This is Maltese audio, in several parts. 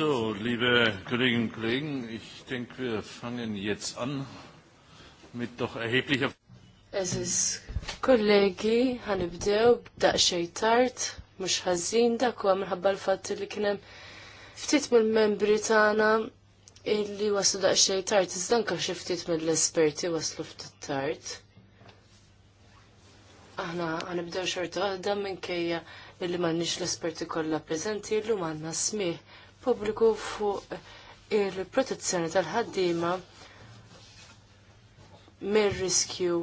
So, liebe Kolleginnen und Kollegen, ich denke, wir fangen jetzt an mit doch erheblicher. Es ist kollegi, ħanibdew b'daqxej tard, mhux ħażin dak huwa minħabba l-fatt li kien hemm ftit mill-membri tagħna illi waslu daqxej tard, iżda anke xi ftit mill-esperti waslu ftit tard. Aħna ħanibdew xorta waħda kejja illi m'għandniex l-esperti kollha preżenti illu manna smih pubbliku fuq il-protezzjoni tal-ħaddiema mir-riskju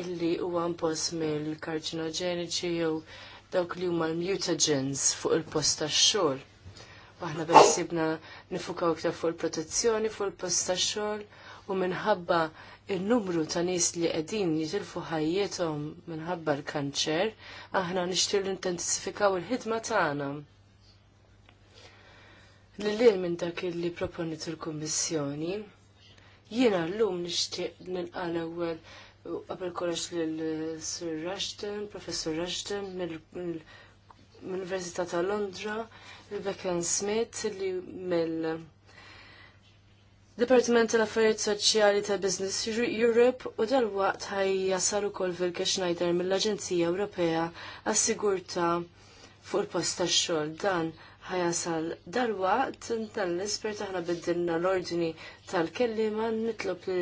illi huwa impost mill karċinogeniċi jew dawk li huma l-mutagens fuq il-post tax-xogħol. Aħna bensibna nifukaw iktar fuq il-protezzjoni fuq il-post tax-xogħol u minħabba il-numru ta' nies li qegħdin jitilfu ħajjithom minħabba l-kanċer, aħna nixtieru intensifikaw il-ħidma tagħna Lil minn dak li proponit il-Kommissjoni, jiena l-lum nishtiq nilqal ewwel qabel kollox lil Sir Rushton, Professor Rushton mill-Università ta' Londra, il-Becken Smith li mill- Departiment tal-Affarijiet Soċjali ta' Business Europe u dal-waqt ħaj jasal ukoll Vilke Schneider mill-Aġenzija Ewropea għas-Sigurtà fuq il-post tax-xogħol dan ħajasal darwaqt tal isper aħna biddilna l-ordni tal-kellima nitlob li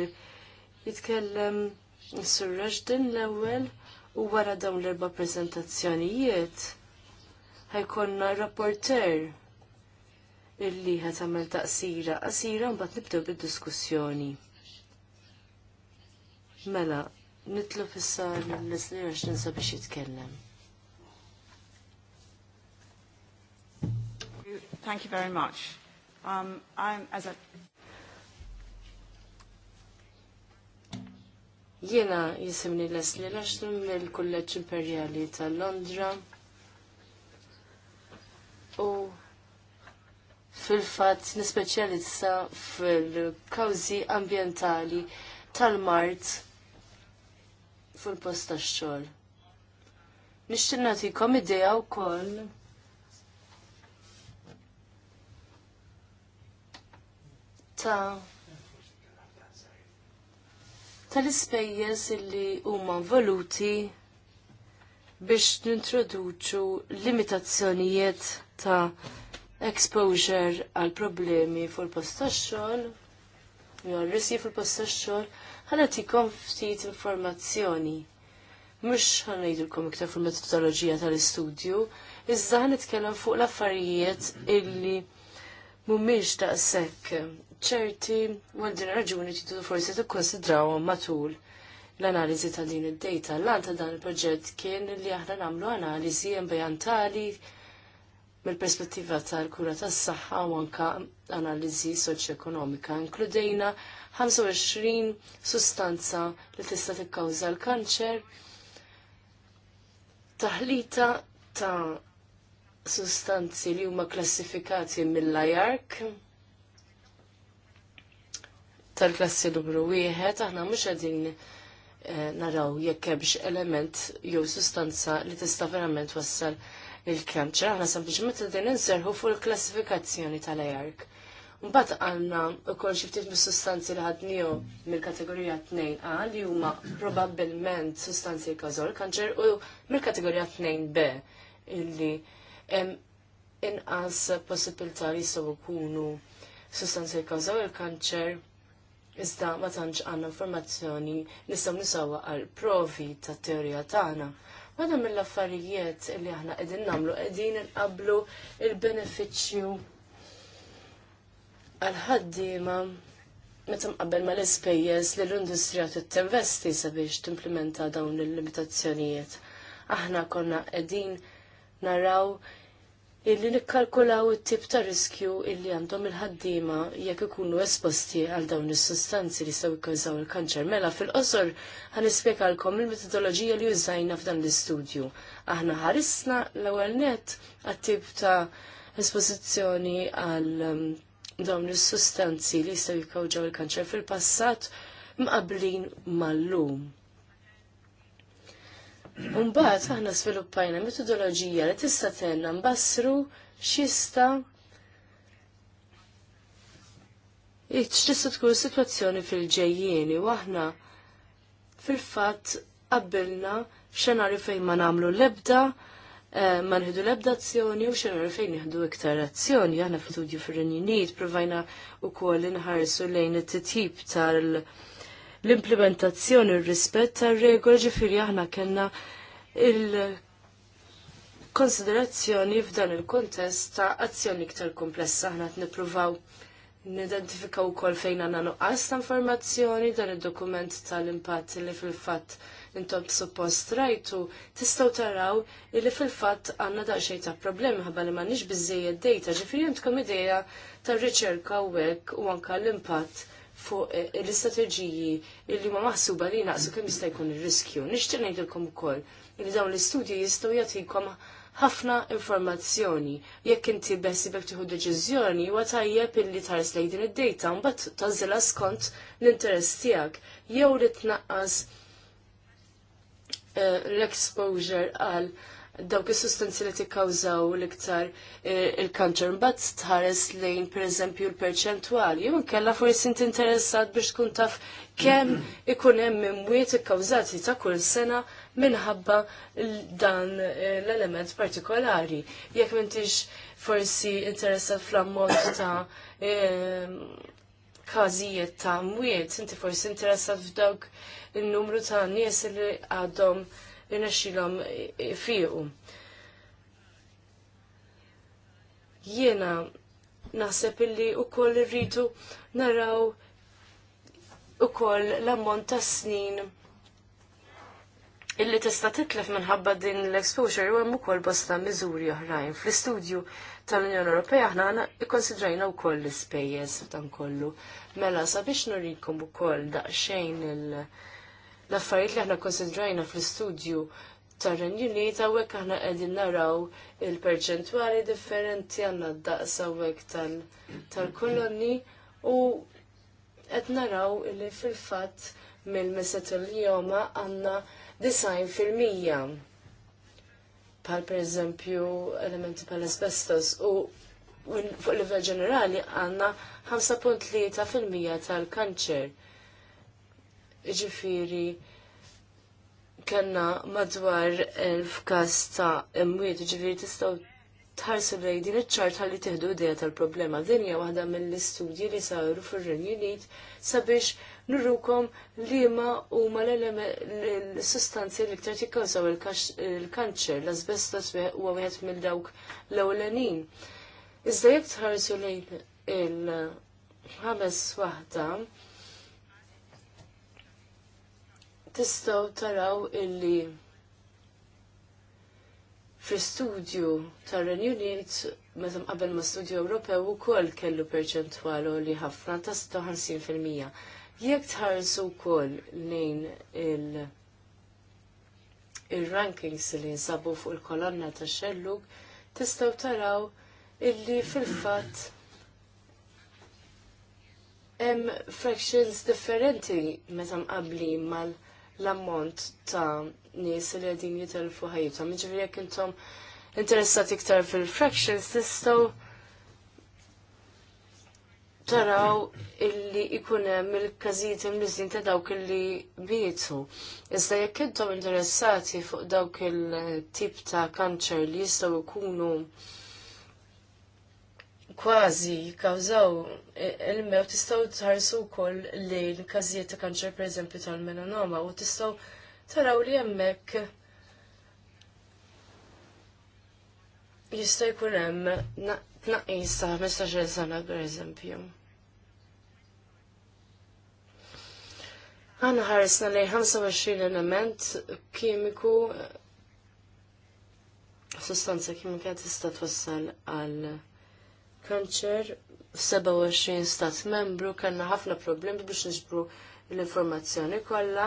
jitkellem Sur surraġdin l-ewwel u wara dawn l-erba' prezentazzjonijiet ħajkonna rapporter illi ħat għamil taqsira, qasira mbagħad nibdew bid-diskussjoni. Mela, nitlu fissa l-nislira sabiex jitkellem. Thank you very much. Um, I'm, as a... Jena jisimni Leslie Lashton mill-Kulleġġ Imperjali ta' Londra u fil-fatt nispeċjalizza fil-kawżi ambientali tal-mart fil-post tax-xogħol. Nixtieq nagħtikom idea wkoll ta' tal-ispejjeż illi huma voluti biex nintroduċu limitazzjonijiet ta' exposure għal problemi fuq post tax-xogħol jew riski fuq post tax-xogħol ħalet tikom ftit informazzjoni. Mhux ħanajdilkom iktar fil-metodoloġija tal-istudju, iżda ħanitkellem fuq l-affarijiet illi mhumiex daqshekk ċerti u għal din raġuni tidu forsi tikkonsidrawhom matul l-analiżi ta' din id-data. L-għan ta' dan il-proġett kien li aħna nagħmlu analiżi ambjentali mill-perspettiva tal-kura tas-saħħa u anka analiżi soċjoekonomika. Inkludejna 25 sustanza li tista' tikkawża l-kanċer, taħlita ta' sustanzi li huma klassifikati mill-ajark tal-klassi numru wieħed aħna mhux qegħdin eh, naraw jekk hemmx element jew sustanza li tista' verament wassal il-kanċer, aħna sempliċement qegħdin inserħu fuq il-klassifikazzjoni tal Lajark. Mbagħad għandna wkoll xi ftit mis-sustanzi li ħadniehom mill-kategorija 2A li huma probabbilment sustanzi kważol kanċer u mill-kategorija 2B illi inqas possibilità li jistgħu jkunu sostanzi jkawżaw il-kanċer iżda ma tantx għandna informazzjoni nistgħu nisawwa għal provi tat teorija tagħna. Wada mill-affarijiet li aħna qegħdin nagħmlu qegħdin inqablu il-benefiċċju għal ħaddiema meta mqabbel mal ispejjeż li l-industrija tittinvesti sabiex timplementa dawn il-limitazzjonijiet. Aħna konna qegħdin naraw illi nikkalkulaw it-tip ta' riskju illi għandhom il-ħaddiema jekk ikunu esposti għal dawn is-sustanzi li jistgħu jikkawżaw il-kanċer. Mela fil-qosor ħanispjegalkom il-metodoloġija li użajna f'dan l-istudju. Aħna ħarisna l-ewwel net għat-tip ta' esposizzjoni għal um, dawn is-sustanzi li jistgħu jikkawġaw il-kanċer fil-passat mqablin mal-lum. Umbaħt aħna sviluppajna metodologija li tista' tenna mbassru xista Iċċessa tkun situazzjoni fil-ġejjieni waħna fil-fatt qabbilna f'xenarju fejn ma nagħmlu l-ebda, eh, ma nħidu l-ebda azzjoni u xenarju fejn nħidu iktar azzjoni. Aħna fl-studju fir-Renju Unit provajna wkoll inħarsu lejn it-titjib tal- l-implementazzjoni r-rispett tar-regoli ġifieri aħna kellna il-konsiderazzjoni f'dan il-kontest ta' azzjoni iktar komplessa aħna qed nippruvaw nidentifikaw ukoll fejn għandna nuqqas ta' informazzjoni dan id-dokument tal-impatt li fil-fatt intom suppost rajtu, tistgħu taraw illi fil-fat għanna daqsxejn ta' problemi ħabba li mannix bizzejed dejta, ġifiri jentkom ideja ta' riċerka u għek u anke l-impatt fuq eh, l-istrateġiji li ma maħsuba li naqsu kemm jista' jkun ir-riskju. Nixtieq ngħidilkom ukoll li dawn l-istudji jistgħu jagħtikom ħafna informazzjoni. Jekk inti beħsibek tieħu deċiżjoni huwa tajjeb illi tars lejn din id-dejta mbagħad tażilha skont l-interess tiegħek jew li tnaqqas eh, l-exposure għal dawk is-sustanzi li tikkawżaw l-iktar eh, il-kanċer mbagħad tħares lejn pereżempju l-perċentwali. Jew inkella forsi inti interessat biex tkun taf kemm ikun hemm imwiet ikkawżati ta' kull sena minħabba dan eh, l-element partikolari. Jekk m'intix forsi interessat fl-ammont ta' ehm, każijiet ta' mwiet, inti forsi interessat f'dawk il-numru ta' nies li għadhom irnexxilhom fiju. Jiena naħseb illi wkoll rridu naraw ukoll l-ammont ta' snin illi tista' titlef minħabba din l-exposure u hemm ukoll bosta miżuri oħrajn. Fl-istudju tal-Unjoni Ewropea aħna ikkonsidrajna wkoll l-ispejjeż dan kollu. Mela sabiex nurikom ukoll daqsxejn il- l-affarijiet li aħna konsentrajna fl-istudju tar-Renju u hawnhekk aħna qegħdin naraw il-perċentwali differenti għandna d-daqs hawnhekk tal-kolonni u qed naraw li fil-fatt mill-meset il-joma għanna design fil-mija. Pal per eżempju elementi pal asbestos u fuq livell ġenerali għanna 5.3 fil-mija tal-kanċer. Ġifiri, kanna madwar elf kas ta' imwiet, ġifiri tistaw tħarsu lej din iċ tħalli ħalli tiħdu idea tal-problema. Din hija waħda mill-istudji li saru fir-Renju Unit sabiex nurrukom li ma huma l-sustanzi li ktar tikkawżaw il-kanċer, l-asbestos huwa wieħed mill-dawk l-ewlenin. Iżda jekk tħarsu lejn il-ħames waħda, tistaw taraw illi fil studju tar-Renju Unit meta qabel ma' studju Ewropew ukoll kellu perċentualu li ħafna ta' 56%. Jekk tħarsu wkoll lejn il- il-rankings li nsabu fuq il-kolonna ta' xellug tistgħu taraw illi fil-fatt hemm fractions differenti meta mqabbli mal- l-ammont ta' nies li għedin jitelfu ħajjithom. Ġifieri jekk intom interessati iktar fil-fractions tistgħu taraw illi ikunem il-kazijiet imniżin ta' dawk illi bietu. Iżda jekk intom interessati fuq dawk il-tip ta' kanċer li jistgħu jkunu kważi kawżaw il-mew tistgħu tħarsu wkoll lejn każijiet ta' kanċer pereżempju tal-melanoma u tistgħu taraw li hemmhekk jista' jkun hemm tnaqqis ta' 15-il per pereżempju. Għana ħarisna li 25 element kimiku sostanza kimika tista' twassal għal kanċer 27 stat membru kanna ħafna problemi biex nġbru l-informazzjoni kollha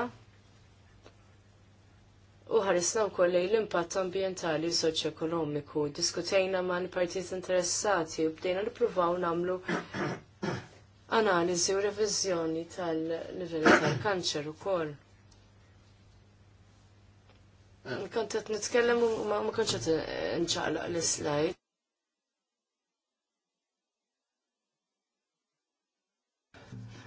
u ħarisna wkoll lejn l-impatt ambjentali u soċjoekonomiku. Diskutejna ma' partijiet interessati u bdejna nippruvaw nagħmlu analiżi u reviżjoni tal-livelli tal-kanċer ukoll. Eh. koll. qed nitkellem u ma kontx qed nċaqlaq l slajt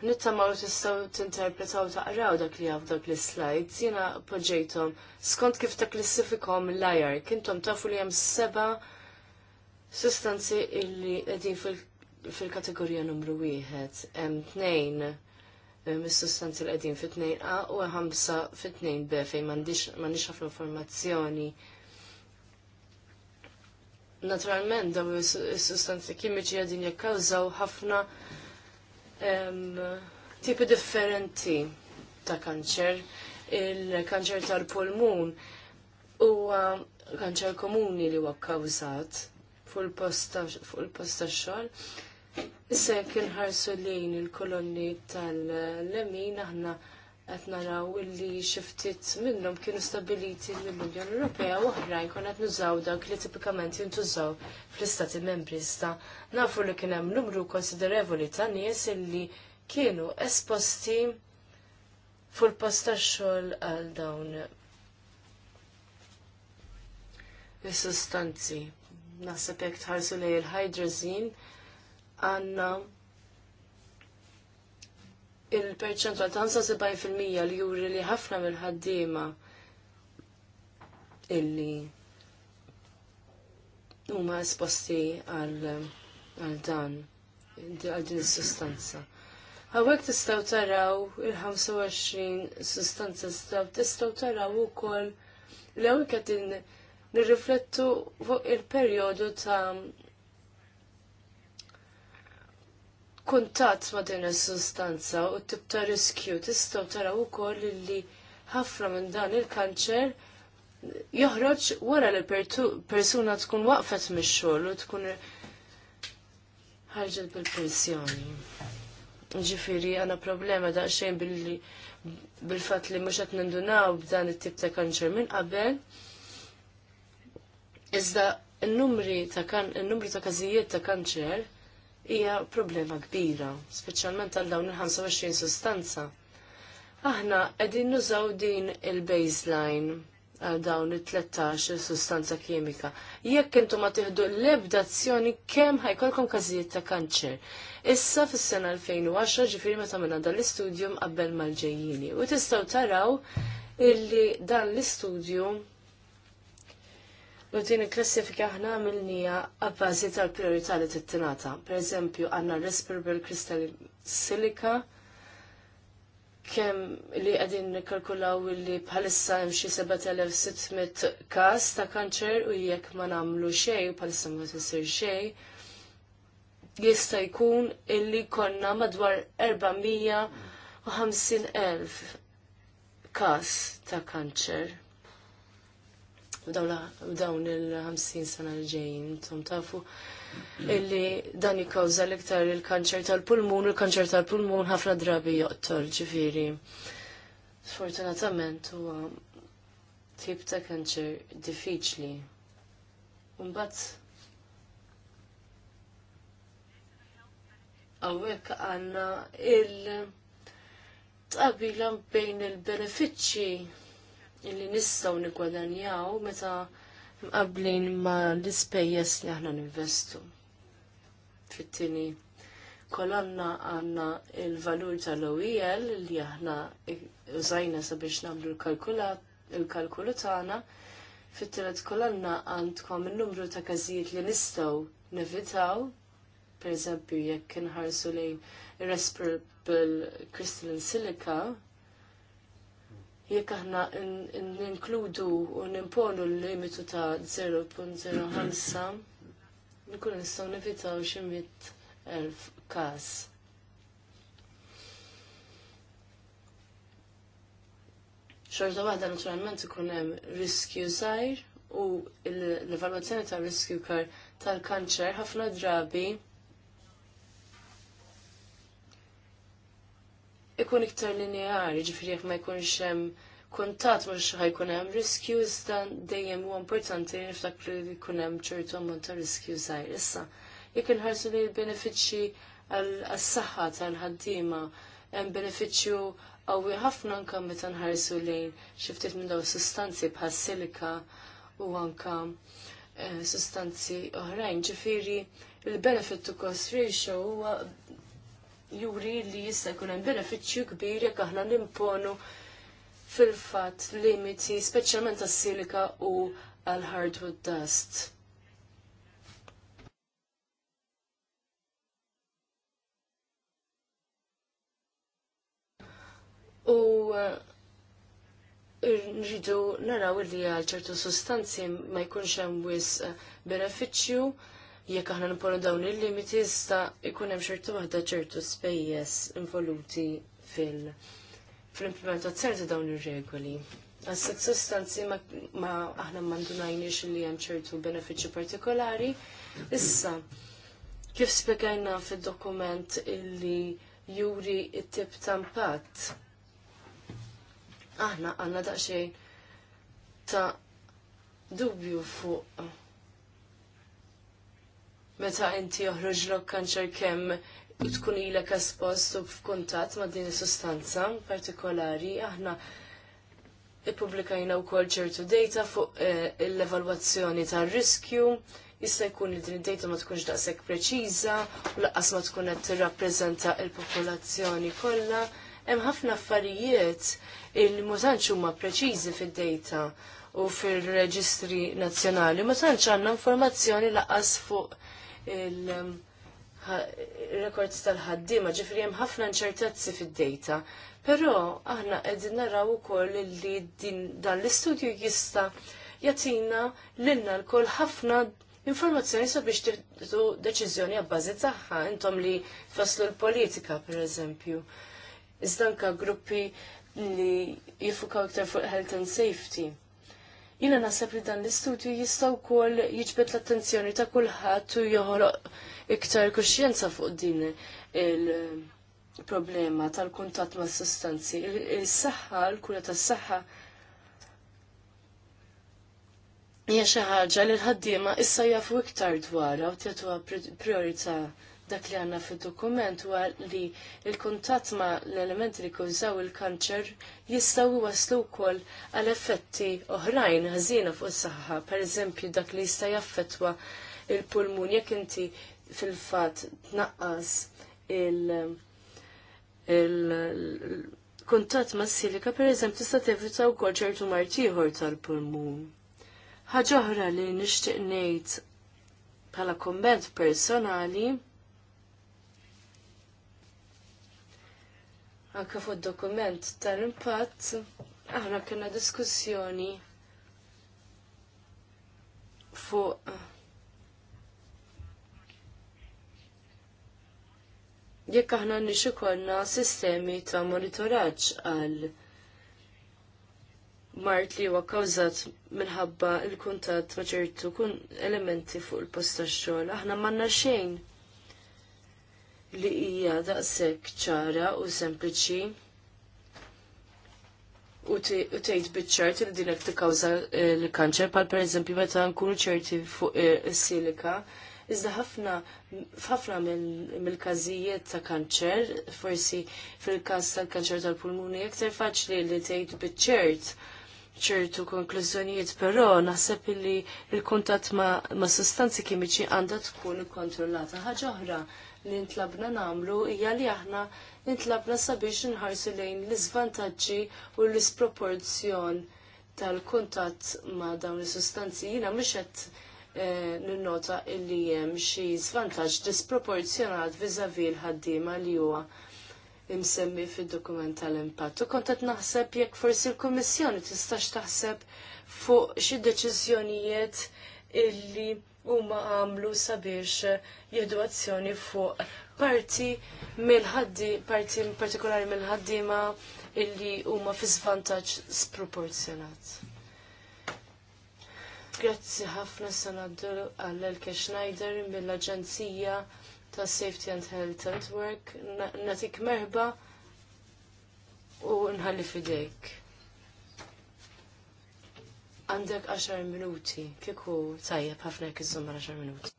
nittamaw tistaw tinterpretaw taqraw dak li għaw dak li slides jena poġejtom, skont kif ta' klissifikom l kintom tafu li jem seba sustanzi illi edin fil-kategorija numru wieħed, jem tnejn eh, mis-sustanzi li edin fit-tnejn A u ħamsa fit-tnejn B fej mandiċ ħafna informazzjoni naturalment dawn is-sustanzi kimiċi għadin jakkawżaw ħafna tipi differenti ta' kanċer. Il-kanċer tal-pulmun huwa kanċer komuni li huwa kkawżat fuq il-post xogħol Issa jekk inħarsu lejn il-kolonni tal-lemin aħna qed naraw illi xi ftit minnhom kienu stabiliti mill-Unjoni Ewropea u oħrajn kon qed nużaw dak li tipikament jintużaw fl-Istati Membri sta nafu li kien hemm numru konsiderevoli ta' nies illi kienu esposti fuq il-post tax-xogħol għal dawn is-sustanzi. Naħseb jekk tħarsu lej il-hydrazine għandna il-perċentwal ta' 75% li juri li ħafna mill-ħaddiema illi huma esposti għal dan għal din is-sustanza. Għawek tistaw taraw il-25 sustanza staw tistaw taraw u koll l-għawek għatin nirriflettu fuq il-periodu ta' kuntatt ma' din is-sustanza u t riskju tistgħu taraw ukoll li ħafna minn dan il-kanċer joħroġ wara li persuna tkun waqfet mix-xogħol u tkun ħarġet bil pressjoni Ġifiri, għana problema daqsxejn billi bil-fat li mhux qed nindunaw b'dan it-tip ta' kanċer minn qabel. Iżda n-numri ta' kan, n-numri ta' każijiet ta' kanċer hija problema kbira, speċjalment għal dawn il-25 sustanza. Aħna qegħdin nużaw din il-baseline għal dawn il-13 sustanza kimika. Jekk intom ma tieħdu l azzjoni kemm ħajkolkom każijiet ta' kanċer. Issa fis-sena 2010 ġifieri meta minn dan l-istudju qabel mal-ġejjini u tistgħu taraw illi dan l-istudju U din il-klassifika ħna għamilnija għabbażi tal-priorità li t-tinata. Per eżempju, għanna respirable crystal silica, kem li għadin nikalkulaw li bħalissa hemm xi 7600 każ ta' kanċer u jekk ma nagħmlu u bħalissa ma tisir xejn, jista' jkun illi konna madwar 450,000 każ ta' kanċer b'dawn il-50 sena li ġejjin. Tom tafu illi dan jikkawża l-iktar il-kanċer tal-pulmun, il-kanċer tal-pulmun ħafna drabi joqtol ġifiri. Sfortunatament huwa tip ta' kanċer diffiċli. Umbat, għawek għanna il tabilan bejn il benefiċi illi nistgħu nikwadanjaw meta mqablin ma l-ispejjeż li aħna ninvestu. Fit-tieni kolonna għandna il-valur tal-OEL li aħna użajna sabiex nagħmlu l-kalkulu tagħna. Fit-tielet kolonna għandkom il-numru ta' każijiet li nistgħu nevitaw per eżempju jekk inħarsu lejn irrespirable crystalline silica jekk aħna ninkludu u nimponu l-limitu ta' 0.05 nkun nistgħu nevitaw xi elf każ. Xorta waħda naturalment ikun hemm riskju żgħir u l-evalwazzjoni ta' riskju tal-kanċer ħafna drabi ikun iktar lineari, ġifiri jek ma jkunx hemm kuntat mhux ħajkun hemm riskju dan dejjem huwa importanti niftak li jkun hemm ċertu ammont ta' riskju żgħir. Issa, jekk inħarsu li l-benefiċċji għas-saħħa tal-ħaddiema hemm benefiċċju qawwi ħafna anke meta nħarsu lejn xi ftit minn dawn sustanzi bħal silika u anke eh, sustanzi oħrajn. Ġifieri il-benefit to cost ratio huwa juri li jista' jkun hemm benefiċċju kbir jekk aħna nimponu fil-fatt limiti speċjalment għas-silika u għal hardwood dust. U uh, rridu naraw li għal ċertu sustanzi ma jkunx hemm wis uh, benefiċċju jekk aħna nimponu dawn il-limiti sta ikun hemm ċertu waħda ċertu spejjeż involuti fil- fl-implementazzjoni ta' dawn ir-regoli. Għas sostanzi ma aħna mandunajniex li hemm ċertu benefiċċji partikolari, issa kif spiegajna fil-dokument illi juri it-tip tampat. Aħna għanna daqxejn ta' dubju fuq meta inti joħroġlok kanċer kemm tkun ilek espost u f'kuntatt ma' din is-sustanza partikolari aħna ippubblikajna wkoll ċertu data fuq eh, l-evalwazzjoni tar-riskju jista' jkun li din id-data ma tkunx daqshekk preċiża u lanqas ma tkun qed tirrappreżenta l-popolazzjoni kollha. Hemm ħafna affarijiet il ma tantx huma preċiżi fid-data u fil-reġistri nazzjonali ma tantx għandna informazzjoni laqqas fuq il-records tal ma ġifri hemm ħafna inċertezzi fid-data. Però aħna qegħdin naraw ukoll li din dan l-istudju jista' jagħtina lilna l ħafna informazzjoni sabiex tiħdu deċiżjoni għabbażi tagħha intom li faslu l-politika pereżempju. Iżda anke gruppi li jifukaw iktar fuq health and safety. Jina nasab li dan l-istudju jistaw kol jiġbet l-attenzjoni ta' kullħat u joħroq iktar kuxjenza fuq din il-problema tal-kuntat ma' sostanzi. Il-saxħa, l-kura tas saxħa hija xi ħaġa li l-ħaddiema issa jafu iktar dwar u tagħtuha priorità. priorita' dak li għanna fi dokument huwa li il-kuntatt ma l-elementi li kużaw il-kanċer jistaw waslu wkoll għal effetti oħrajn ħażina fuq is-saħħa, pereżempju dak li jista' jaffettwa il-pulmun jekk inti fil-fatt tnaqqas il- il-kuntatt ma' silika eżempju, tista' tevita wkoll ċertu martiħor tal-pulmun. Ħaġa oħra li nixtieq ngħid bħala komment personali anka fuq dokument tal-impatt aħna kena diskussjoni fuq jekk aħna nixi ikollna sistemi ta' monitoraġġ għal mart li huwa kawżat minħabba l kuntatt ma' ċertu elementi fuq il-post tax-xogħol aħna m'għandna xejn li hija daqshekk ċara u sempliċi u tgħid biċ-ċert li dinek tikkawża eh, l-kanċer bħal pereżempju meta nkunu ċerti fuq is-silika. Eh, Iżda ħafna f'ħafna mill-każijiet ta' kanċer, forsi fil-każ tal-kanċer tal-pulmuni aktar faċli li tgħid biċ-ċert ċertu konklużjonijiet, però naħseb li l kuntatt ma', sustanzi kimiċi għandha tkun ikkontrollata. Ħaġa oħra li ntlabna namlu hija li aħna nintlabna sabiex nħarsu lejn l-iżvantaġġi u l-isproporzjon tal-kuntatt ma' dawn is-sustanzi. Jiena mhux qed eh, ninnota illi hemm xi żvantaġġ disproporzjonat viżavi l-ħaddiema li huwa imsemmi fid-dokument tal-impatt. U kont qed naħseb jekk forsi l-Kummissjoni tistax taħseb fuq xi deċiżjonijiet illi huma għamlu sabiex jihdu azzjoni fuq parti mill-ħaddi, parti partikolari mill-ħaddima illi huma fi svantaġġ sproporzjonat. Grazzi ħafna sanaddu għall-Elke Schneider mill-Aġenzija ta' Safety and Health at Work. Natik merba u nħalli fidejk. Għandek 10 minuti, kiku tajja ħafna jekk iżżomm 10 minuti.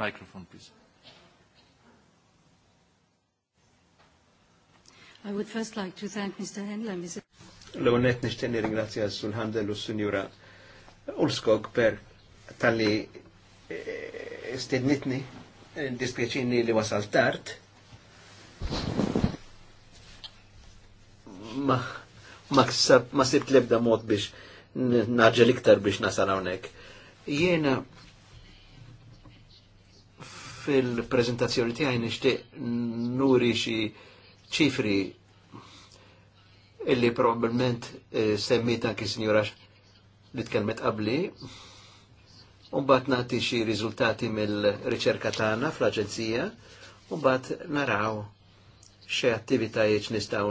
Microphone, please. I would first like to thank Mr. Handler, Mr. L-għonet nishtenni ringrazzja sul handel u sunjura Ulskog per tali eh, stednitni, eh, dispieċini li wasal tart ma, ma, ma sibt lebda mod biex naġġel iktar biex nasal hawnhekk. Jiena fil-prezentazzjoni tiegħi nixtieq nuri xi ċifri illi probabbilment eh, semmita ki anki li tkellmet qabli. Umbat nagħti xi riżultati mill-riċerka tagħna fl-Aġenzija, umbat naraw xe attivitajiet nistaw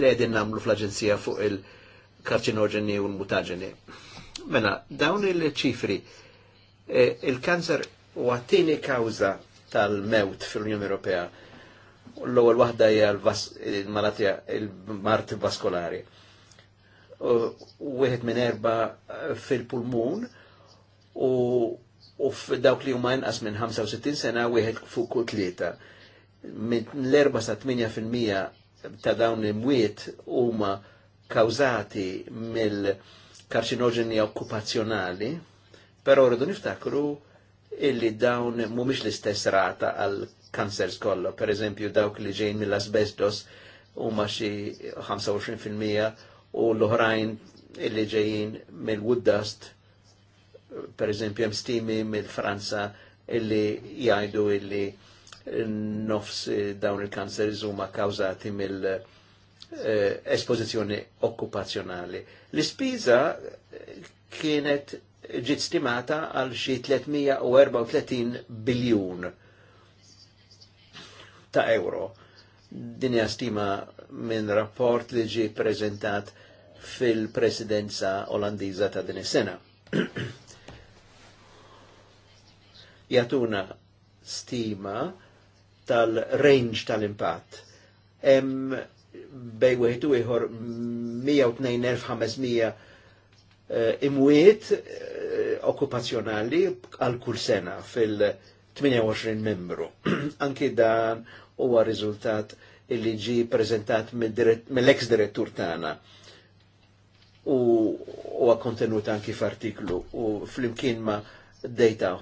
qegħdin namlu fl-Aġenzija fuq il-karċinoġeni u l-mutaġeni. Mela, dawn il-ċifri, e, il-kanzer u għattini kawza tal-mewt fil-Unjoni Ewropea. L-ewwel waħda hija l-malatija il-mart vaskolari. Wieħed minn erba' fil-pulmun u u f'dawk li huma inqas minn 65 sena wieħed fuq kull tlieta l-4 sa 8% ta' dawn il-mwiet huma kawzati mill-karċinoġeni okkupazzjonali, però rridu niftakru illi dawn mhumiex l-istess rata għal kansers kollha. Per eżempju, dawk li ġejn mill-asbestos huma xi 25% u l-oħrajn illi ġejjin mill-wood dust, per eżempju, hemm stimi mill-Franza illi jgħidu illi nofs eh, dawn il-kanzeri huma kawzati mill eh, espożizzjoni okkupazzjonali. L-ispiża eh, kienet ġiet stimata għal xi 334 biljun ta' euro. Din hija stima minn rapport li ġie prezentat fil-presidenza olandiża ta' din is-sena. Jatuna stima tal-range tal-impatt. bej wieħed iħor 102,500 eh, imwiet eh, okkupazzjonali għal kull sena fil-28 membru. Anki dan huwa riżultat illi ġi prezentat mill-ex direttur tagħna u għakontenut anki f'artiklu u flimkien ma' data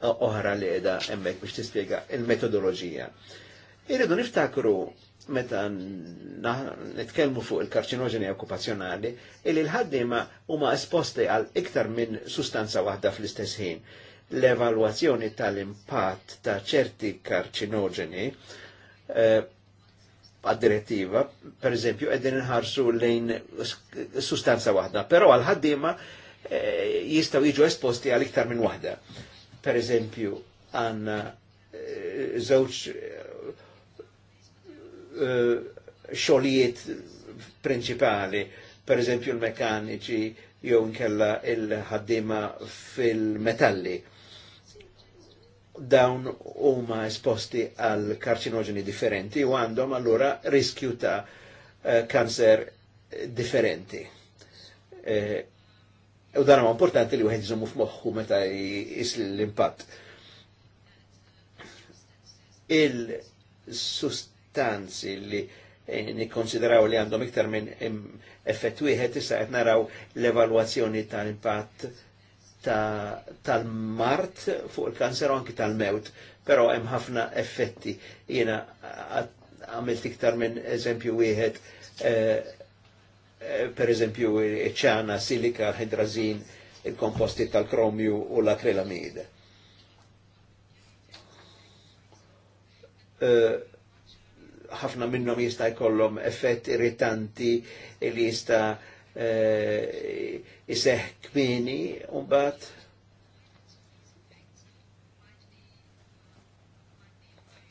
oħra li edha emmek biex tispiega il-metodologija. Irridu niftakru meta nitkellmu fuq il-karċinoġeni okkupazzjonali, illi l-ħaddiema huma esposti għal iktar minn sustanza waħda fl-istess ħin. L-evalwazzjoni tal-impatt ta' ċerti karċinoġeni eh, għad-direttiva, per eżempju, għedin nħarsu lejn sustanza waħda, pero għal-ħaddima Eh, jistaw jiġu esposti għal iktar minn wahda. Per eżempju, għanna eh, zewċ eh, xolijiet principali, per eżempju l-mekaniċi jew nkella il-ħaddima fil-metalli. Dawn huma esposti għal karċinoġeni differenti u għandhom allura riskju ta' kanser differenti. E U dan huwa importanti li wieħed jżommu f'moħħu meta jisli l-impatt. Il-sustanzi li eh, nikkonsideraw li għandhom iktar minn effett wieħed issa qed naraw l-evalwazzjoni tal-impatt tal-mart fuq il-kanser u anki tal-mewt, però hemm ħafna effetti. Jiena għamilt iktar minn eżempju wieħed eh, Eh, per eżempju ċana, silika, hidrazin, il-komposti tal-kromju u l-akrilamide. Eh, ħafna minnom jista' jkollhom effett irritanti li jista' jiseħ eh, kmini u mbagħad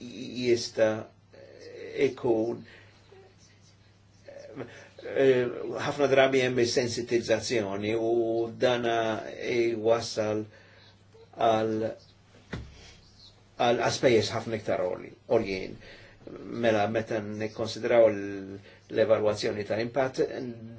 jista' ikun Eh, ħafna drabi hemm sensitizzazzjoni u dana eh, wasal għal għal aspejjeż ħafna iktar orjien. Mela meta nikkonsidraw l evaluazzjoni tal-impatt,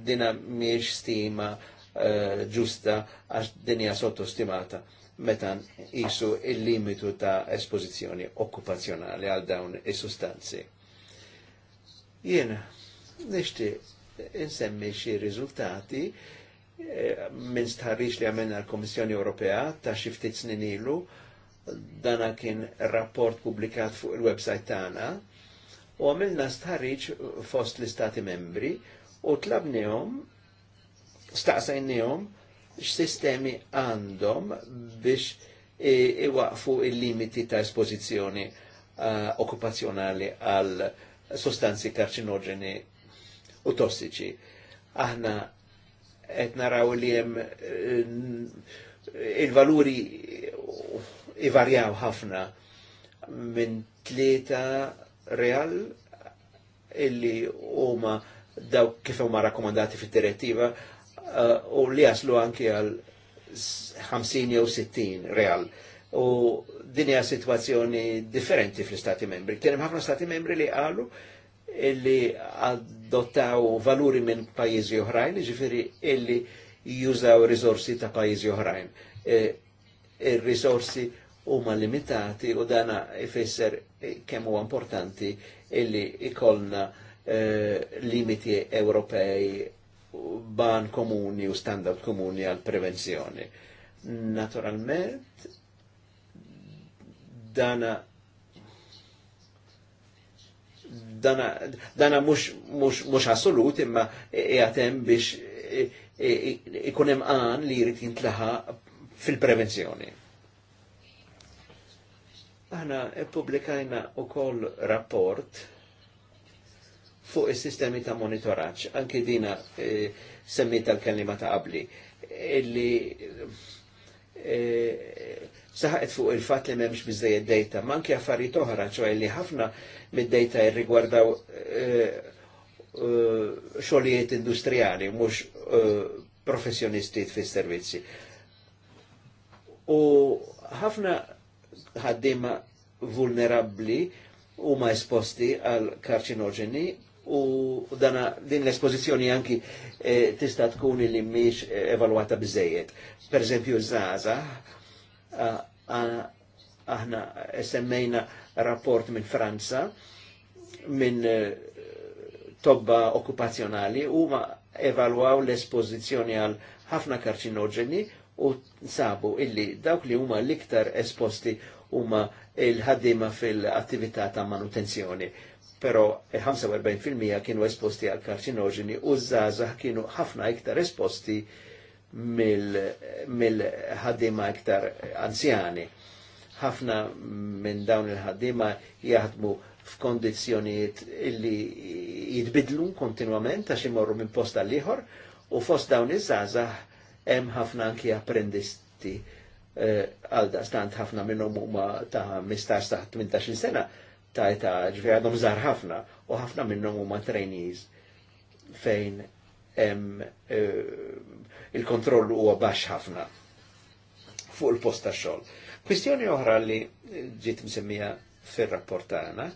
dina miex stima eh, ġusta għax dinja sottostimata meta isu il-limitu ta' espożizzjoni okkupazzjonali għal dawn is-sustanzi. Jiena nixtieq insemmi xi riżultati eh, minn stħarriġ li għamilna l-Komissjoni Ewropea ta' xi ftit snin ilu, dana kien rapport publikat fuq il-website tagħna u għamilna stħarriġ fost l-Istati membri u tlabnihom staqsajnihom x-sistemi għandhom biex iwaqfu il-limiti ta' esposizjoni uh, eh, okkupazzjonali għal sostanzi karċinogeni u tossiċi. Aħna qed naraw li hemm eh, il-valuri ivarjaw ħafna minn tlieta real illi huma daw kif huma rakkomandati fid-direttiva eh, u li jaslu anki għal 50 jew 60 real u dinja situazzjoni differenti fl-Stati membri. Kienem ħafna Stati membri li qalu illi adottaw valuri minn pajjiżi oħrajn, ġifiri illi jużaw risorsi ta' pajjiżi oħrajn. il risorsi e, huma limitati u dana ifisser kemmu importanti illi ikolna e, limiti Ewropej ban komuni u standard komuni għal prevenzjoni. Naturalment, dana dana mux assolut imma jgħatem e, e biex e, ikunem għan li jrid jintlaħa fil-prevenzjoni. Aħna publikajna u koll rapport fuq is-sistemi ta' monitoraġġ, anki dina semmi tal l-kellima ta' qabli, illi saħaqet fuq il-fat li memx bizzejed dejta, manki affarijiet oħra, ċoħi li ħafna mid-dejta jirrigwardaw eh, eh, xogħlijiet industrijali, mhux eh, professjonisti fis servizzi U ħafna ħaddiema vulnerabbli huma esposti għal karċinogeni u dana din l-espożizzjoni anki tista' tkun li mhix evalwata biżejjed. Per eżempju, Zaza, aħna semmejna rapport minn Franza minn eh, tobba okkupazzjonali u ma evalwaw l espozizjoni għal ħafna karċinogeni u sabu illi dawk li huma l-iktar esposti huma il-ħaddima fil-attività ta' manutenzjoni. Pero 45% kienu esposti għal karċinogeni u żgħażagħ kienu ħafna iktar esposti mill-ħaddima mil iktar anzjani. Ħafna minn dawn il-ħaddima jaħdmu f'kondizjonijiet illi jitbidlu kontinwament għax imorru minn post għal ieħor u fost dawn iż-żgħażagħ hemm ħafna anki apprendisti eh, għal e, stant ħafna minnhom huma ta' 15 ta' 18 sena ta' ta' ġifier għadhom żgħar ħafna u ħafna minnhom huma trainees fejn hemm eh, il-kontroll huwa baxx ħafna fuq il-post ta' xogħol. Kwistjoni oħra li ġiet msemmija fir-rapportana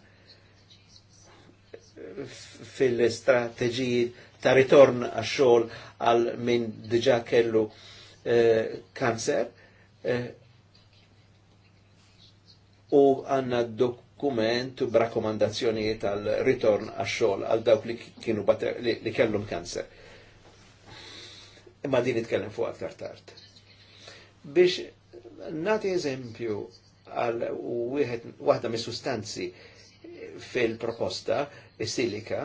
fil-strateġiji ta' ritorn għax xogħol għal minn diġà kellu eh, kanser eh, u għanna dokument u b'rakkomandazzjonijiet għal ritorn għax xogħol għal dawk li kienu li kellhom kanser imma din nitkellem fuq aktar tard. Biex nati eżempju għal waħda mis sustanzi fil-proposta, is-silika,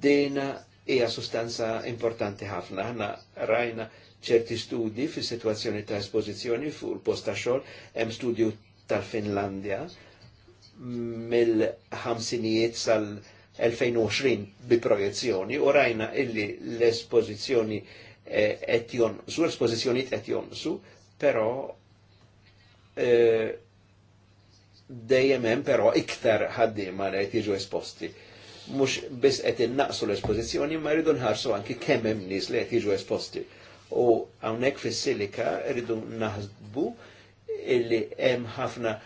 dina hija sustanza importanti ħafna. Aħna rajna ċerti studi fi situazzjoni ta' espożizzjoni fuq il-post ta' xogħol, hemm studju tal-Finlandja mill-ħamsinijiet sal- ħamsinijiet 2020 bi projezzjoni u rajna illi l-espożizzjoni eh, etjon su, l-espożizzjonijiet etjon su, però eh, però iktar ħaddiema li qed jiġu esposti. Mhux biss qed innaqsu l-espożizzjoni, ma rridu nħarsu anki kemm hemm nies li qed jiġu esposti. U hawnhekk fis-silika rridu naħsbu illi hemm ħafna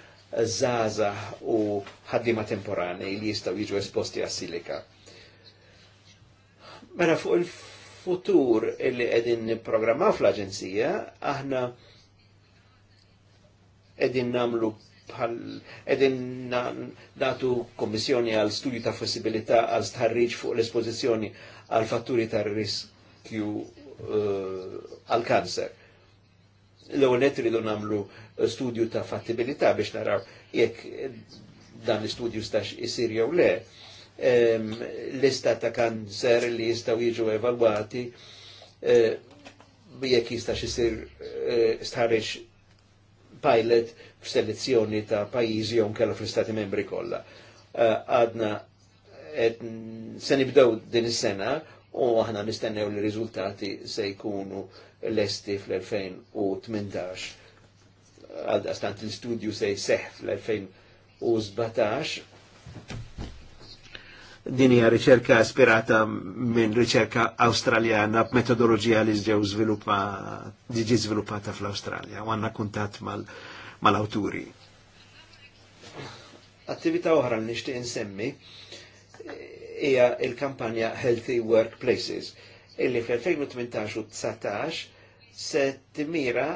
zaza u ħaddima temporani li jistaw jiġu esposti għas-silika. Mela fuq il-futur illi qegħdin nipprogrammaw fl-aġenzija, aħna qegħdin namlu bħal qegħdin natu kommissjoni għal studju ta' fossibilità għal starriċ fuq l espożizzjoni għal fatturi ta' riskju eh, għal kanser l-ewwel rridu nagħmlu eh, studju ta' fattibilità biex naraw jekk eh, dan l-istudju stax isir jew le. Lista ta' kanzer li jistgħu jiġu evalwati eh, jekk jistax isir starix pilot f'selezzjoni ta' pajjiżi jew kellha fl-Istati Membri kollha. Għadna se nibdew din is-sena u aħna nistennew li riżultati se jkunu l-esti fl-2018. għal l-studju sej seħ fl-2017. Din hija riċerka aspirata minn riċerka Awstraljana b'metodoloġija li ġew ġi żviluppata fl-Awstralja u għandna mal-awturi. Attività oħra li nixtieq insemmi eh, hija il-kampanja Healthy Workplaces illi fl-2018 u 19 se timira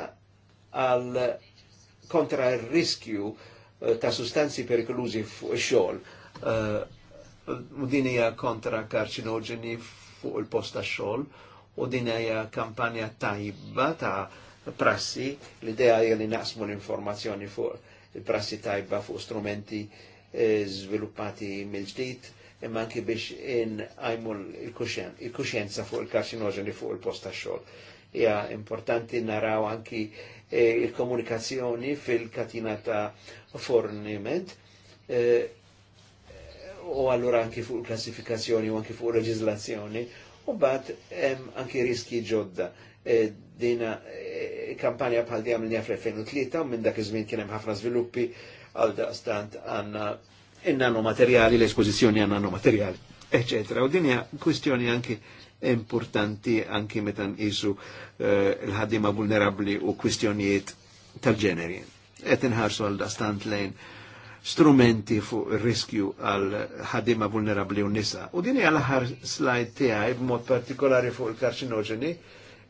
għal kontra il-riskju eh, ta' sustanzi perikolużi fuq ix-xogħol. Eh, u din kontra karċinoġeni fuq il-post ta' xogħol u dinija kampanja tajba ta' prassi l ideja hija li naqsmu l-informazzjoni fuq il-prassi tajba fuq strumenti eh, sviluppati mill-ġdid imma anki biex in għajmu il-kuxjenza fuq il-karċinoġeni fuq il-post ta' xogħol hija importanti naraw anki eh, il-komunikazzjoni fil-katina ta' forniment eh, u allura anki fuq klassifikazzjoni u anki fuq leġizlazzjoni u bat hemm anki riski ġodda. Eh, dina kampanja bħal di għamilni għafre 2003 u minn dak iż-żmien kien hemm ħafna żviluppi għal daqstant għandna in-nanomaterjali, l-espożizzjoni għan nanomaterjali, eccetera. U dinja kwistjoni anki importanti anki meta nqisu eh, l-ħaddiema vulnerabbli u kwistjonijiet tal-ġeneri. Qed inħarsu għal dastant lejn strumenti fuq riskju għal ħadima vulnerabli u nisa. U dini għal ħar slide tiegħi b'mod partikolari fuq il-karċinoġeni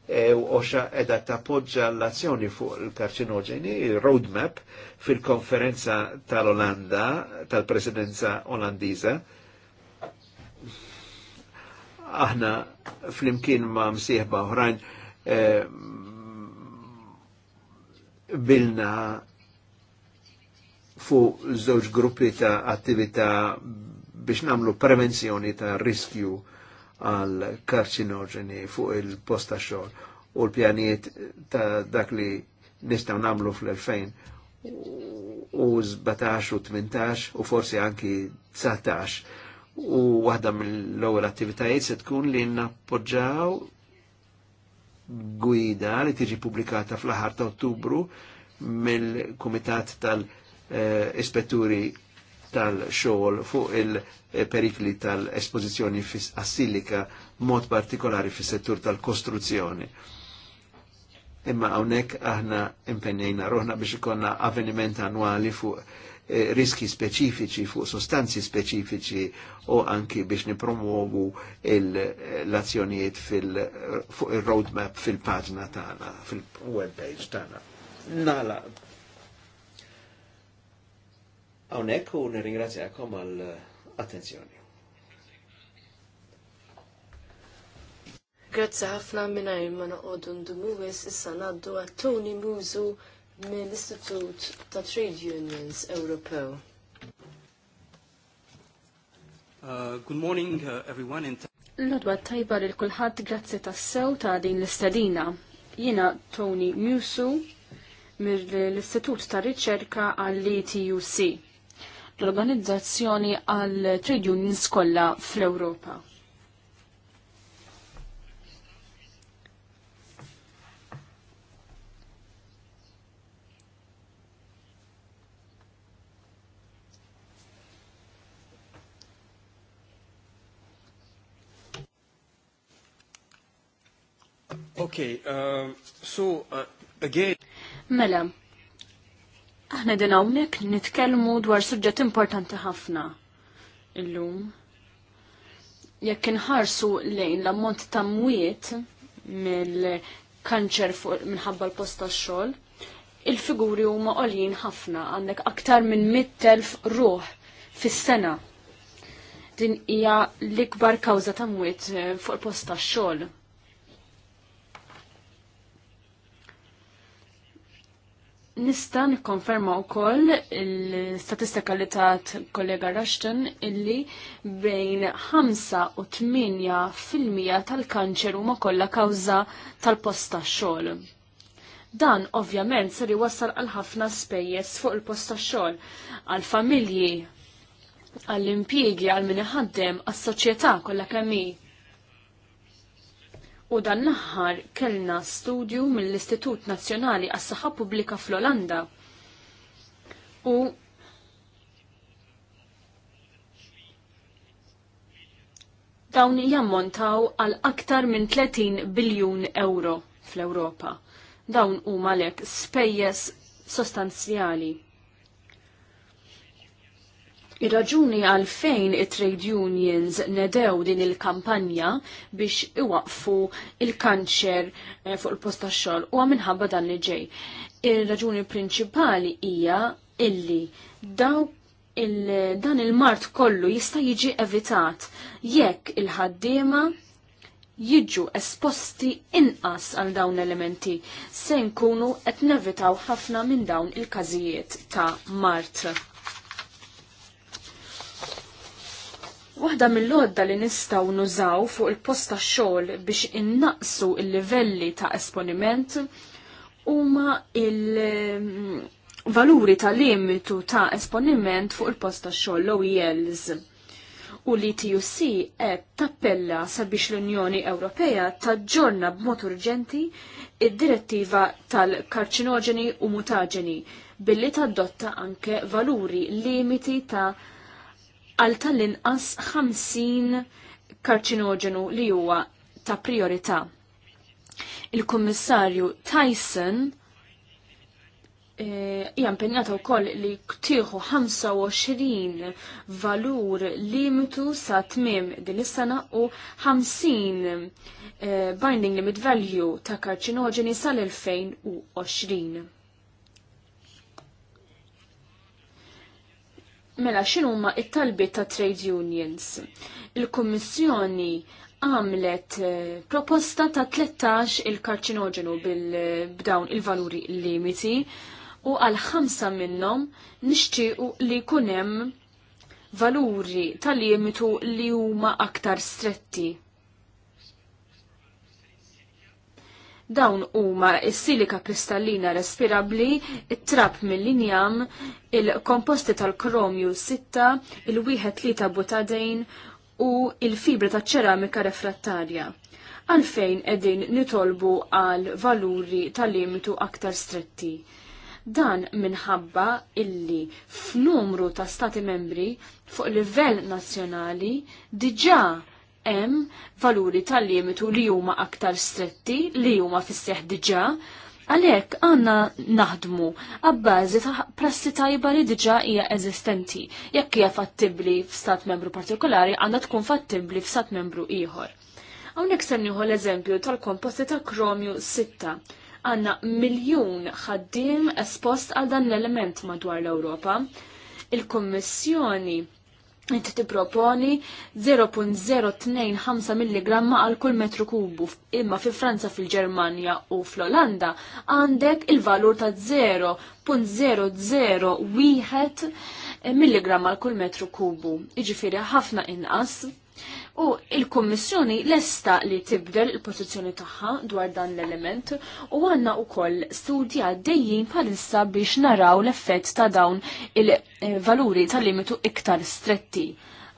e, u oċa edha tappoġġa l-azzjoni fuq il-karċinoġeni, il-roadmap fil-konferenza tal-Olanda, tal-presidenza Olandiza, aħna flimkien ma' msieħba oħrajn eh, bilna fuq żewġ gruppi ta' attività biex namlu prevenzjoni ta' riskju għal karċinogeni fuq il-posta xogħol u l-pjanijiet ta' dak li nistgħu namlu fl-2000 u 17 u 18 u forsi anki 19 U waħda mill-ewwel attivitajiet se tkun li nappoġġaw gwida li tiġi pubblikata fl-aħħar ta' Ottubru mill-Kumitat tal-Ispetturi tal-xogħol fuq il-perikli tal-espożizzjoni assilika mod partikolari fis-settur tal-kostruzzjoni. Imma hawnhekk aħna impenjejna roħna biex ikonna avveniment annwali fuq Eh, riski speċifiċi fuq sostanzi speċifiċi u anki biex nipromuovu l-azzjonijiet fuq il-roadmap fil pagġna tagħna, fil-webpage tagħna. Nala. Hawnhekk u nirringrazzjakom għal attenzjoni. Grazzi ħafna minnajr ma naqodu ndumu wis issa naddu għattuni mużu mill-Istitut ta' Trade Unions Ewropew. Uh, good morning uh, everyone. L-odwa tajba lil kulħadd grazzi tas-sew ta' din l-istadina. Jiena Tony Musu mill-Istitut ta' Riċerka għall-ETUC, l-organizzazzjoni għall trade unions kollha fl-Ewropa. Okay, uh, so uh, again. Mela, aħna din hawnhekk nitkellmu dwar suġġett importanti ħafna illum. Jekk inħarsu lejn l-ammont ta' mwiet mill-kanċer minħabba l posta xol, xogħol il-figuri huma qolin ħafna għandek aktar minn 100,000 ruħ fis-sena. Din hija l-ikbar kawża ta' mwiet eh, fuq il posta xol. xogħol Nista nikkonferma wkoll il-statistika li tat kollega Rashton illi bejn 5 u 8 filmija tal-kanċer huma kollha kawża tal posta xol. xogħol Dan ovvjament ser wassal għal ħafna spejjeż fuq il posta xol, xogħol għal familji għall-impjiegi għal minn iħaddem għas-soċjetà kollha kemm U dan naħħar kellna studju mill-Istitut Nazzjonali għas-Saħħa Pubblika fl-Olanda. U dawn jammontaw għal aktar minn 30 biljun euro fl-Ewropa. Dawn huma lek spejjeż sostanzjali. Ir-raġuni għalfejn it-trade unions nedew din il-kampanja biex iwaqfu il-kanċer eh, fuq il-post tax-xogħol huwa minħabba dan li ġej. Ir-raġuni prinċipali hija illi daw il dan il-mart kollu jista' jiġi evitat jekk il-ħaddiema jiġu esposti inqas għal dawn elementi se nkunu qed nevitaw ħafna minn dawn il-każijiet ta' mart. Waħda mill-lodda li nistaw nużaw fuq il-posta xogħol biex innaqsu il-livelli ta' esponiment huma il-valuri ta' limitu ta' esponiment fuq il-posta xogħol l-OELs. U li TUC qed tappella sabiex l-Unjoni Ewropea taġġorna b'mod urġenti id-direttiva tal-karċinoġeni u mutaġeni billi tadotta anke valuri limiti ta' għal tal-inqas 50 karċinogenu li huwa ta' priorità. Il-Kummissarju Tyson eh, hija u wkoll li ktiħu 25 valur limitu sa tmiem din is-sena u 50 eh, binding limit value ta' karċinoġeni sal-2020. Mela ma it-talbiet ta' trade unions? Il-Kummissjoni għamlet eh, proposta ta' 13 il-karċinogenu bil-bdawn il-valuri limiti u għal ħamsa minnhom nixtiequ li kunem valuri tal-limitu li huma aktar stretti Dawn huma s-silika kristallina respirabli, it-trap mill-linjam, il-komposti tal-kromju 6, il-wieħed li ta' butadejn u il-fibra ta' ċeramika refrattarja. Għalfejn edin nitolbu għal valuri tal-limitu aktar stretti. Dan minħabba illi f'numru ta' stati membri fuq livell nazzjonali diġa' hemm valuri tal-limitu li huma aktar stretti li huma fis seħħ diġà għalhekk għandna naħdmu, għabbażi ta' prassi tajba li diġa hija eżistenti. Jekk hija fattibbli f'stat membru partikolari, għandha tkun fattibbli f'stat membru ieħor. Hawnhekk se nieħu l-eżempju tal-komposti ta' kromju 6. Għanna miljun ħaddiem espost għal dan l-element madwar l-Ewropa. Il-Kommissjoni Inti tipproponi 0.025 mg għal kull metru kubu, imma fi Franza, fil-Ġermanja u fl-Olanda għandek il-valur ta' 0.001 mg għal kull metru kubu. Iġifiri ħafna inqas U il-Kommissjoni lesta li tibdel il-pozizjoni tagħha dwar dan l-element u għanna u koll studji għaddejjin bħalissa biex naraw l-effett ta' dawn il-valuri tal-limitu iktar stretti.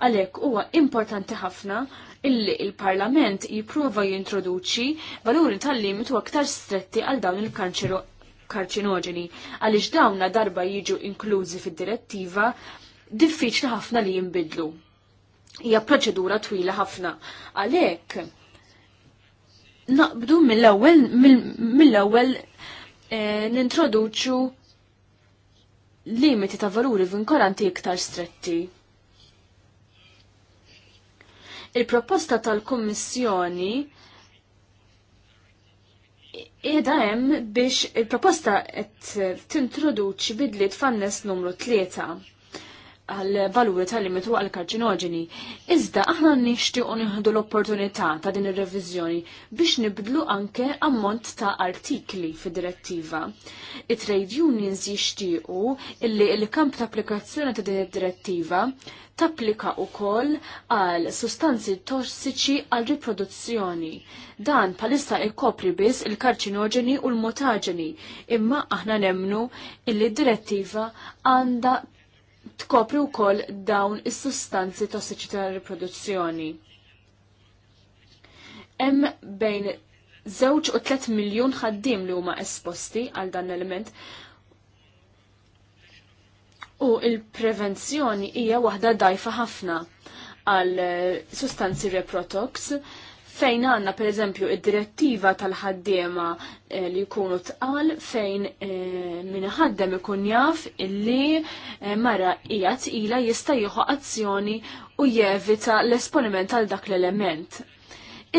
Għalek huwa importanti ħafna illi il-Parlament jipprova jintroduċi valuri tal-limitu aktar stretti għal dawn il-kanċeru karċinogeni, għaliex dawna darba jiġu inklużi fid-direttiva diffiċli ħafna li jimbidlu hija proċedura twila ħafna. Għalhekk naqbdu mill-ewwel mill-ewwel eh, nintroduċu limiti ta' valuri vinkolanti iktar stretti. Il-proposta tal-Kummissjoni Ieda hemm biex il-proposta qed tintroduċi bidliet fannes numru tlieta għal-valuri tal-limitu għal-karċinoġeni. Iżda aħna nixtiequ nieħdu l-opportunità ta' din ir-reviżjoni biex nibdlu anke ammont ta' artikli fid-direttiva. It-trade unions jixtiequ illi l-kamp ta' applikazzjoni ta' din id-direttiva tapplika wkoll għal sustanzi tossiċi għal riproduzzjoni. Dan palista ikopri biss il-karċinoġeni u l-mutaġeni, imma aħna nemnu il d-direttiva għanda tkopri wkoll dawn is-sustanzi tossiċi tal-riproduzzjoni. Hemm bejn żewġ u 3 miljun ħaddiem li huma esposti għal dan l-element u il-prevenzjoni hija waħda dajfa ħafna għal sustanzi reprotox fejn għanna per eżempju id-direttiva tal-ħaddiema eh, li jkunu tqal fejn eh, min ħaddem ikun jaf illi eh, mara hija tqila jista' jieħu azzjoni u jevita l-esponiment għal dak l-element.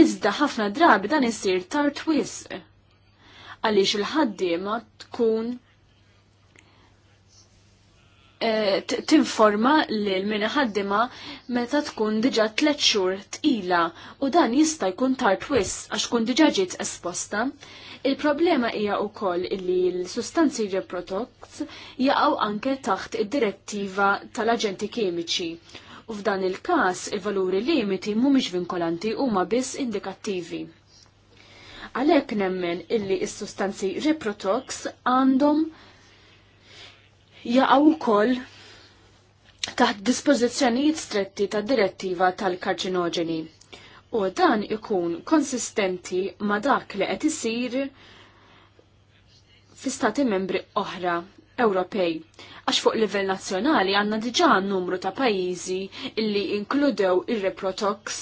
Iżda ħafna drabi dan isir tar twis għaliex il-ħaddiema tkun Eh, tinforma li l-mina ħaddima meta tkun diġa tlet xhur tqila u dan jista' jkun tard wis għax kun diġa ġiet esposta. Il-problema hija wkoll li l-sustanzi reprodokt jaqgħu anke taħt id-direttiva tal-aġenti kimiċi u f'dan il-każ il-valuri limiti mhumiex vinkolanti huma biss indikattivi għalek nemmen illi is-sustanzi reprotox għandhom jaqgħu wkoll taħt dispożizzjonijiet stretti ta' direttiva tal-karċinoġeni. U dan ikun konsistenti ma' dak li qed isir fi stati membri oħra Ewropej. Għax fuq livell nazzjonali għandna diġà numru ta' pajjiżi illi inkludew il-reprotox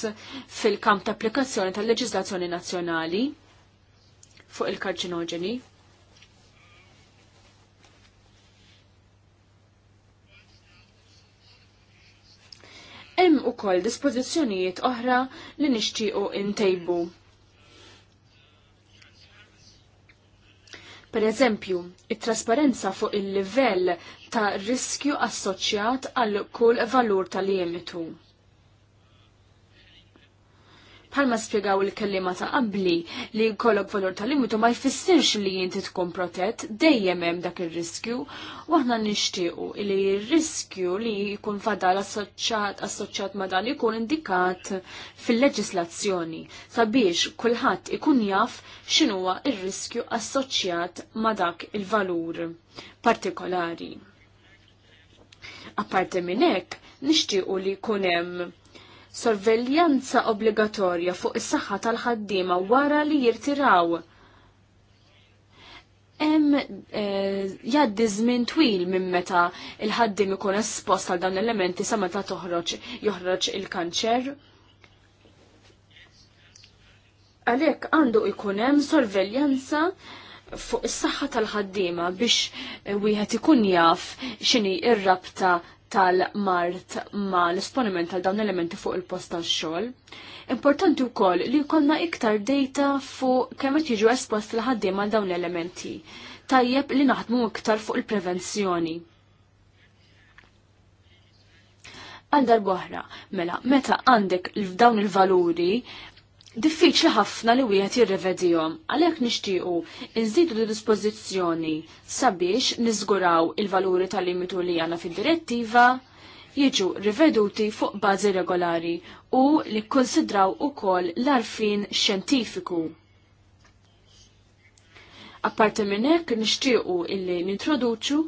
fil-kamp ta' applikazzjoni tal leġislazzjoni nazzjonali fuq il-karċinoġeni. hemm ukoll dispożizzjonijiet oħra li nixtiequ intejbu. Per eżempju, it-trasparenza fuq il-livell ta' riskju assoċjat għal kull valur tal-limitu palma spiegaw il-kellima ta' qabli li kollok valur tal-limitu ma jfissirx li jinti tkun protett dejjem hemm dak ir-riskju u aħna nixtiequ li r-riskju li jkun fadal assoċjat assoċjat ma dan ikun indikat fil-leġislazzjoni sabiex kulħadd ikun jaf x'inhuwa r-riskju assoċjat ma dak il-valur partikolari. Apparti minn hekk, nixtiequ li jkun hemm sorveljanza obbligatorja fuq is-saħħa tal-ħaddiema wara li jirtiraw. Hemm eh, jaddi jgħaddi żmien twil minn meta il-ħaddim ikun espost għal dawn l-elementi sa meta toħroġ joħroġ il-kanċer. Għalhekk għandu jkun hemm sorveljanza fuq is-saħħa tal-ħaddiema biex eh, wieħed ikun jaf x'inhi r-rabta tal-mart ma l-esponiment tal dawn elementi fuq il-post tax-xogħol. Importanti wkoll li jkollna iktar data fuq kemm qed jiġu espost l ħaddiem għal dawn l-elementi. Tajjeb li naħdmu iktar fuq il-prevenzjoni. Għal darbohra, mela, meta għandek dawn il-valuri, diffiċli ħafna li wieħed jirrevedihom, għalhekk nixtiequ inżidu li dispożizzjoni sabiex niżguraw il-valuri tal-limitu li għandna fid-direttiva jiġu riveduti fuq bażi regolari u li konsidraw ukoll l-arfin xjentifiku. Apparti minn hekk nixtiequ illi nintroduċu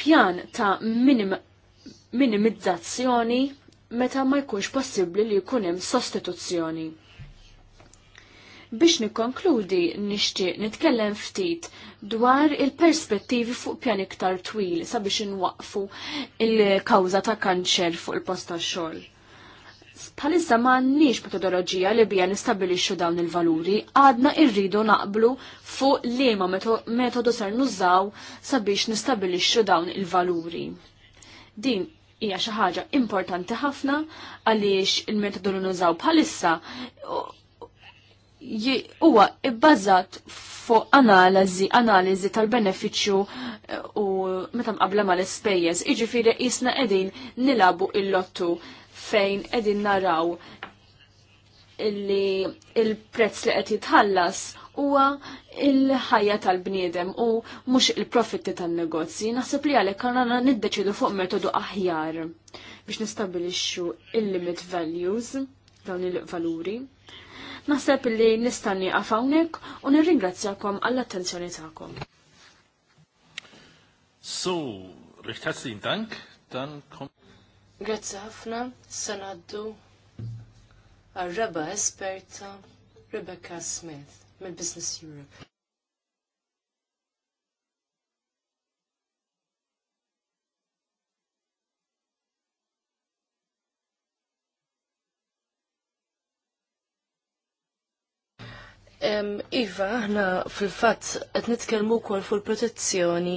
pjan ta' minim minimizzazzjoni meta ma jkunx possibbli li jkun hemm sostituzzjoni. Biex nikkonkludi nixtieq nitkellem ftit dwar il-perspettivi fuq pjan iktar twil sabiex inwaqfu il-kawża ta' kanċer fuq il-post tax-xogħol. Bħalissa m'għandniex metodoloġija li bija nistabilixxu dawn il-valuri, għadna irridu naqblu fuq liema metodu ser nużaw sabiex nistabilixxu dawn il-valuri. Din hija xi ħaġa importanti ħafna għaliex il-metodu li nużaw bħalissa huwa ibbażat fuq analiżi analiżi tal-benefiċċju eh, u meta mqabbla mal-ispejjeż, jiġifieri qisna qegħdin nilabu il-lottu fejn qegħdin naraw Illi il-prezz li qed jitħallas huwa il-ħajja tal-bniedem u mhux il-profitti tan-negozji. Naħseb li għalhekk għandna niddeċidu fuq metodu aħjar biex nistabilixxu il-limit values dawn il-valuri. Naħseb li nista' nieqaf hawnhekk u nirringrazzjakom għall-attenzjoni tagħkom. So, recht tank, Dank, dann kommt Grazzi ħafna, sanaddu għal-raba esperta Rebecca Smith mill-Business Europe. Iva, ħna fil-fat, għet nitkelmu kol fuq protezzjoni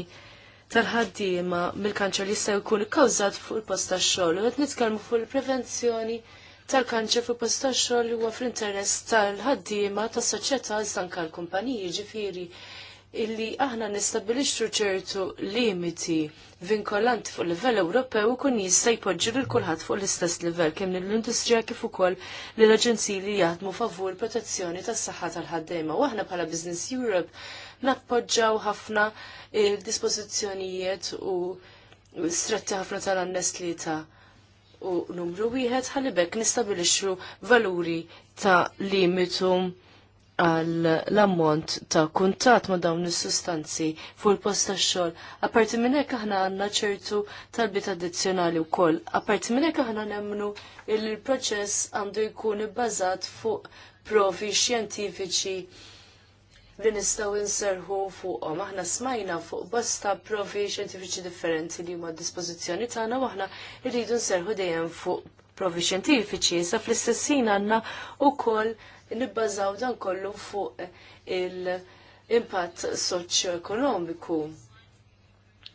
tal-ħaddima mill-kanċer li jista' jkun ikkawżat fuq il-post tax-xogħol, qed nitkellmu fuq il-prevenzjoni tal-kanċer fu posta li huwa fl-interess tal-ħaddiema tas-soċjetà iżda l-kumpaniji ġifieri illi aħna nistabbilixxu ċertu limiti vinkolanti fuq livell Ewropew ikun jista' jpoġġi lil kulħadd fuq l-istess livell kemm lill-industrija kif ukoll lill aġenziji li jaħdmu favur protezzjoni tas-saħħa tal-ħaddiema. U aħna bħala Business Europe nappoġġaw ħafna il-dispożizzjonijiet u stretti ħafna tal-annes u numru wieħed ħalibek nistabilixxu valuri ta' limitu għal l-ammont ta' kuntat ma' dawn is-sustanzi fuq il-post tax-xogħol. Apparti minn hekk aħna għandna ċertu talbit addizzjonali wkoll. Apparti minn hekk aħna nemmnu il-proċess għandu jkun ibbażat fuq provi xjentifiċi li nistgħu inserħu fuqhom. Aħna smajna fuq bosta provi xjentifiċi differenti li huma d dispożizzjoni tagħna u aħna rridu nserħu dejjem fuq provi xjentifiċi. Sa fl-istess ħin għandna wkoll nibbażaw dan kollu fuq il-impatt soċjo-ekonomiku.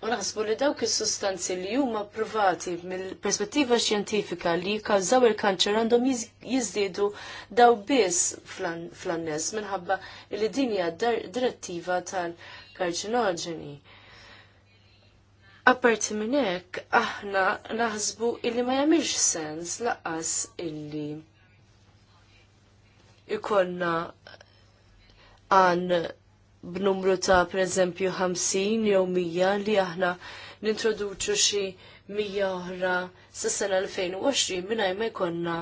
U naħsbu li dawk is-sustanzi li huma provati mill-perspettiva xjentifika li jikkawżaw il-kanċer għandhom jiżdiedu daw biss fl-annes minħabba li din hija direttiva tal-karċinoġeni. Apparti minn hekk aħna naħsbu illi ma jagħmilx sens laqas illi Ikonna għan b'numru ta' pereżempju 50 jew 100 li aħna nintroduċu xi mija oħra sa sena 2020 minnaj ma jkonna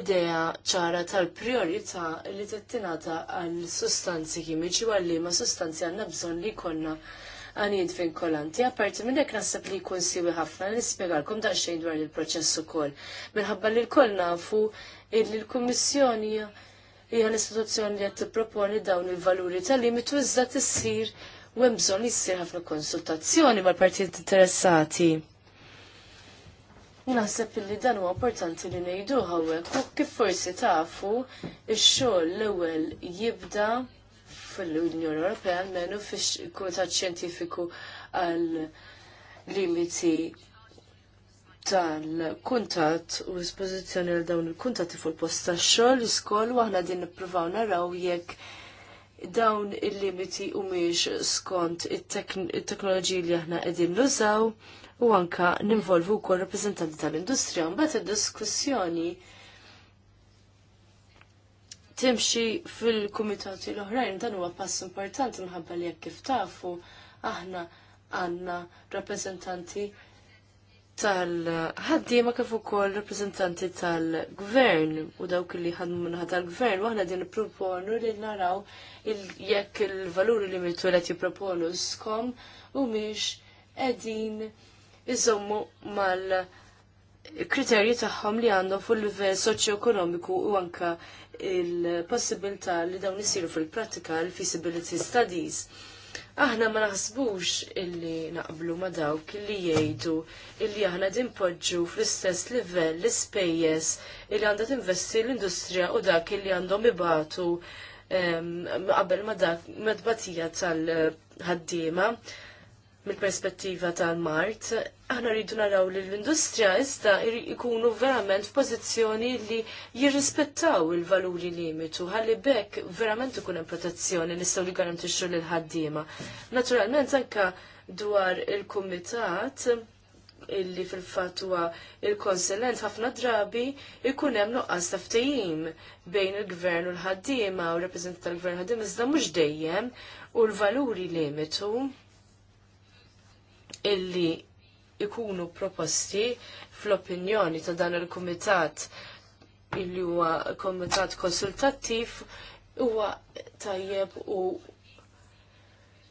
idea ċara tal-priorità li tettinata għal sustanzi kimiċi għalli ma sustanzi għanna bżon li konna għanid kolanti. Apparti minn dek nasab li jkun siwi ħafna nispiegalkom da xejn dwar il-proċess ukoll. Minħabba li l kol nafu il-Kummissjoni il kummissjoni hija l-istituzzjoni li qed tipproponi dawn il-valuri tal-limitu iżda tissir u hemm bżonn issir ħafna konsultazzjoni mal-partijiet interessati. Naħseb illi dan huwa importanti li ngħidu hawnhekk u kif forsi tafu ix-xogħol l-ewwel jibda fil-Unjoni Ewropea almenu fix-Kumitat Xjentifiku għal limiti tal-kuntat u espożizzjoni għal dawn il kuntat fuq il-post xogħol iskoll u aħna din nippruvaw naraw jekk dawn il-limiti miex skont it-teknoloġiji li aħna qegħdin nużaw u anka ninvolvu wkoll rappreżentanti tal-industrija. Mbagħad id-diskussjoni timxi fil-kumitati l-oħrajn dan huwa pass importanti minħabba li jekk kif tafu aħna għandna rappreżentanti tal-ħaddiema kif ukoll rappreżentanti tal-gvern u dawk li ħadmu minnaħa tal-gvern waħna din nipproponu li naraw jekk il-valuri li mitu qed jipproponu skom u miex qegħdin iżommu mal- kriterji tagħhom li għandhom fuq livell soċjo-ekonomiku u anka il-possibilità li dawn isiru fil-pratika l-feasibility studies. Aħna ma naħsbux illi naqblu ma dawk illi jgħidu illi aħna dimpoġġu fl-istess livell l-ispejjeż illi għandha tinvesti l-industrija u dak illi għandhom ibatu qabel ma dak medbatija tal-ħaddiema mill-perspettiva tal-Mart aħna rridu naraw li l-industrija iżda ikunu verament f'pożizzjoni li jirrispettaw il-valuri limitu, ħalli bekk verament ikun hemm protezzjoni nistgħu li garantixxu lil ħaddiema. Naturalment anke dwar il-kumitat illi fil-fatt huwa il-konsulent ħafna drabi ikun hemm nuqqas ta' ftehim bejn il-gvern u l-ħaddiema u rappreżentant tal-gvern ħaddiema iżda mhux dejjem u l-valuri limitu illi ikunu proposti fl-opinjoni ta' dan il-Kumitat illi huwa Kumitat Konsultattiv huwa tajjeb u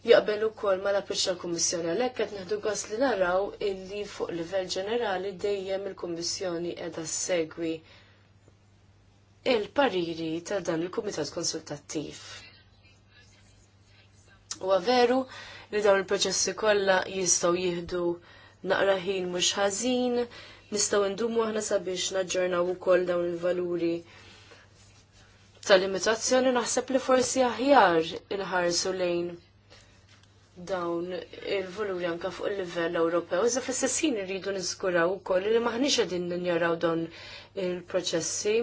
jaqbel ukoll ma l-approċċ kummissjoni għalhekk qed neħdu gost li naraw illi fuq livell ġenerali dejjem il-Kummissjoni qiegħda segwi il-pariri ta' dan il-Kumitat Konsultattiv. Huwa veru li dawn il-proċessi kollha jistgħu jieħdu naqra ħin mhux ħażin, nistgħu ndumu aħna sabiex naġġornaw ukoll dawn il-valuri tal-limitazzjoni naħseb li forsi aħjar inħarsu lejn dawn il valuri anka fuq il-livell Ewropew, iżda fl-istess ħin irridu niżkuraw ukoll li maħniex qegħdin ninjaraw dawn il-proċessi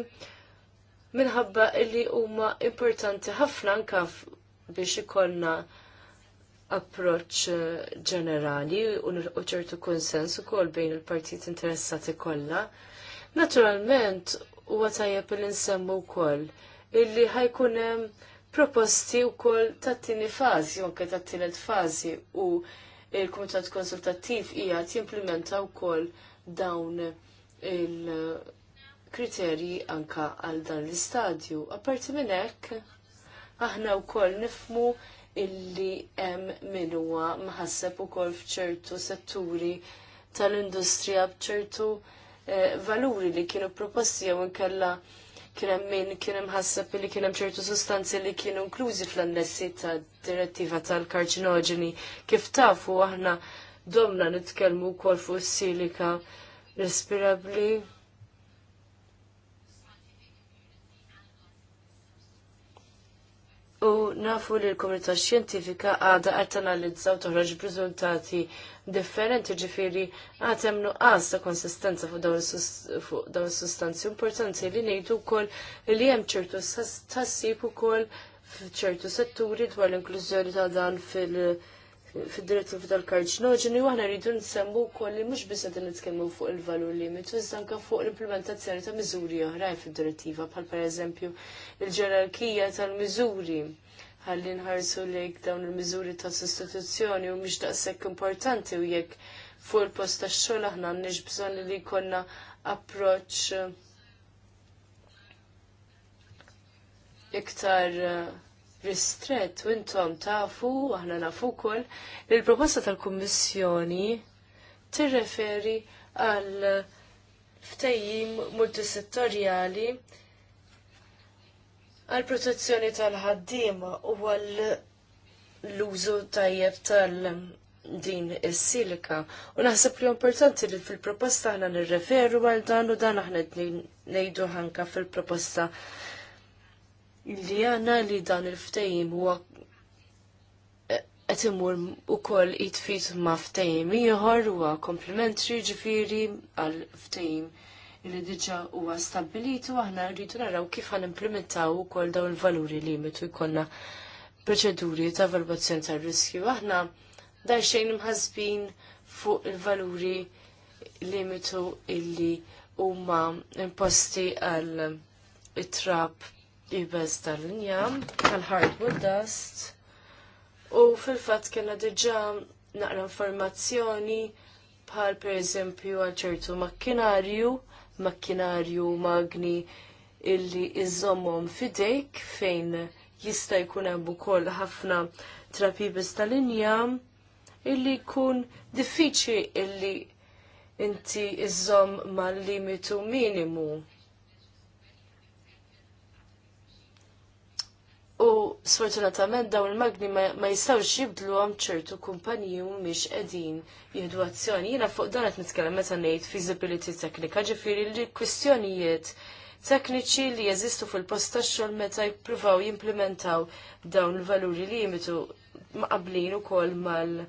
minħabba li huma importanti ħafna anka biex ikollna approċċ eh, ġenerali u ċertu konsens ukoll bejn il-partijiet interessati kollha. Naturalment huwa tajjeb li nsemmu wkoll illi ħajkun hemm proposti wkoll tat-tieni fażi u anke tat-tielet fazi u il-Kumitat Konsultattiv hija jimplementa wkoll dawn il-kriterji anka għal dan l-istadju. Apparti minn hekk aħna wkoll nifmu illi hemm min huwa mħasseb ukoll f'ċertu setturi tal-industrija b'ċertu eh, valuri li kienu proposti jew inkella kien hemm min kien hemm li kien hemm ċertu sustanzi li kienu inklużi fl-annessi tad-direttiva tal-karċinoġeni. Kif tafu aħna domna nitkellmu wkoll fuq silika respirabbli u nafu li l-komunità xjentifika għada qed tanalizza u toħroġ b'riżultati differenti ġifiri għatem nuqqas ta' konsistenza fuq dawn is-sustanzi importanti li ngħidu wkoll li hemm ċertu tassib ukoll f'ċertu setturi dwar l-inklużjoni ta' dan fil- fid-direttiv tal-karċinoġeni u aħna rridu nsemmu wkoll li mhux din qegħdin nitkellmu fuq il-valur limitu iżda anke fuq l-implementazzjoni ta' miżuri oħrajn fid-direttiva bħal pereżempju il-ġerarkija tal-miżuri ħalli nħarsu lejk dawn il-miżuri ta' sostituzzjoni u mhux daqshekk importanti u jekk fuq il-post tax-xogħol aħna għandniex bżonn li jkollna approċċ iktar Ristret u intom tafu, aħna nafu kol, li l-proposta tal-Kummissjoni tirreferi għal ftejjim multisettorjali għal protezzjoni tal ħaddima u għal l-użu tajjeb tal-din is-silika. U naħseb li importanti li fil-proposta aħna nirreferu għal dan u dan aħna nejdu ħanka fil-proposta li għana li dan il-ftejim huwa qed imur ukoll jitfit ma' ftejim ieħor huwa komplementri ġifiri għal ftejim li diġà huwa għastabilitu għahna aħna rridu naraw kif għan implementaw ukoll dawn il-valuri li jmitu jkollna proċeduri ta' valutazzjoni tar-riskju. Aħna xejn imħasbin fuq il-valuri li metu illi huma imposti għal it-trap il-bez tal-injam, tal-hardwood dust, u fil-fat kena diġa naqra informazzjoni bħal per eżempju għalċertu makkinarju, makkinarju magni illi iżommom fidejk fejn jista' jkun hemm ukoll ħafna trapibis tal-injam illi jkun diffiċli illi inti iżomm mal-limitu minimu U sfortunatament dawn il-magni ma jistawx jibdlu għam ċertu kumpanji u miex edin jihdu azzjoni. Jena fuq dan qed nitkellem meta ngħid feasibility teknika, ġifieri li kwistjonijiet tekniċi li jeżistu fil-post tax-xogħol meta jippruvaw jimplementaw dawn il-valuri li jimitu maqablin ukoll mal-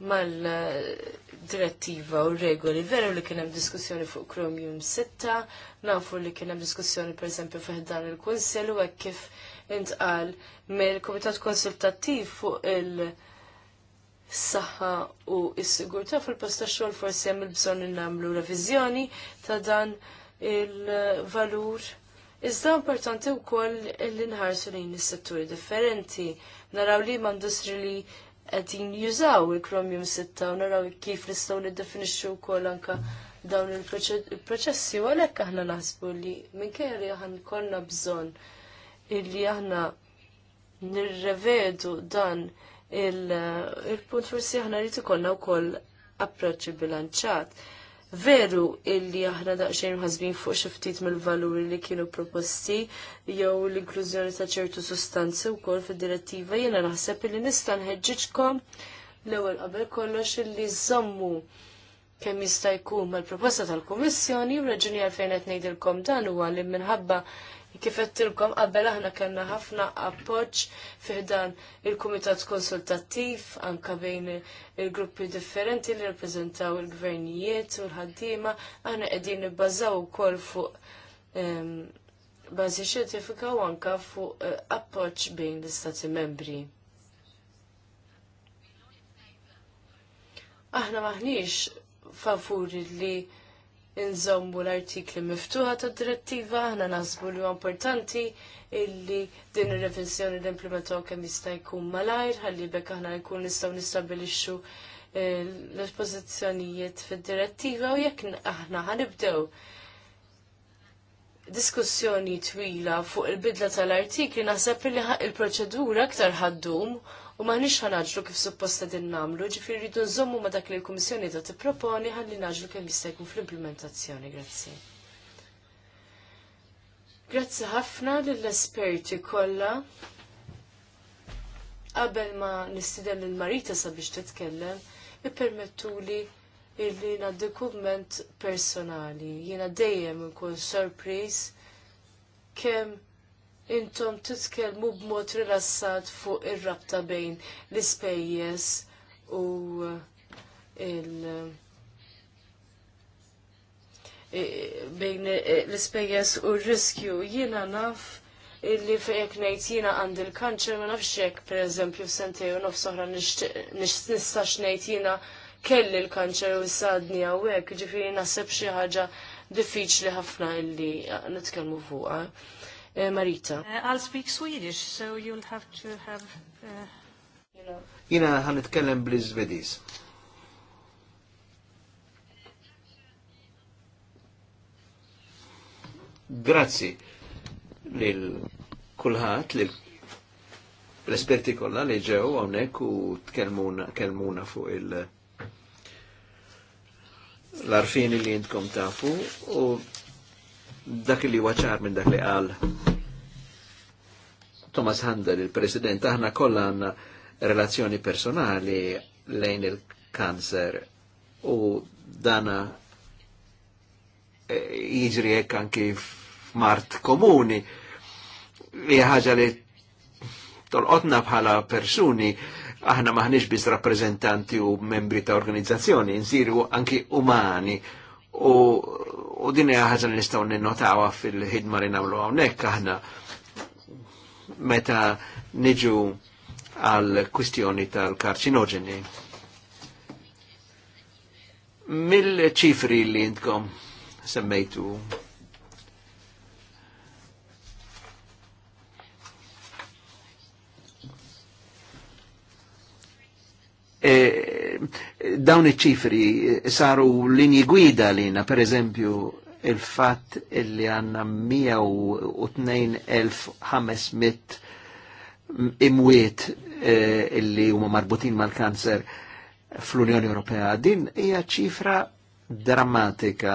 mal-direttiva u regoli. Veru li kienem diskussjoni fuq Chromium 6, nafu li kienem diskussjoni per esempio dan il-Kunsel u kif intqal mill-Komitat Konsultattiv fuq il- saħħa u s-sigurta fil-posta xogħol forsi hemm il-bżonn nagħmlu reviżjoni ta' dan il-valur. Iżda importanti wkoll li nħarsu lejn is-setturi differenti. Naraw li mandus li għedin jużaw il-Chromium 6 u naraw kif nistgħu niddefinixxu wkoll anke dawn il-proċessi u għalhekk aħna naħsbu li minkejja li aħna konna bżonn illi aħna nirrevedu dan il-punt forsi aħna rrid ikollna wkoll approċċ bilanċat Veru illi aħna daqsxejn ħasbin fuq xi ftit mill-valuri li kienu proposti jew l-inklużjoni ta' ċertu sustanzi wkoll fid-direttiva jiena naħseb illi nista' nħeġġiġkom l-ewwel qabel kollox illi żommu kemm jista' jkun mal-proposta tal-Kummissjoni u raġuni għalfejn qed ngħidilkom dan huwa li minħabba kifettilkom qabel aħna kellna ħafna appoġġ fiħdan il-Kumitat Konsultattiv anka bejn il-gruppi differenti li rappreżentaw il-gvernijiet u l-ħaddiema aħna qegħdin nibbażaw ukoll fuq ehm, bażi xjentifika u anka fuq eh, appoġġ bejn l-Istati membri. Aħna maħniex favuri li inżommu l-artikli miftuħa ta' direttiva, ħana nasbu li importanti illi din ir-revizjoni l-implementaw kemm jista' jkun malajr, ħalli bekk aħna jkun nistgħu nistabilixxu eh, l-pożizzjonijiet fid-direttiva u jekk aħna ħanibdew diskussjoni twila fuq il-bidla tal-artikli naħseb li il-proċedura aktar ħaddum u maħniex ħanaġlu kif supposta din namlu, ġifir rridu nżommu ma dak li l-Kummissjoni da tipproponi ħalli naġlu kemm jista' jkun fl-implementazzjoni. Grazzi. Grazzi ħafna lill-esperti kollha. Qabel ma nistiden l marita sabiex titkellem, ippermettuli illi naddi dokument personali. Jiena dejjem kun surprise kemm intom titkellmu b'mod rilassat fuq ir-rabta bejn l-ispejjeż u uh, il- bejn l-ispejjeż u r-riskju. Jiena naf illi fejek ngħid jiena għandi l-kanċer ma nafx hekk pereżempju f'sentej u nofs oħra nistax ngħid jiena kelli l-kanċer u issa għadni hawnhekk, ġifieri naħseb xi ħaġa diffiċli ħafna illi uh, nitkellmu fuqha. Eh? Eh, Marita. Uh, I'll speak Swedish, so you'll have to have... Uh, you know. Jina għan itkellem bl-Izvedis. Grazzi lil kulħat, lil l-esperti kollha li ġew hawnhekk u tkellmuna fuq il- l-arfini li jintkom tafu u dak li waċar minn dak li għal Thomas Handel, il-President, aħna kollha għandna relazzjoni personali lejn il-kanser u dana e, jiġri hekk anki f'mart komuni. Hija ħaġa li tolqotna bħala persuni aħna maħniex biss rappreżentanti u membri ta' organizzazzjoni, nsiru anki umani u U din hija ħaġa li nistgħu ninnotawha fil-ħidma li nagħmlu hawnhekk aħna meta niġu għal kwistjoni tal-karċinoġeni. Mill-ċifri li intkom semmejtu E, dawn iċ-ċifri saru linji gwida lina, per eżempju, il-fat li għanna 102.500 imwiet e, illi huma marbutin mal-kanzer fl-Unjoni Ewropea. Din hija ċifra drammatika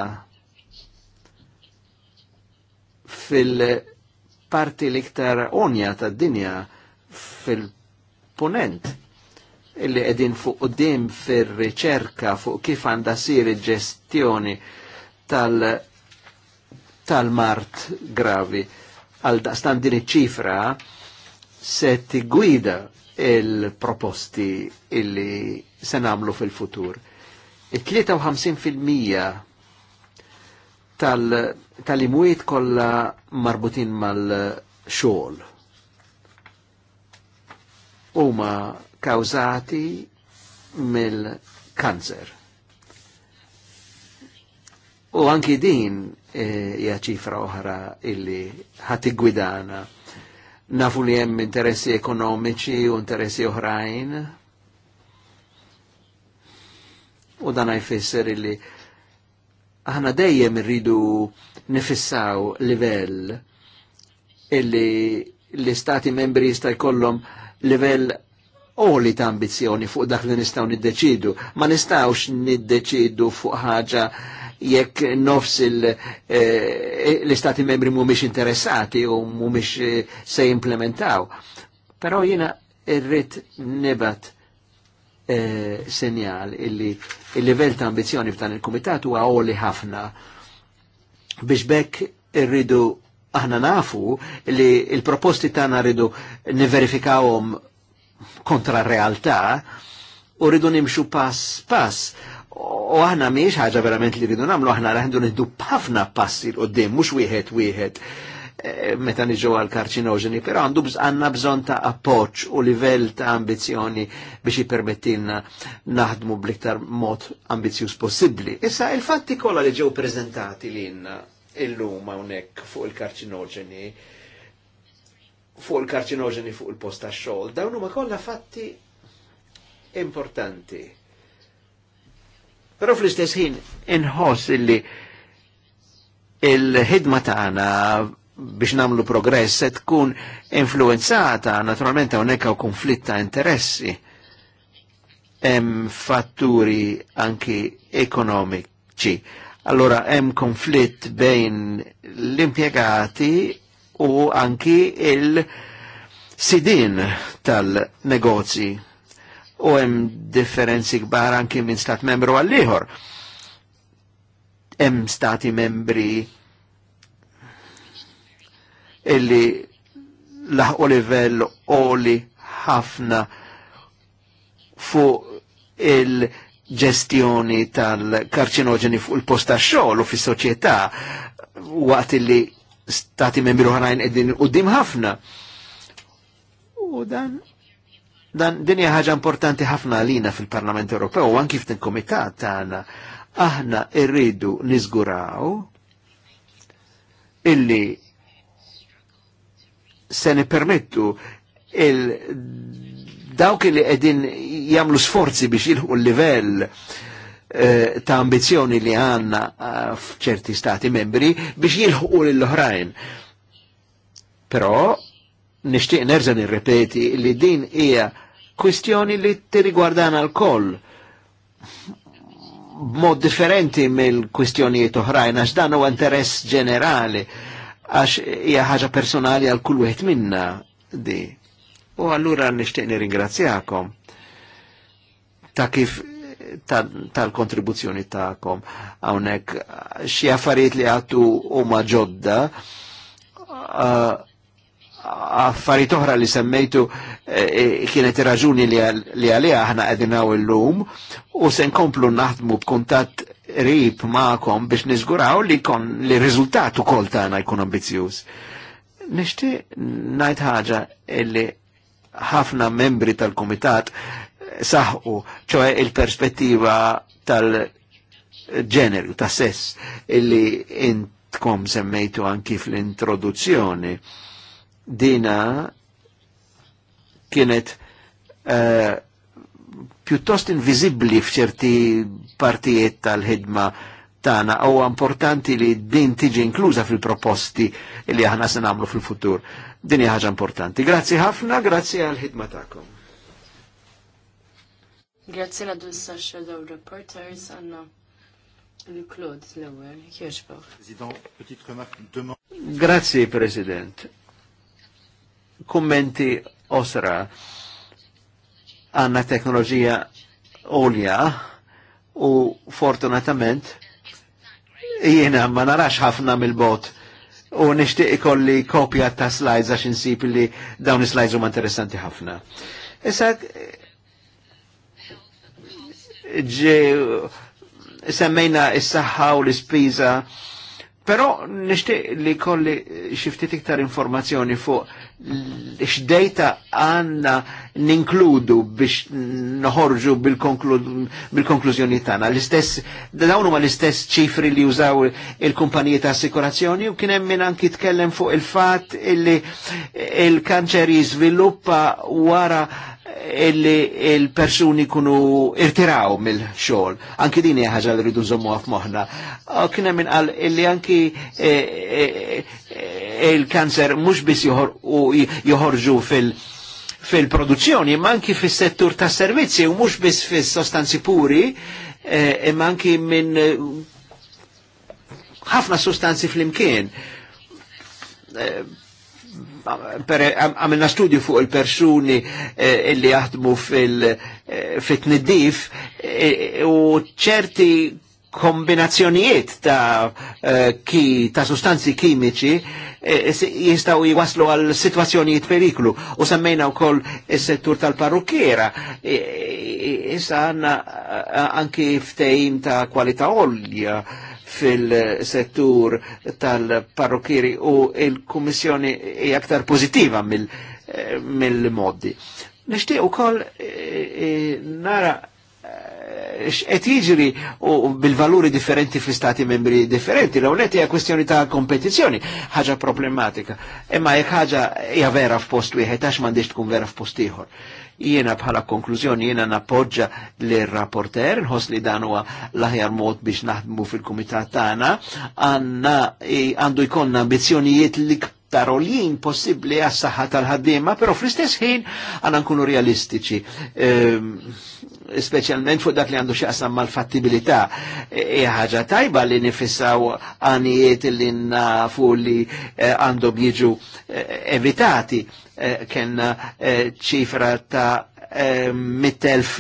fil-parti l-iktar onja tad-dinja fil-ponent illi edin fuq qudiem fir-riċerka fuq kif għanda sir il-ġestjoni tal tal-mart gravi għal daqstan din iċ-ċifra se tigwida il-proposti illi se namlu fil-futur. Il-53% tal-imwiet tal kolla marbutin mal-xol. Uma kawzati mill-kanzer. U anki din eh, hija e, ċifra oħra illi ħati gwidana. Nafu li hemm interessi ekonomiċi u interessi oħrajn. U dan jfisser illi aħna dejjem irridu nifissaw livell illi l-istati membri jista' jkollhom livell oli ta' ambizjoni fuq dak li nistaw niddeċidu. Ma nistawx niddeċidu fuq ħaġa jekk nofs eh, eh, l-istati membri mu miex interessati u mu miex eh, se implementaw. Pero jina irrit nebat senjal illi il-level ta' ambizjoni f'dan il-komitat huwa għoli ħafna biex bekk irridu aħna nafu li il-proposti tagħna rridu niverifikawhom kontra realtà u rridu nimxu pass pass. U aħna miex ħaġa verament li rridu namlu, aħna rridu niddu ħafna passi u qoddim mux wieħed wieħed eh, meta niġu għal karċinoġeni, pero għandu għanna bżon ta' appoċ u livell ta' ambizjoni biex jipermettilna naħdmu bliktar mod ambizjuż possibli. Issa il-fatti kolla li ġew prezentati l-inna il-lum hawnhekk fuq il-karċinoġeni fuq il-karċinoġeni fuq il-post ta' xogħol. Dawn huma kollha fatti importanti. Però fl-istess ħin inħoss illi il-ħidma tagħna biex namlu progress se tkun influenzata naturalment hawnhekk hawn konflitt ta' interessi. Hemm fatturi anki ekonomiċi. Allora hemm konflitt bejn l-impjegati u anki il-sidin tal-negozji u hemm differenzi kbar anki minn stat membru għall ieħor Hemm stati membri illi laħqu livell oli ħafna fu il-ġestjoni tal karċinoġeni fuq il-posta xogħol u fis-soċjetà waqt li stati membri oħrajn qegħdin dim ħafna. U dan dan din hija ħaġa importanti ħafna għalina fil-Parlament Ewropew u anki ftin komitat tagħna aħna rridu niżguraw illi se permettu il dawk li qegħdin jagħmlu sforzi biex jilħu l-livell Eh, ta' ambizjoni li għanna eh, f'ċerti stati membri biex jilħu l-oħrajn. Però nishtiq nerżan nirrepeti li din hija kwistjoni li tirigwardana l-koll mod differenti mill-kwistjonijiet oħrajn għax dan huwa interess ġenerali għax hija ħaġa personali għal kull wieħed minna di. U allura nixtieq nirringrazzjakom ta' kif tal-kontribuzzjoni ta ta'kom. Għawnek xie affarijiet li għattu u ġodda, affarijiet oħra li semmejtu e, e, kienet raġuni li għalija aħna għedinaw il-lum u sen komplu naħdmu b'kuntat rib ma'kom biex nizguraw li kon li rizultatu u kol tana jkun ambizjuż. Nishti najt ħaġa illi ħafna membri tal-komitat saħqu, ċoħe il-perspettiva tal-ġeneru, ta' sess, illi intkom semmejtu anki fl-introduzzjoni. Dina kienet uh, eh, pjuttost invizibli f'ċerti partijiet tal-ħidma tana u importanti li din tiġi inkluża fil-proposti li aħna se nagħmlu fil-futur. Din hija ħaġa importanti. Grazzi ħafna, grazzi għal-ħidma tagħkom. Grazie la dussa Shadow Reporters għanna Le claude l-ewel, kieġbaħ. President, petit remarque, demande. Grazie, President. Commenti, osra Anna tecnologia olja u fortunatament jiena ma narax ħafna mill-bot u nishtiq ikolli kopja ta' slides għax insib li dawn slides huma interessanti ħafna. Issa ġe semmejna s-saħħa u l-ispiża. Però nishtiq li kolli xiftit iktar informazzjoni fuq x'dejta għanna ninkludu biex noħorġu bil-konklużjoni bil tagħna. L-istess dawn huma l-istess ċifri li użaw il-kumpaniji ta' assikurazzjoni u kien hemm anki tkellem fuq il fat illi il-kanċer jiżviluppa wara illi il-persuni kunu irtiraw mill-xol. Anki din hija ħaġa li rridu nżommu għaf moħna. Ah, kien hemm inqal illi anki eh, eh, eh, il-kanzer mhux biss joħorġu fil- produzzjoni imma anki fis-settur tas servizzi u mhux biss fis-sostanzi puri, imma anki minn ħafna fl-imkien għamilna studju fuq il-persuni eh, illi jaħdmu fil eh, fitnidif eh, u ċerti kombinazzjonijiet ta' ki ta' sustanzi kimiċi jistaw jiwaslu għal situazzjonijiet periklu u semmejna u koll il-settur tal-parrukkiera issa għanna anki ftejim ta' kwalità olja fil-settur tal-parrokkieri u il-Kummissjoni hija aktar pożittiva mill-modi. Nixtieq ukoll eh, eh, nara eh, x'qed jiġri u bil-valuri differenti fi stati membri differenti, l hawnhekk hija kwestjoni ta' kompetizzjoni, ħaġa problematika. Imma jekk ħaġa hija vera f'post wieħed għax m'għandix tkun vera f'post ieħor. Jiena bħala konklużjoni jiena nappoġġa l rapporter nħoss li dan huwa l-aħjar mod biex naħdmu fil-kumitat tagħna, għandna għandu jkollna ambizzjonijiet li tarolin possibli għas-saħħa tal-ħaddiema, però fl-istess ħin għandna nkunu realistiċi. Ehm, specialment fuq dak li għandu xaqsam mal-fattibilità. ħaġa tajba li nifissaw għanijiet li nafu li eh, għandhom jiġu eh, evitati eh, kien ċifra ta' mittelf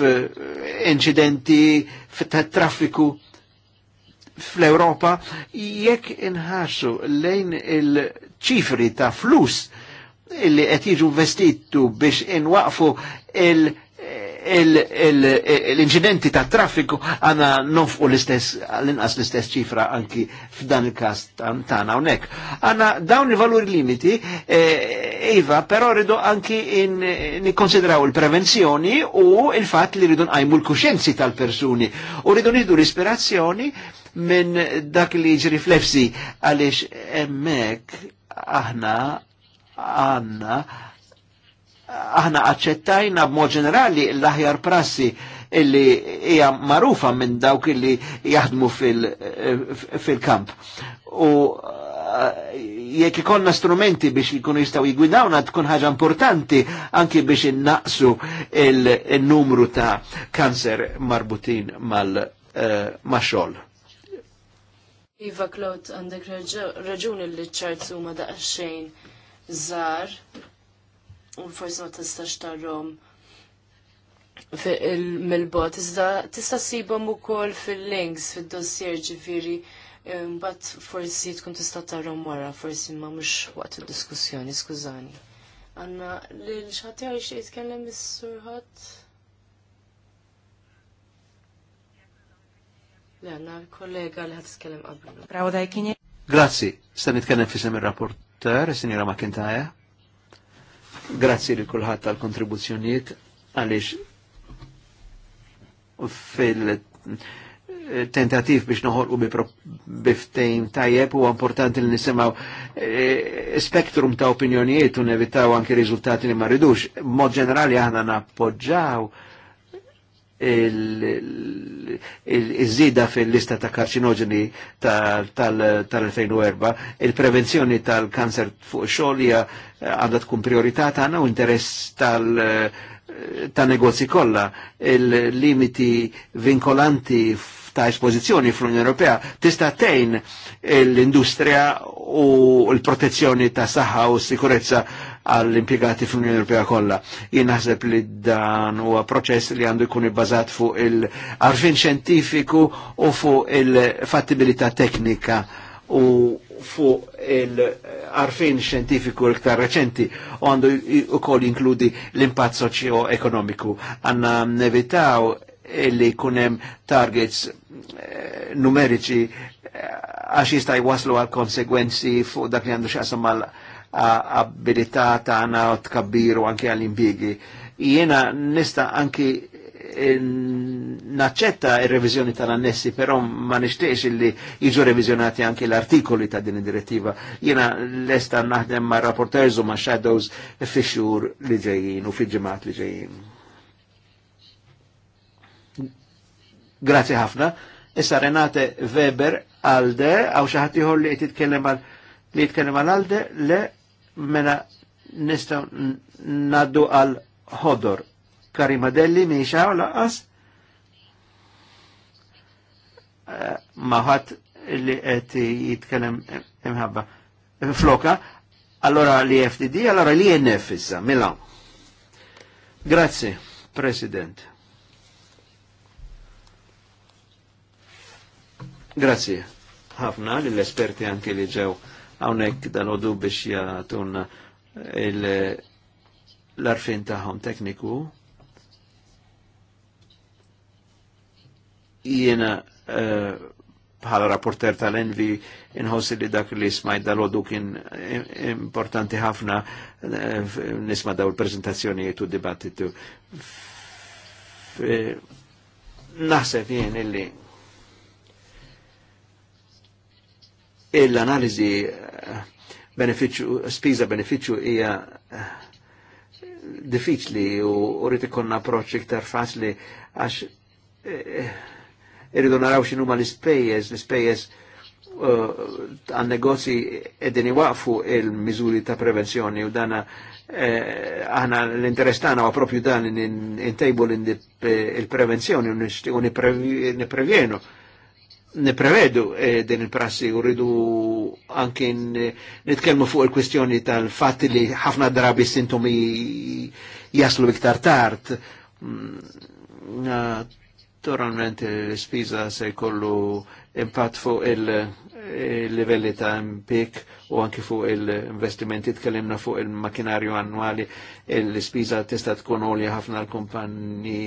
incidenti ta' traffiku fl-Europa jekk inħarsu lejn il-ċifri ta' flus illi qed jiġu vestitu biex inwaqfu il- l-inċidenti ta' traffiku għana nofqu l-istess, l-inqas l-istess ċifra anki f'dan il-kas tana unek. Għana dawn il-valuri limiti, eh, Iva, però ridu anki nikonsidraw il-prevenzjoni u il-fat li ridu nqajmu l-kuxenzi tal-persuni u rridu nidu l-ispirazzjoni minn dak li ġri flefsi għalix emmek aħna għanna aħna aċċettajna b'mod ġenerali l-aħjar prassi illi hija marufa minn dawk illi jaħdmu fil-kamp. U eh, jekk ikonna strumenti biex jkunu jistgħu jgwidawna tkun ħaġa importanti anki biex innaqsu il-numru ta' kanser marbutin mal-maxol. Eh, iva Klot, għandek raġuni li ċarzu ma daqsxejn zar un forsi ma tistax tarrom mill-bot, iżda tista' sibhom ukoll fil-links fid-dossier ġifieri mbagħad forsi tkun tista' tarhom wara, forsi ma mhux waqt id-diskussjoni, skużani. Anna li l-xatt jgħid jitkellem is-surħat? l għanna l-kollega li ħad titkellem qabel. Grazzi, sta nitkellem sem ir-rapporter, Sinjora McIntyre. Grazzi li kulħadd tal kontribuzzjonijiet għaliex fil-tentativ biex noħolqu biftejn tajjeb u importanti li nisimaw eh, spektrum ta' opinjonijiet u nevitaw anki riżultati li ma ridux. Mod ġenerali aħna nappoġġaw il-żida fil-lista ta' karċinoġeni tal-2004, il-prevenzjoni tal kanser fuq xolja eh, għandha tkun priorità tagħna u interess tal- eh, ta' negozji kollha il-limiti vinkolanti ta' esposizjoni fl-Unjoni Ewropea tista' tgħin l-industrija u l-protezzjoni ta' saħħa u sikurezza għall-impjegati fl-Unjoni Ewropea kollha. Jien naħseb li dan huwa proċess li għandu jkun ibbażat fuq il-arfin xjentifiku u fuq il-fattibilità teknika u fuq il-arfin xjentifiku l-iktar reċenti u għandu u inkludi l-impatt soċio-ekonomiku. Għanna nevitaw illi kunem targets eh, numeriċi eh, għax jista' jwaslu għal konsegwenzi fuq dak li għandu xaqsam mal abilità tagħna u tkabbiru anke għall-impjiegi. Jiena nista' anki eh, naċċetta il revizjoni tal-annessi, però ma nixtiex li jiġu revizjonati anki l-artikoli ta' din id-direttiva. Jiena lesta naħdem ma' rapporters u ma' shadows fi xhur li ġejjin u fi ġemat li ġejjin. Grazie ħafna. Issa Renate Weber Alde, għaw xaħat iħor li li jitkellem għal Alde, le mela nistaw naddu għal ħodor. Karimadelli miex għaw laqas eh, maħat li għet jitkellem imħabba eh, floka, allora li FDD, allora li NF issa, Milan. Grazie, President. Grazie, ħafna l-esperti anki li ġew hawnhekk dal-għodu biex jagħtuna l-arfin tagħhom tekniku. Jiena eh, bħala rapporter tal-Envi inħossi li dak li smajt dal-għodu kien importanti ħafna eh, nisma daw il-prezentazzjonijiet u dibattitu. Naħseb jien illi l-analizi beneficju, spiża beneficju hija diffiċli u rrit ikonna approċċ iktar faċli għax eh, irridu naraw x'inhu ma l-ispejjeż, l-ispejjeż eh, għan negozji edin iwaqfu il-miżuri ta' prevenzjoni u dana għana eh, l-interess tagħna huwa propju dan intejbu il-prevenzjoni u niprevjenu niprevedu eh, din il-prassi u rridu anke nitkellmu fuq il-kwestjoni tal-fatti li ħafna drabi sintomi jaslu iktar tard. Mm, Naturalment l-spiża eh, se jkollu impatt fuq il-livelli ta' impik u anke fuq il-investimenti tkellimna fuq il-makinarju annwali, il-spiża tista' tkun għolja ħafna l-kumpanji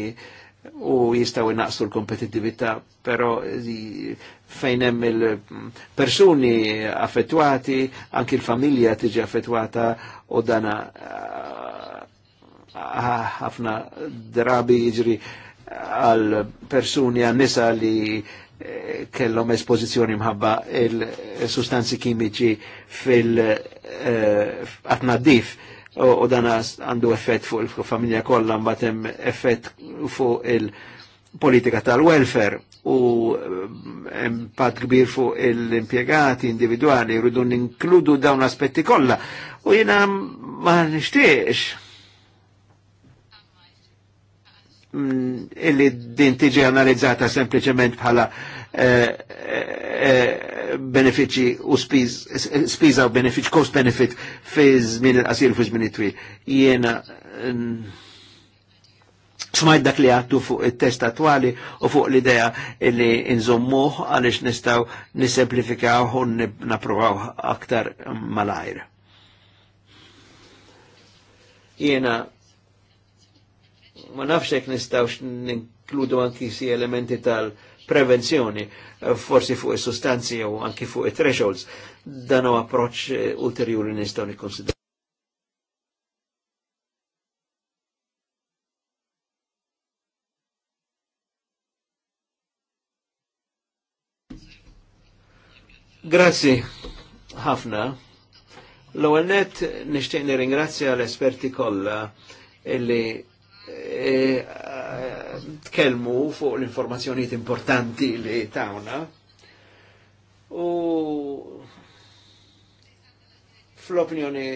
u jistaw naqsu l-kompetitività, pero eh, fejnem il-persuni affettuati, anki l-familja tiġi affettuata u dana eh, ħafna drabi jiġri għal persuni għan nisa li eh, kellhom espożizzjoni mħabba il-sustanzi kimiċi fil-atnaddif. Uh, u dan għandu effett fuq il-familja kollha mbagħad hemm effett fuq il-politika tal-welfare u eh, pat kbir fuq l-impjegati individwali rridu ninkludu dawn aspetti kollha u jiena ma nixtieqx illi din tiġi analizzata sempliċement bħala eh, eh, benefiċi u spiża u benefiċ, cost benefit fi żmien il-qasir u fi żmien it-twil. Jiena smajt dak li għattu fuq il-test attuali u fuq l-idea li nżommuħ għalix nistaw nisemplifikaw u naprovaw aktar malajr. Jena ma nafxek nistaw ninkludu anki si elementi tal- prevenzjoni eh, forsi fuq il sustanzi u anki fuq il thresholds dan huwa approċċ eh, ulterjuri nistgħu nikkonsidraw. Grazzi ħafna. l għalnet nishtiq nixtieq nirringrazzja l-esperti kolla illi E, e, tkellmu fuq l-informazzjonijiet importanti li tawna u fl-opinjoni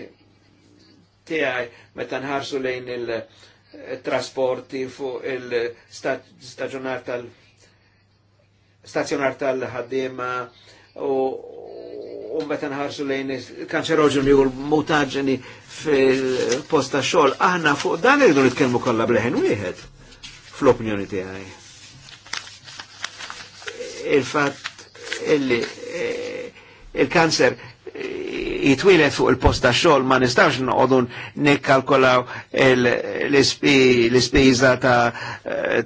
tiegħi meta nħarsu lejn il-trasporti fuq il-staġunar tal- stazzjonar tal-ħaddiema u u meta nħarsu lejn kanċeroġeni u mutaġeni fil-posta xogħol, aħna fuq dan irridu nitkellmu kollha bleħen wieħed fl-opinjoni tiegħi. Il-fatt illi eh, il-kanċer eh, jitwilet fuq il-posta xogħol ma nistax noqodun nikkalkolaw l-ispiża eh,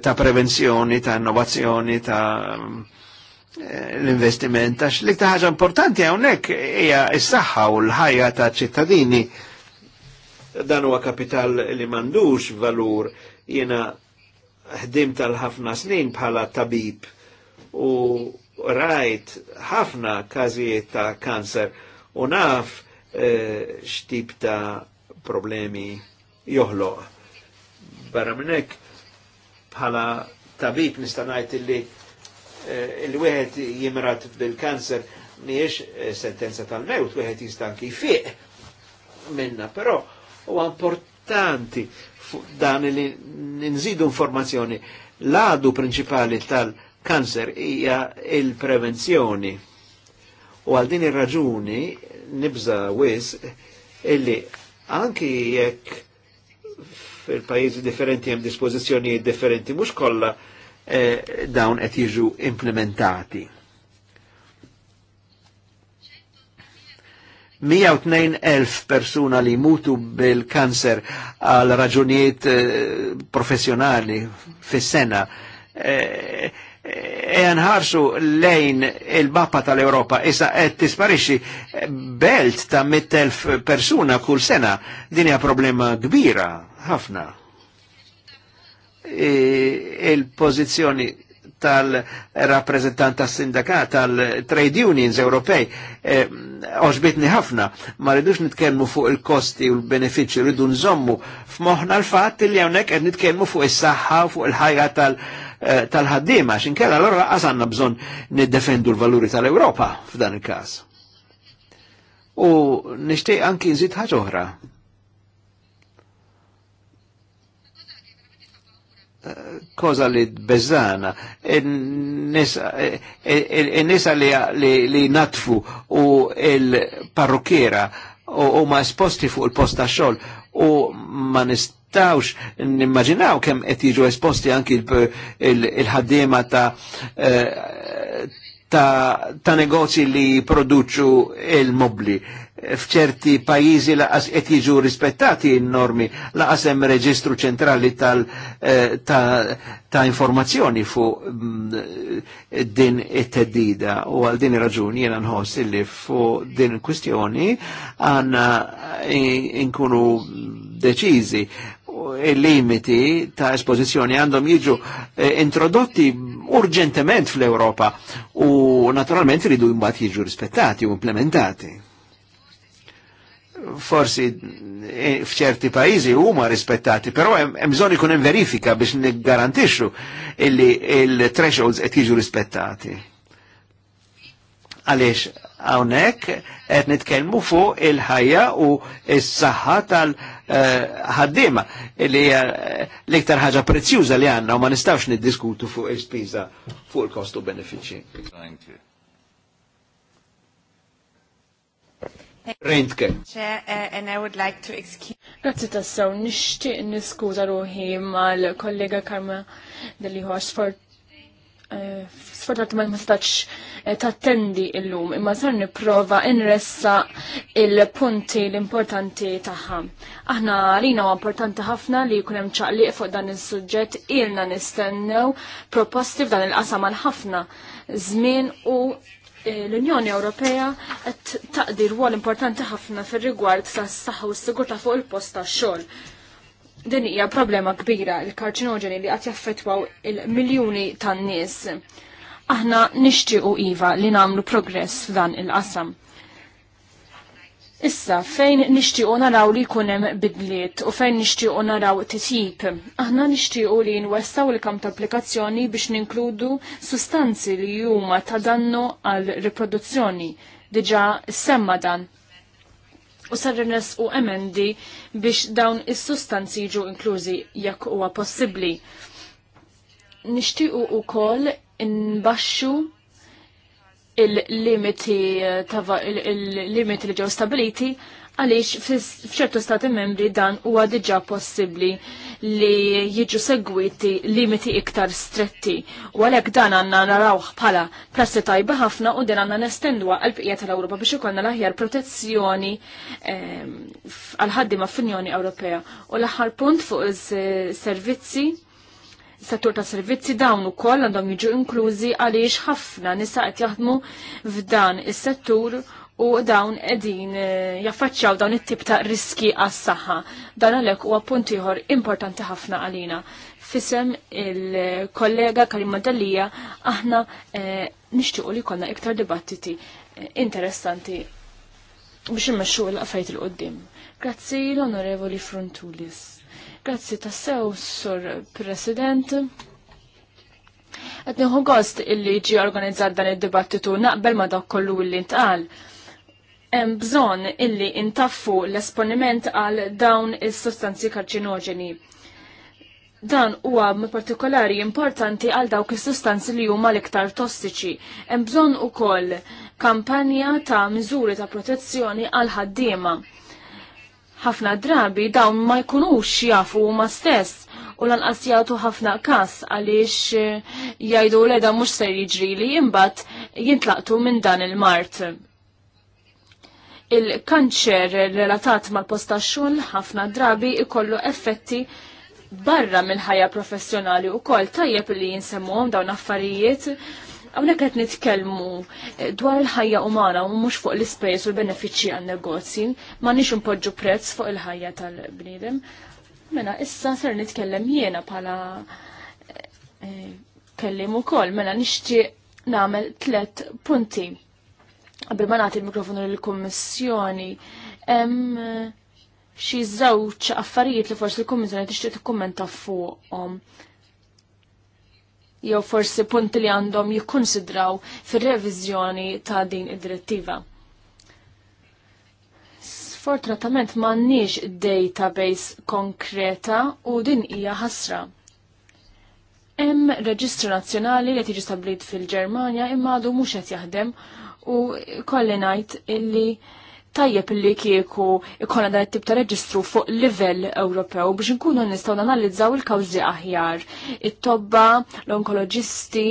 ta prevenzjoni, ta' innovazzjoni, ta' l-investiment, għax li ħaġa importanti għonek hija s-saħħa u l-ħajja ta' ċittadini dan huwa kapital li mandux valur jiena ħdim tal-ħafna snin bħala tabib u rajt ħafna każijiet ta' kanser u naf eh, x'tip xtib ta' problemi joħloq. Barra minnek bħala tabib nistanajt li Eh, il-wieħed jimrat bil-kanser miex eh, sentenza tal-mewt, wieħed jistan kifiq minna, però u importanti dan li nżidu informazzjoni. L-għadu principali tal-kanser hija il-prevenzjoni. U għal din ir-raġuni nibża wis illi anki jekk fil-pajjiżi differenti hemm dispożizzjonijiet differenti mhux kollha E, dawn qed jiġu implementati. 102.000 persuna li mutu bil-kanser għal raġunijiet e, professjonali fis-sena. Eh, e nħarsu lejn il bappa tal-Europa, issa qed tisparixxi belt ta' 100.000 persuna kull sena, din problema kbira ħafna. Eh, il-pozizjoni tal rappresentanta sindakat tal-trade unions Ewropej. Eh, oġbitni ħafna, ma rridux nitkellmu fuq il-kosti u l benefiċi rridu nżommu f'moħħna l-fatt li hawnhekk qed nitkellmu fuq is-saħħa u fuq il-ħajja eh, tal-ħaddiema, għax inkella allura għandna bżonn niddefendu l-valuri tal-Ewropa f'dan il-każ. U nixtieq anki nżid ħaġa oħra koza li bezzana, il-nisa li natfu u il-parrukiera u ma esposti fuq il posta xol u ma nistawx nimmaginaw kem qed jiġu esposti anki il-ħaddiema eh, ta' ta' negozji li produċu il-mobli fċerti pajizi laqas qed jiġu rispettati n-normi, laqas hemm reġistru ċentrali tal, eh, ta, ta informazzjoni fuq mm, din it-teddida u għal din raġuni jiena nħoss illi fuq din kwistjoni għandna inkunu deċiżi il-limiti ta' esposizjoni għandhom jiġu eh, introdotti urġentement fl-Europa u naturalment ridu jimbat jiġu rispettati u implementati forsi eh, fċerti pajizi huma rispettati, però hemm bżonn ikun hemm verifika biex niggarantixxu illi l thresholds qed jiġu rispettati. Għaliex hawnhekk qed nitkellmu fuq il-ħajja u s-saħħa tal-ħaddiema eh, li hija eh, l-iktar ħaġa prezzjuża li għandna u ma nistgħux niddiskutu fuq il-spiża fuq il-kostu benefiċċji. Reintke. Eh, and I would like to excuse. Grazzi tassaw, nishtiq niskuza ruħi mal-kollega Karma Deli Hox for sfortat ma nistax eh, tattendi illum imma sar nipprova inressa il-punti l-importanti tagħha. Aħna għalina importanti ħafna li jkun hemm ċaqliq fuq dan is-suġġett ilna nistennew proposti f'dan il-qasam għal ħafna żmien u l-Unjoni Ewropea qed taqdi rwol importanti ħafna fir-rigward tas-saħħa u s-sigurtà fuq il-post tax-xogħol. Din hija problema kbira il-karċinoġeni li qed jaffettwaw il-miljuni tan-nies. Aħna nixtiequ iva li nagħmlu progress f'dan il-qasam. Issa, fejn nixtiequ naraw li jkun hemm bidliet u fejn nixtiequ naraw titjib, aħna nixtiequ li nwessaw il-kam ta' applikazzjoni biex ninkludu sustanzi li huma ta' dannu għal riproduzzjoni. Diġa semma dan. U sarrenes u emendi biex dawn is-sustanzi jiġu inklużi jekk huwa possibbli. Nixtiequ in inbaxxu il-limiti eh, il-limiti li ġew stabiliti għaliex f'ċertu stati membri dan huwa diġà possibbli li jiġu segwiti limiti iktar stretti. U għalhekk dan għandna narawh bħala prassi tajba ħafna u din għandna nestendwa għal bqija tal-Ewropa biex ikollna l-aħjar protezzjoni ehm, għal ħaddiema fl-Unjoni Ewropea. U l-aħħar punt fuq is-servizzi settur ta' servizzi dawn ukoll għandhom jiġu inklużi għaliex ħafna nisa qed jaħdmu f'dan is-settur u dawn qegħdin eh, jaffaċċjaw dawn it-tip ta' riski għas-saħħa. Dan għalhekk huwa punt ieħor importanti ħafna għalina. Fisem il-kollega Karim Dallija aħna eh, nixtiequ li konna iktar dibattiti eh, interessanti biex immexxu l-qafajt il-qoddim. Grazzi l-Onorevoli Frontulis. Grazzi tassew, Sur President. Għetniħu gost illi ġi organizzat dan id-dibattitu naqbel ma dak kollu illi intqal. Hemm bżonn illi intaffu l-esponiment għal dawn is-sostanzi karċinoġeni. Dan huwa partikolari importanti għal dawk is-sustanzi li huma l-iktar tossiċi. Hemm bżonn ukoll kampanja ta' miżuri ta' protezzjoni għal ħaddiema ħafna drabi dawn ma jkunux jafu ma stess u lanqas jagħtu ħafna kas għaliex eh, jgħidu le da mhux ser jiġri li imbagħad jintlaqtu minn dan il-mart. Il-kanċer relatat mal-posta xogħol ħafna drabi ikollu effetti barra mill-ħajja professjonali u kol tajjeb li jinsemmuhom dawn affarijiet Għawnek għet nitkelmu eh, dwar il-ħajja umana u mux fuq l-ispejs u l-benefiċi għal negozji ma nix unpoġġu prezz fuq il-ħajja tal-bnidem. Mela, issa ser nitkellem jiena pala eh, kellim u kol, mela nixti namel tlet punti. Għabri ma nagħti il-mikrofonu lill-Kummissjoni, hemm eh, xi żewġ affarijiet li forsi l-Kummissjoni tixtieq tikkummenta fuqhom. Um jew forsi punti li għandhom jikkonsidraw fir-reviżjoni ta' din id-direttiva. Sfortunatament m'għandniex database konkreta u din hija ħasra. Hemm reġistru nazzjonali li tiġi stablit fil-Ġermanja imma għadu mhux qed jaħdem u kollinajt illi tajjeb li kieku ikonna dan it-tip ta' reġistru fuq livell Ewropew biex nkunu nistgħu nanalizzaw il-kawżi aħjar, it-tobba, l-onkoloġisti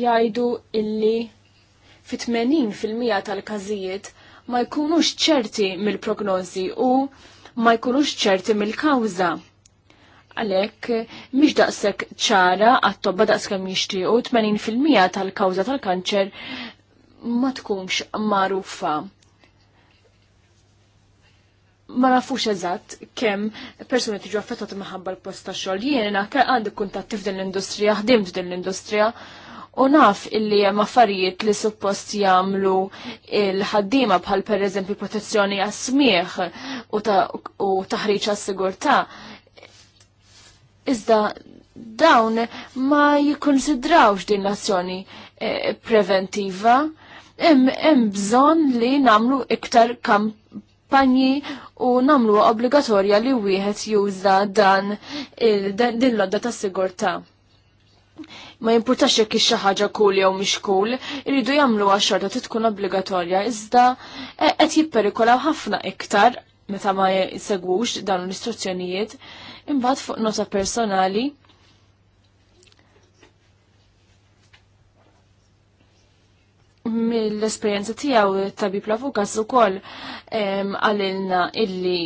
jgħidu illi fi 80 tal-każijiet ma jkunux ċerti mill-prognozi u ma jkunux ċerti mill-kawża. Għalek, miex daqsek ċara, għattobba miexti u 80% tal-kawza tal-kanċer ma tkunx marufa. Ma nafux eżatt kemm persuni tiġu affettati maħabba l-post ta' xogħol. Jiena għandi kuntat f'din l-industrija, ħdimt din l-industrija, u naf illi hemm affarijiet li suppost jagħmlu l-ħaddiema bħal pereżempju protezzjoni għas-smieħ u taħriġ għas-sigurtà Iżda dawn ma jikkonsidrawx din l-azzjoni eh, preventiva, hemm bżonn li namlu iktar kampanji u namlu obbligatorja li wieħed juża dan din l-odda ta' sigurtà. Ma jimpurtax jekk xi ħaġa kull jew mhix kull, iridu għaxorta xorta tkun obbligatorja iżda eh, qed jipperikolaw ħafna iktar meta ma jsegwux dan l-istruzzjonijiet Imbagħad fuq nota personali mill-esperjenza tiegħu tabib l avukat ukoll għalilna illi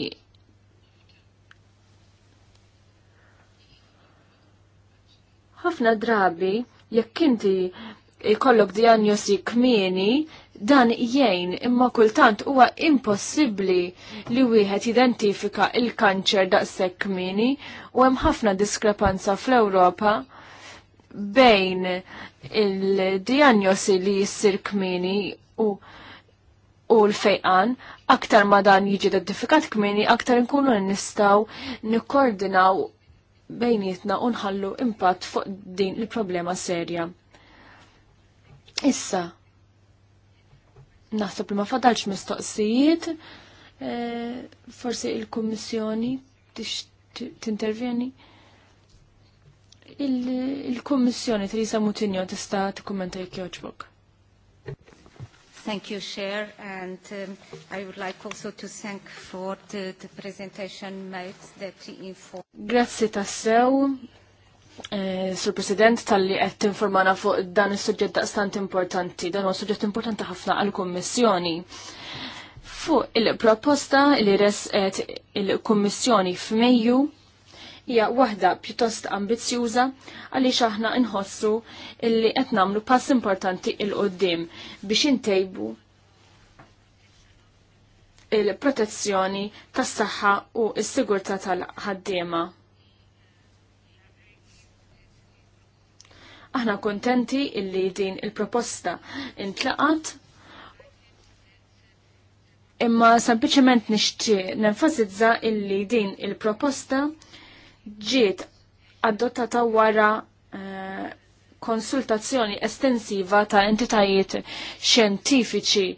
ħafna drabi jekk inti jkollok diagnosi kmieni dan jgħin imma kultant huwa impossibbli li wieħed identifika il-kanċer daqshekk kmini u hemm ħafna diskrepanza fl-Ewropa bejn il dijanjosi li jissir kmini u u l-fejqan, aktar ma dan jiġi identifikat kmini, aktar nkunu nistaw nikkoordinaw bejnietna u nħallu impatt fuq din il-problema serja. Issa, Naħseb li ma fadalx mistoqsijiet, eh, forsi il-Kummissjoni tintervjeni. Il-Kummissjoni Teresa Mutinjo tista' tikkummenta jekk jogħġbok. Thank you, Chair, and um, I would like also to thank for the, the presentation made that informed. Grazie tassew Eh, Sur President tal-li qed informana fuq dan is-suġġett daqstant importanti, dan huwa suġġett importanti ħafna għall-Kummissjoni. Fuq il-proposta li resqet il-Kummissjoni f'Mejju hija waħda pjuttost ambizzjuża għaliex aħna nħossu li qed nagħmlu pass importanti il qoddim biex intejbu il-protezzjoni tas-saħħa u s-sigurtà tal-ħaddiema Aħna kontenti illi din il-proposta intlaqat imma sempliciment nixtieq nenfasizza illi din il-proposta ġiet adottata wara eh, konsultazzjoni estensiva ta' entitajiet xjentifiċi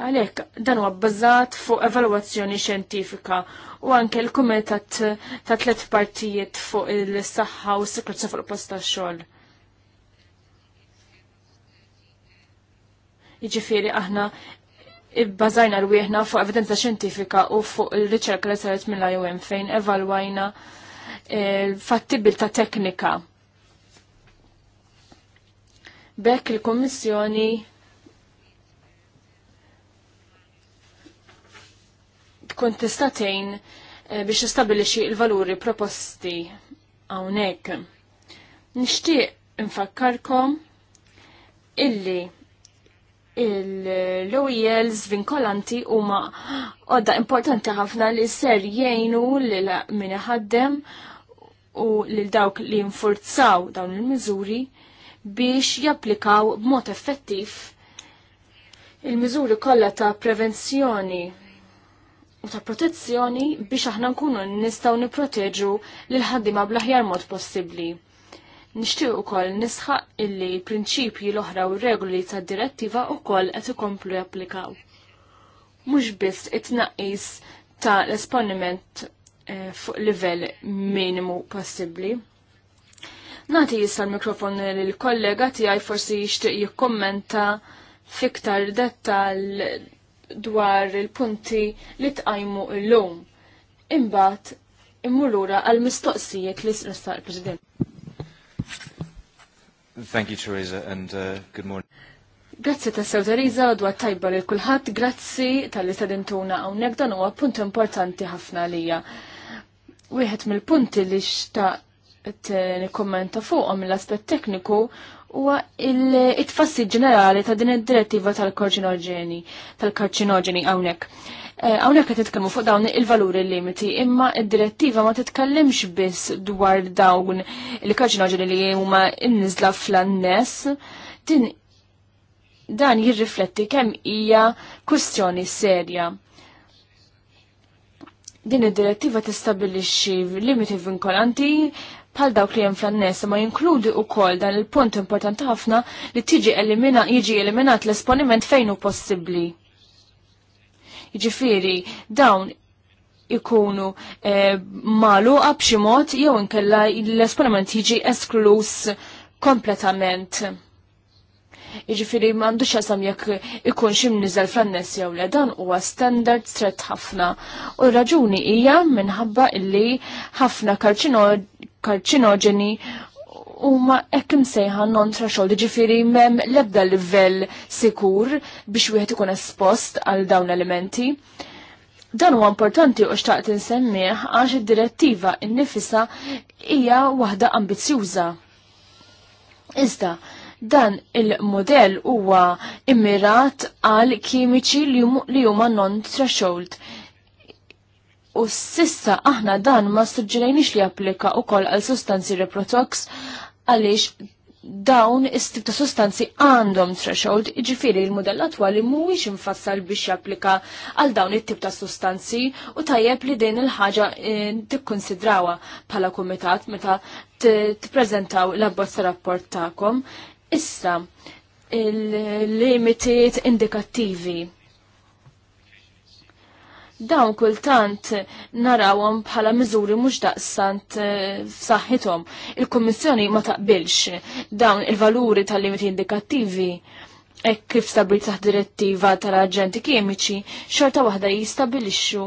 Għalhekk dan huwa bbażat fuq evalwazzjoni xjentifika u anke l-kumitat ta' tliet partijiet fuq il-saħħa u s-sikurezza fuq il-post tax-xogħol. Jiġifieri aħna bbażajna rwieħna fuq evidenza xjentifika u fuq il-riċerka li saret mill-IOM fejn evalwajna eh, l-fattibilità teknika. Bekk il-Kommissjoni tkun tista' tejn eh, biex tistabilixi il-valuri proposti hawnhekk. Nixtieq infakkarkom illi l-OELs vinkolanti huma għodda importanti ħafna li ser jgħinu lil min ħaddem u lil dawk li nfurzaw dawn il-miżuri biex japplikaw b'mod effettiv il-miżuri kollha ta' prevenzjoni u ta' protezzjoni biex aħna nkunu nistaw niproteġu lil ħaddima bl-aħjar mod possibbli. Nixtieq ukoll nisħaq illi prinċipji l-oħra u regoli tad direttiva wkoll qed ikomplu japplikaw. Mhux biss it-tnaqqis ta' l-esponiment eh, fuq livell minimu possibbli. Nati jissa l-mikrofon lill kollega tiegħi forsi jixtieq jikkommenta fiktar dettal dwar il-punti li tqajmu l-lum. Imbat, immulura għal-mistoqsijiet li s-nista president Thank you, Teresa, and uh, good morning. Grazzi ta' sew Teresa, dwar tajba li kulħadd, grazzi tal-li tadintuna hawnhekk dan huwa punt importanti ħafna lija. Wieħed mill-punti li t-nikommenta eh, fuqhom l-aspett tekniku huwa it-tfassi ġenerali ta' din id-direttiva tal-karċinoġeni tal-karċinoġeni hawnhekk. Eh, hawnhekk qed titkellmu fuq dawn il-valuri limiti, imma id-direttiva ma titkellimx biss dwar dawn il-karċinoġeni li huma nniżla fl-annes. Din dan jirrifletti kemm hija kwistjoni serja. Din id-direttiva tistabilixxi limiti vinkolanti pal dawk li hemm ma jinkludi wkoll dan il-punt importanti ħafna li tiġi elimina, jiġi eliminat l-esponiment fejn hu possibbli. Jiġifieri dawn ikunu eh, maluqa b'xi mod jew inkella l-esponiment jiġi esklus kompletament. Jiġifieri m'għandux jasam jekk ikun xim mniżel frannes jew le dan huwa standard stret ħafna. U raġuni hija minħabba illi ħafna karċinoġeni u ma ekkim sejħa non threshold, ġifiri mem lebda livell sikur biex wieħed ikun espost għal dawn elementi. Dan huwa importanti u xtaqt insemmih għax id-direttiva innifisa hija waħda ambizzjuża. Iżda, dan il-modell huwa immirat għal kimiċi li huma non threshold u sissa aħna dan ma suġġerajniex li applika koll għal sustanzi reprotox għaliex dawn is-tip ta' sustanzi għandhom threshold, iġifieri l-modell attwali mhuwiex infassal biex japplika għal dawn it-tip ta' sustanzi u tajjeb li din il-ħaġa eh, tikkonsidrawha bħala kumitat meta tippreżentaw l-abbozz rapport tagħkom. Issa, il-limitiet indikattivi dawn kultant narawhom bħala miżuri mhux daqsant eh, f'saħħithom. Il-Kummissjoni ma taqbilx dawn il-valuri tal-limiti indikattivi hekk kif stabil taħt direttiva tal-aġenti kemiċi, xorta waħda jistabilixxu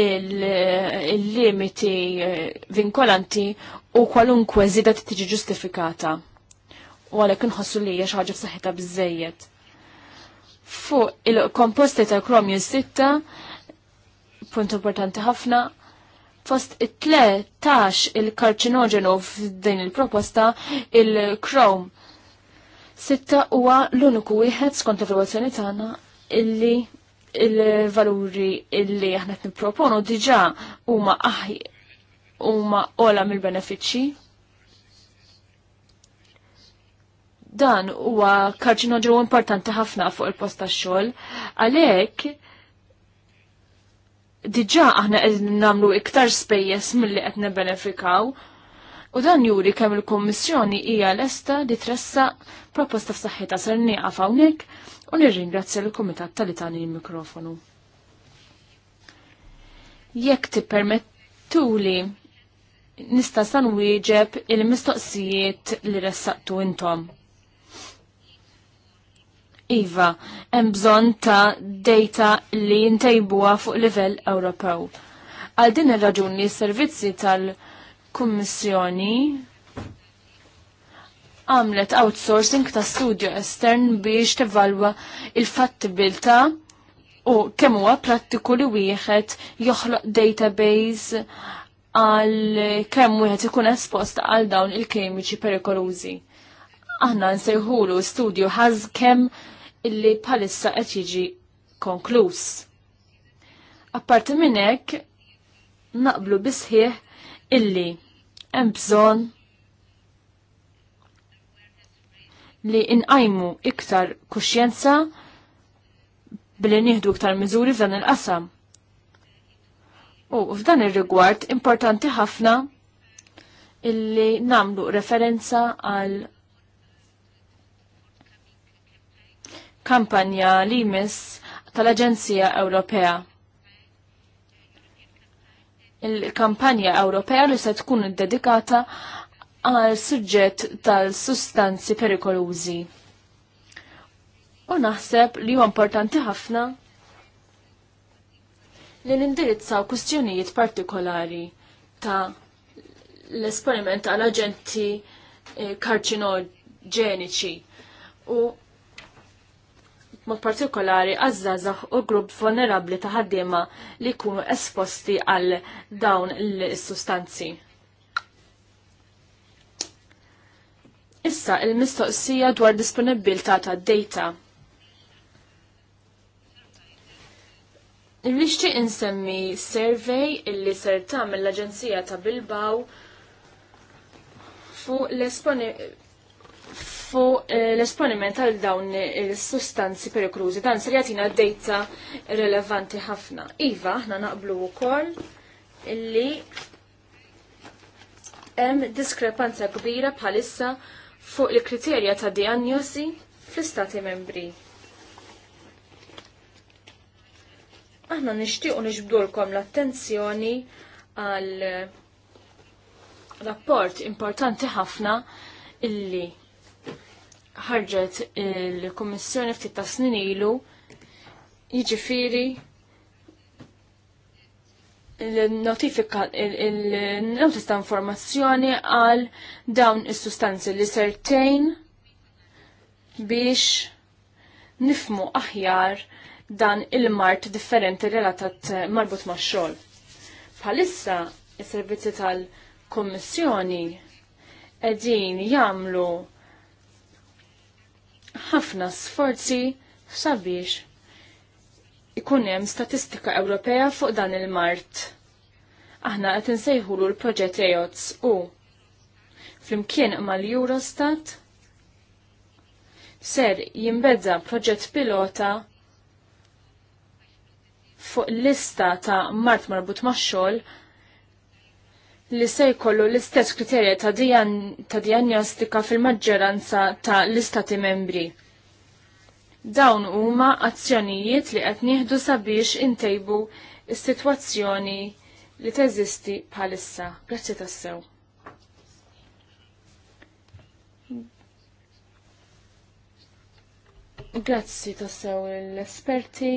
il-limiti eh, vinkolanti u kwalunkwe żieda tiġi ġustifikata. U għalhekk inħossu li hija xi ħaġa f'saħħitha biżejjed. Fuq il-komposti tal-kromju sitta, punt importanti ħafna fost it-tle tax il-karċinogenu f'din il-proposta il-krom. Sitta huwa l-uniku wieħed skont evalwazzjoni tagħna illi il-valuri illi aħna qed nipproponu diġà huma aħj huma ola mill-benefiċċji. Dan huwa karċinogenu importanti ħafna fuq il-post tax-xogħol għalhekk diġa aħna qed nagħmlu iktar spejjeż milli qed benefikaw. U dan juri kemm il-Kummissjoni hija lesta li tressa proposta f'saħħitha ser nieqaf hawnhekk u nirringrazzja l-Kumitat tal itani l-mikrofonu. Jekk tippermettuli nista' san wieġeb il-mistoqsijiet li ressaqtu intom. Iva, hemm bżonn ta' data li ntejbuha fuq livell Ewropew. Għal din ir-raġuni s-servizzi tal-Kummissjoni għamlet outsourcing ta' studio estern biex tevalwa il-fattibilta u kemm huwa prattiku li wieħed joħloq database għal kemm wieħed ikun espost għal dawn il-kemiċi perikolużi. Aħna nsejħulu studio ħaż kemm illi bħalissa qed jiġi konkluż. Apparti minn hekk naqblu bisħieħ illi hemm bżonn li inqajmu iktar kuxjenza billi nieħdu iktar miżuri f'dan il-qasam. U f'dan ir-rigward importanti ħafna illi namlu referenza għal kampanja li jmiss tal-Aġenzija Ewropea. Il-kampanja Ewropea li se tkun dedikata għal suġġett tal-sustanzi perikolużi. U naħseb li huwa importanti ħafna li nindirizzaw kustjonijiet partikolari ta' l-esperiment għal aġenti eh, karċinoġeniċi u mod partikolari għazzazax u grupp vulnerabli ta' ħaddiema li jkunu esposti għal dawn l-sustanzi. Issa il-mistoqsija dwar disponibilità ta' data. Nixti insemmi survey illi ser tagħmel l-Aġenzija ta' Bilbaw fuq l-esponibili nafu eh, l-esponiment għal dawn il-sustanzi perikruzi, Dan ser jagħtina data relevanti ħafna. Iva, aħna naqblu wkoll illi hemm diskrepanza kbira bħalissa fuq il-kriterja ta' diagnosi fl-istati membri. Aħna nixtiequ nixbdulkom l-attenzjoni għal rapport importanti ħafna illi ħarġet il-Kommissjoni ftit ta' snin ilu, jiġifieri il-notifika, il-notis ta' informazzjoni għal dawn is-sustanzi li sertejn biex nifmu aħjar dan il-mart differenti relatat marbut ma' xogħol Bħalissa, is-servizzi tal-Kommissjoni qegħdin jagħmlu ħafna sforzi sabiex ikun hemm statistika Ewropea fuq dan il-mart. Aħna qed insejħu l-proġett EOTS u flimkien mal-Eurostat ser jimbedda proġett pilota fuq lista ta' mart marbut max-xogħol li se jkollu l-istess kriterja ta', dian, ta diagnostika fil-maġġoranza ta' l-istati membri. Dawn huma azzjonijiet li qed nieħdu sabiex intejbu is-sitwazzjoni li teżisti bħalissa. Grazzi tassew. Grazzi tassew l-esperti.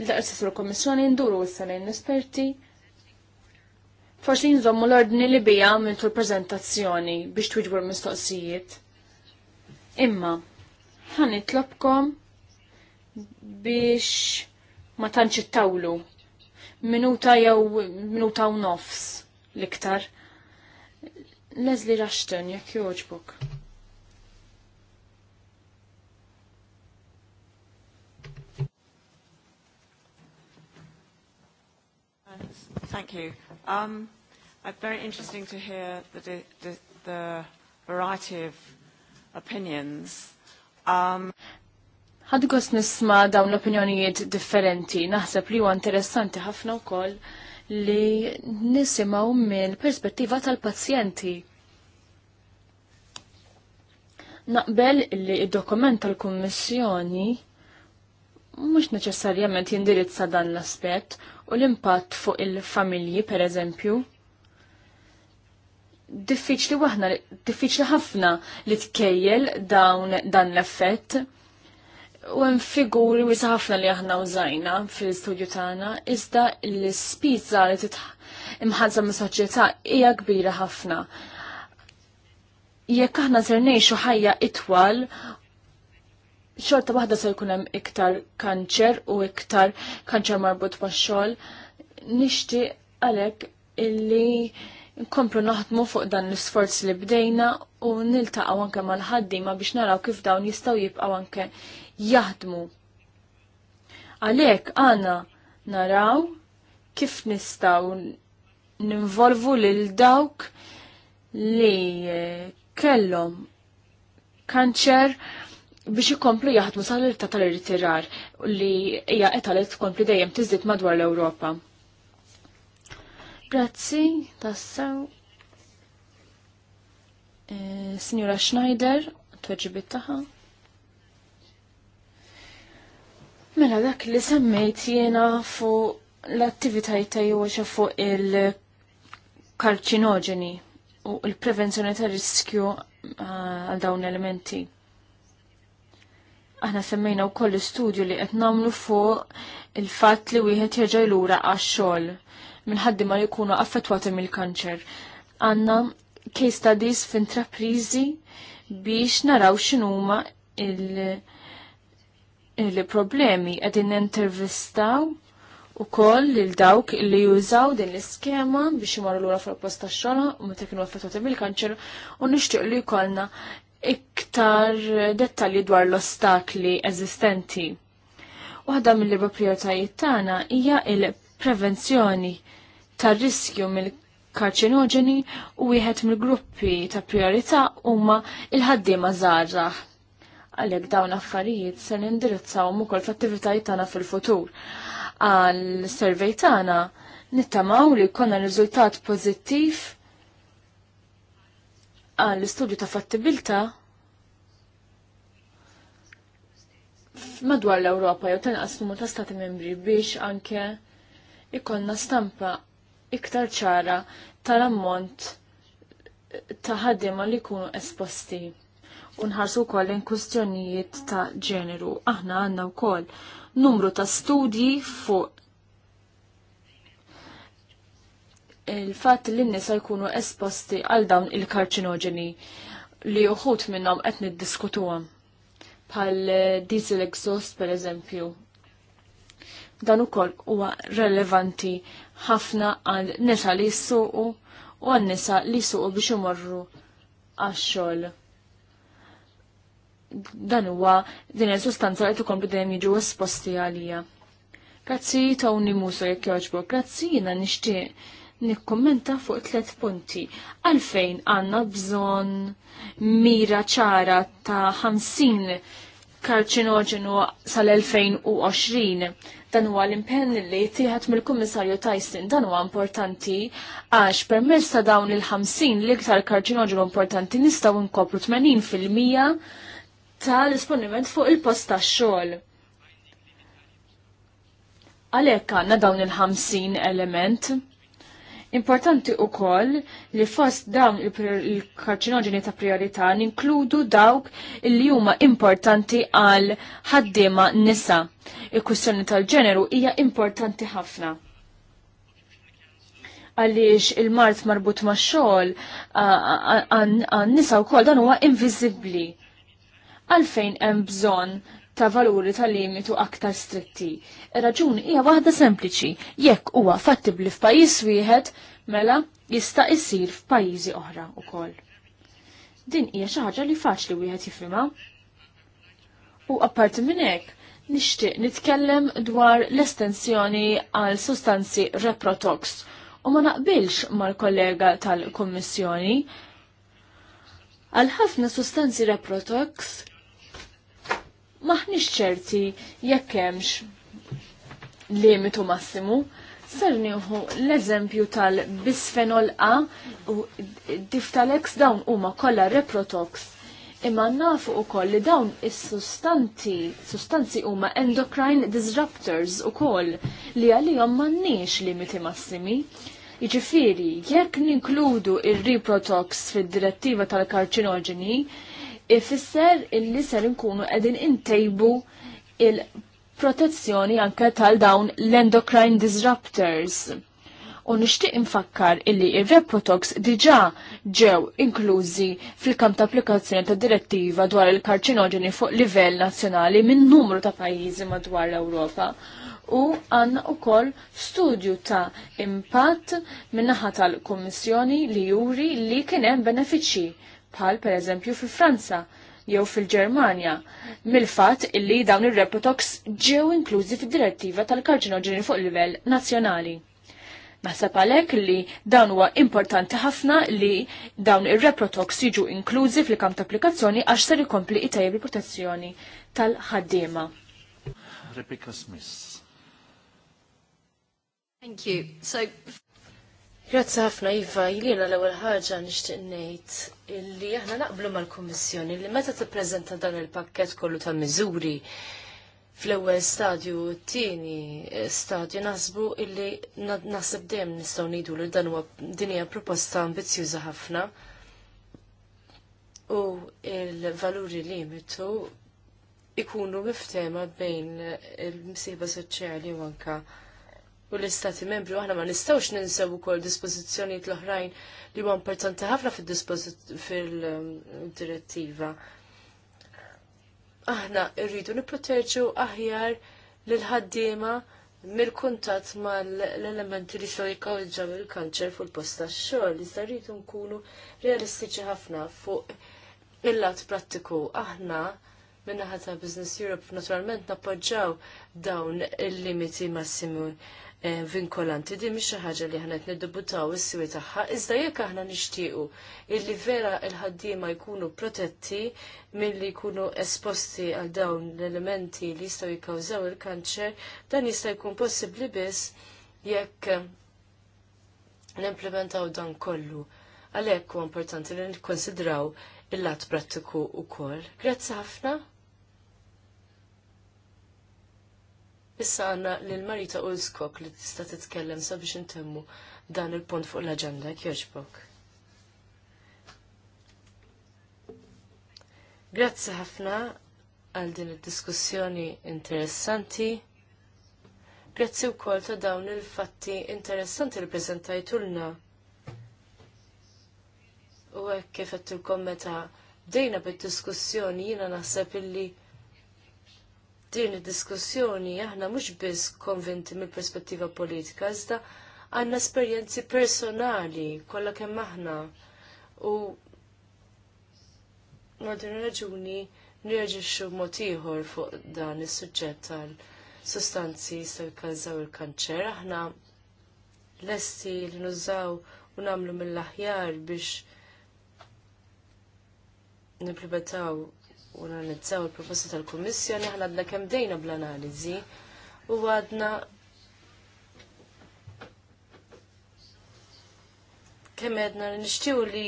L-daqsis l-Komissjoni nduru s-salin l-esperti. Forsi nżommu l-ordni li bija minn tul prezentazzjoni biex twidwur mistoqsijiet. Imma, ħan nitlobkom biex ma tantx tawlu minuta jew minuta u nofs liktar. iktar Leslie Rashton, jekk joġbok. Thank you. Um, uh, very interesting to hear the, the, the variety of opinions Um, Ħadgos nisma dawn l-opinjonijiet differenti, naħseb li huwa interessanti ħafna wkoll li nisimgħu minn perspettiva tal-pazjenti. Naqbel li id-dokument tal-Kummissjoni mhux neċessarjament jindirizza dan l-aspett u l-impatt fuq il-familji pereżempju. eżempju diffiċli waħna, diffiċli ħafna li tkejjel dawn dan l-effett. U hemm figuri wisa ħafna li aħna użajna fil-studju tagħna, iżda l ispiża li imħazza mis soċjetà hija kbira ħafna. Jekk aħna ser ngħixu ħajja itwal, xorta waħda se jkun hemm iktar kanċer u iktar kanċer marbut max-xogħol, nixtieq għalhekk illi nkomplu naħdmu fuq dan l-sforz li bdejna u niltaqgħu anke mal-ħaddiema biex naraw kif dawn jistgħu jibqgħu anke jaħdmu. Għalhekk għana naraw kif nistgħu ninvolvu lil dawk li eh, kellhom kanċer biex ikomplu jaħdmu sal-irta tal-irtirar li hija qed li tkompli dejjem tiżdid madwar l-Ewropa. Grazzi, tassaw. Eh, Signora Schneider, t-tweġibit taħħa. Mela dak li semmejt jiena fuq l-attivitajt ta' jew fuq il karċinogeni u l-prevenzjoni ta' riskju eh, għal dawn elementi. Aħna semmejna wkoll studju li qed nagħmlu fuq il-fatt li wieħed jerġa' lura għax-xogħol minħaddi ma jkunu affettwati mill-kanċer. Għanna case studies f'intraprizi biex naraw x'inhuma il- il-problemi għedin intervistaw u koll il-dawk li jużaw din l-iskema biex jimarru l-għura fil-post ta' xogħol u meta kienu affettwati mill kanċer u nixtieq li jkollna iktar dettalji dwar l-ostakli eżistenti. Waħda mill liba prijoritajiet tagħna hija il-prevenzjoni tar-riskju mill-karċinoġeni u wieħed mill-gruppi ta' priorità huma il-ħaddiema żgħażagħ. Għalhekk dawn affarijiet se nindirizzawhom ukoll f'attivitajiet tagħna fil-futur. Għal-servej tagħna nittamaw li jkollna riżultat pożittiv għall-istudju ta' fattibilta' madwar l ewropa jew tanqas numru ta' stati membri biex anke ikonna stampa iktar ċara tal-ammont ta' ħaddiema li jkunu esposti. Unħarsu wkoll in kwistjonijiet ta' ġeneru. Aħna għandna wkoll numru ta' studji fuq il-fatt li n-nisa jkunu esposti għal dawn il-karċinoġeni li uħut minnom qed niddiskutuhom bħal diesel exhaust per eżempju. Dan ukoll huwa relevanti ħafna għal nisa li suqu u għal nisa li suqu biex imorru għax-xogħol. Dan huwa din il-sustanza li ikomplu dejjem jiġu esposti għalija. Grazzi Tawni Muso jekk jogħġbok, grazzi jiena nixtieq nikkommenta fuq tliet punti. Għalfejn għanna bżon mira ċara ta' ħamsin karċinoġenu sal-2020. Dan huwa l-impenn li tieħed mill-Kummissarju Tyson dan huwa importanti għax permezz ta' dawn il-50 l-iktar karċinoġenu importanti nistgħu nkopru 80% tal isponiment fuq il-post tax-xogħol. Għalhekk għandna dawn il-50 element Importanti u koll li fost dawn il-karċinoġeni ta' priorità ninkludu dawk li huma importanti għal ħaddiema nisa. Il-kwistjoni tal-ġeneru hija importanti ħafna għaliex il-mart marbut ma' xogħol għan nisa wkoll dan huwa inviżibbli. Għalfejn hemm bżonn ta' valuri ta' limitu aktar stritti. Raġuni hija waħda sempliċi, jekk huwa fattibli f'pajjiż wieħed, mela jista' jsir f'pajjiżi oħra wkoll. Din hija xi ħaġa li faċli wieħed jifhimha. U apparti minn hekk, nixtieq nitkellem dwar l-estensjoni għal sustanzi reprotox u ma naqbilx mal-kollega tal kummissjoni Għal ħafna sustanzi reprotox maħniex ċerti jekk hemmx limitu massimu. Ser l-eżempju tal-bisfenol A u diftalex dawn huma kollha reprotox imma nafu u koll li dawn is-sustanti, sustanzi huma endocrine disruptors u koll li għalijom manniex limiti massimi. Iġifiri, jekk ninkludu il-reprotox fil-direttiva tal karċinogeni ifisser illi ser nkunu qegħdin intejbu il-protezzjoni anke tal dawn l-endocrine disruptors. U nixtieq infakkar illi il reprotox diġa diġà ġew inklużi fil-kamp ta' applikazzjoni ta' direttiva dwar il karċinogeni fuq livell nazzjonali minn numru ta' pajjiżi madwar l-Ewropa u għanna u koll studju ta' impatt minnaħa tal komissjoni li juri li kienem benefiċi bħal per eżempju fi Franza jew fil-Ġermanja, mill-fatt illi dawn ir-reprotox ġew inklużi fid-direttiva tal-karċinoġeni fuq livell nazzjonali. Naħseb għalhekk li dan huwa importanti ħafna li dawn ir-reprotox jiġu inklużi fil-kamp ta' applikazzjoni għax ser ikompli itejjeb il-protezzjoni tal-ħaddiema. Rebecca Smith. Thank you. So Grazzi ħafna Iva, jilina l-ewwel ħaġa nixtieq ngħid illi aħna naqblu mal-Kummissjoni li meta tippreżenta dan il-pakkett kollu ta' miżuri fl-ewwel stadju t-tieni stadju naħsbu illi naħseb dejjem nistgħu ngħidu li dan huwa din hija proposta ambizzjuża ħafna. U l valuri limitu ikunu miftema bejn il-msiba soċjali u anka u l-Istati membri u aħna ma nistgħux ninsew ukoll dispożizzjonijiet l-oħrajn li huwa importanti ħafna fil-direttiva. Aħna rridu nipproteġu aħjar l ħaddiema mill-kuntatt mal-elementi li so jikkawġaw il-kanċer fuq il posta tax-xogħol, iżda rridu nkunu realistiċi ħafna fuq il-lat prattiku aħna minnaħata Business Europe naturalment nappoġġaw dawn il-limiti massimi Eh, vinkolanti di mhix xi ħaġa li aħna qed niddebutaw is-siwi tagħha, iżda jekk aħna nixtiequ illi vera l-ħaddiema jkunu protetti milli jkunu esposti għal dawn l-elementi li jistgħu jikkawżaw il-kanċer, dan jista' jkun possibbli biss jekk nimplementaw dan kollu. Għalhekk huwa importanti li nikkonsidraw il-lat prattiku wkoll. Grazzi ħafna. Issa għanna l-Marita u l-skok li tista titkellem sabiex intemmu dan il-punt fuq l-agenda kjoġbok. Grazzi ħafna għal din id-diskussjoni interessanti. Grazzi wkoll ta' dawn il-fatti interessanti li prezentajtulna. U hekk kif qed meta bdejna bid-diskussjoni jiena naħseb illi din id-diskussjoni aħna mhux biss konvinti mill-perspettiva politika, iżda għandna esperjenzi personali kollha kemm aħna. U din raġuni nirġixxu mod ieħor fuq dan is-suġġett tal sustanzi jistgħu jkawżaw il-kanċer. Aħna lesti li nużaw u nagħmlu mill-aħjar biex nimplementaw u nanizzaw il-proposta tal-Kummissjoni ħladna kemm dejna bl-analiżi u għadna kemm għedna nishtiw li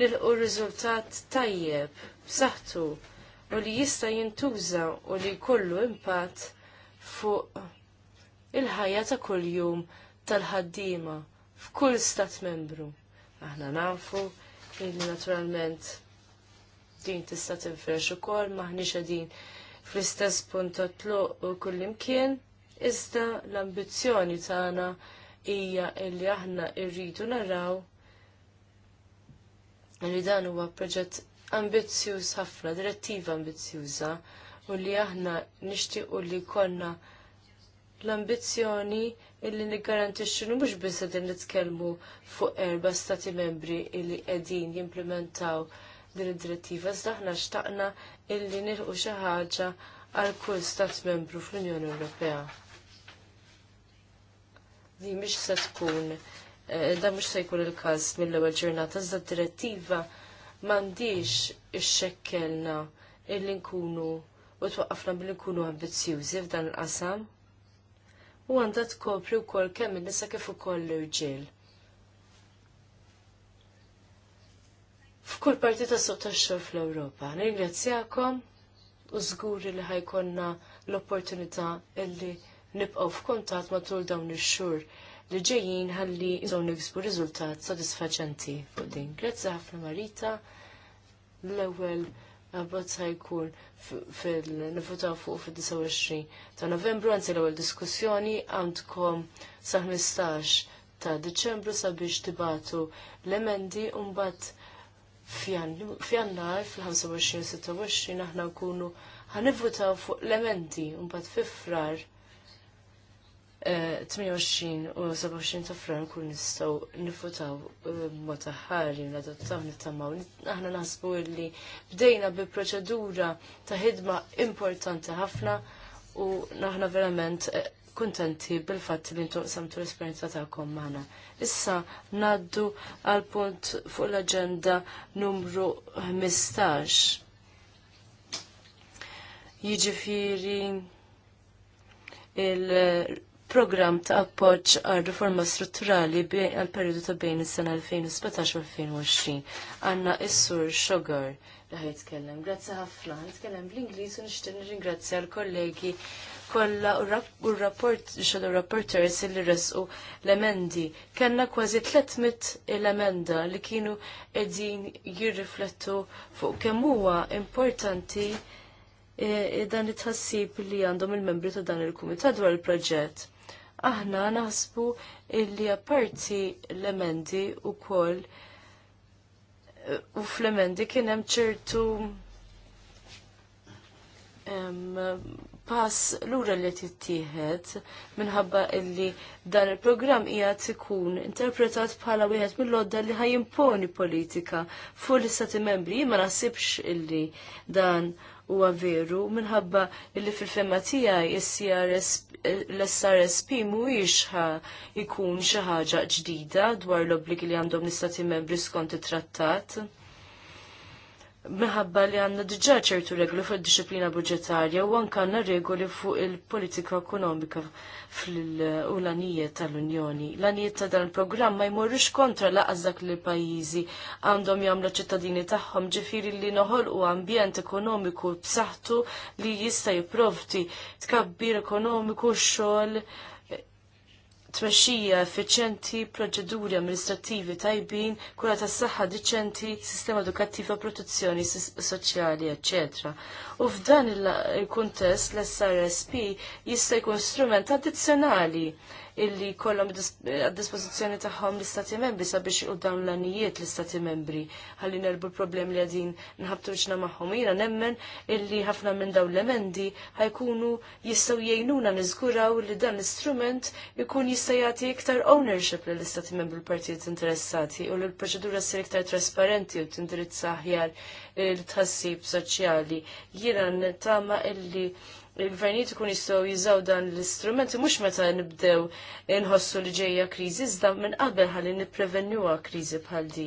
nilqu riżultat tajjeb b'saħħtu u li jista' jintuża u li jkollu impatt fuq il-ħajja ta' kuljum tal-ħaddiema f'kull stat membru. Aħna nafu illi naturalment din tista' tinferx ukoll maħniex qegħdin fl-istess punt tluq u kullimkien, iżda l-ambizzjoni tagħna hija li aħna rridu naraw li dan huwa proġett ambizzjuż ħafna, direttiva ambizzjuża u li aħna nixtiequ li konna l-ambizzjoni illi niggarantixxu li mhux biss qegħdin nitkellmu fuq erba' stati membri illi qegħdin jimplementaw din id-direttiva, iżda aħna xtaqna illi nilħu xi ħaġa għal kull stat membru fl-Unjoni Ewropea. Di mhix se tkun eh, da mhux se jkun il-każ mill-ewwel ġurnata iżda d-direttiva m'għandix ixxekkelna illi nkunu u twaqqafna billi nkunu ambizzjużi f'dan il-qasam u għandha tkopri wkoll kemm in-nisa kif ukoll l-irġiel f'kull parti ta' sotta xor fl-Ewropa. Ringrazzjakom u żguri li ħajkonna l-opportunità illi nibqgħu f'kuntatt matul dawn ix-xhur li ġejjin ħalli nżgħu niksbu riżultat sodisfaċenti fuq din. Grazzi ħafna Marita l-ewwel abbozz ħajkun fil-nifutaw fuq fil-29 ta' novembru, għanzi l ewwel diskussjoni għandkom sa' 15 ta' deċembru sabiex tibatu l-emendi u mbagħad f'jannar fil-25-26 aħna nkunu ħanivvutaw fuq l-emendi mbagħad fi frar 28 eh, u 27 ta' frar nkun nistgħu nivvutaw eh, b'mod ħari nadottaw nittamaw. Aħna naħsbu li bdejna bi proċedura ta' ħidma importanti ħafna u naħna verament eh, kuntenti bil-fatt li ntuqsamtu l-esperienza ta' kommana. Issa naddu għal punt fuq l-aġenda numru 15. Jiġifieri il program ta' appoġġ għal riforma strutturali għal periodu ta' bejn is-sena 2017-2020. Għandna is-sur Sugar li ħajtkellem. Grazzi ħafna, ħajtkellem bl-Ingliż u nixtieq nirringrazzja l-kollegi kollha u rapport xogħol rapporters li resqu l-emendi. Kellna kważi 300 l-emenda li kienu qegħdin jirriflettu fuq kemm huwa importanti e, e, dan it-tħassib li għandhom il-membri ta' dan il-kumitat dwar il-proġett. Aħna naħsbu illi apparti l-emendi u koll e, u fl-emendi kien hemm ċertu pass lura li tittieħed minħabba illi dan il-programm hija t'ikun interpretat bħala wieħed mill odda li ħajimponi politika fuq l-istati membri ma nasibx illi dan huwa veru minħabba illi fil-fema tiegħi l-SRSP mhuwiex ħa ikun xi ħaġa ġdida dwar l-obbligi li għandhom l-istati membri skont it-trattat meħabba li għanna diġa ċertu reglu fuq disciplina budġetarja u anka għanna regoli fuq il-politika ekonomika u l-anijiet tal-Unjoni. L-anijiet ta' dan il-programm ma jmurrux kontra laqas dak li pajizi għandhom jagħmlu ċittadini tagħhom ġifieri li noħol u ambjent ekonomiku b'saħħtu li jista' jipprovti tkabbir ekonomiku xogħol Tmexxija effiċenti proċeduri amministrattivi tajbin, kura tas saħħa diċenti, sistema edukattiva, protezzjoni soċjali, ecc. U f'dan il-kuntest l-SRSP jista' jkun strument addizzjonali illi kollom eh, għad-dispożizzjoni tagħhom l-Istati Membri sabiex u dawn l-anijiet l-Istati Membri ħalli nerbu l-problem li għadin nħabtu wiċna magħhom. Jiena nemmen illi ħafna minn dawn l-emendi ħajkunu jistgħu jgħinuna niżguraw li dan l-istrument ikun jista' jagħti iktar ownership lill istati Membri l-partijiet interessati u li l-proċedura ssir iktar trasparenti u tindirizza aħjar l tħassib soċjali. Jiena tama illi il-gvernijiet ikun jistgħu jiżaw dan l-istrumenti mhux meta nibdew inħossu li ġejja kriżi iżda minn qabel ħalli nipprevenjuha kriżi bħal di.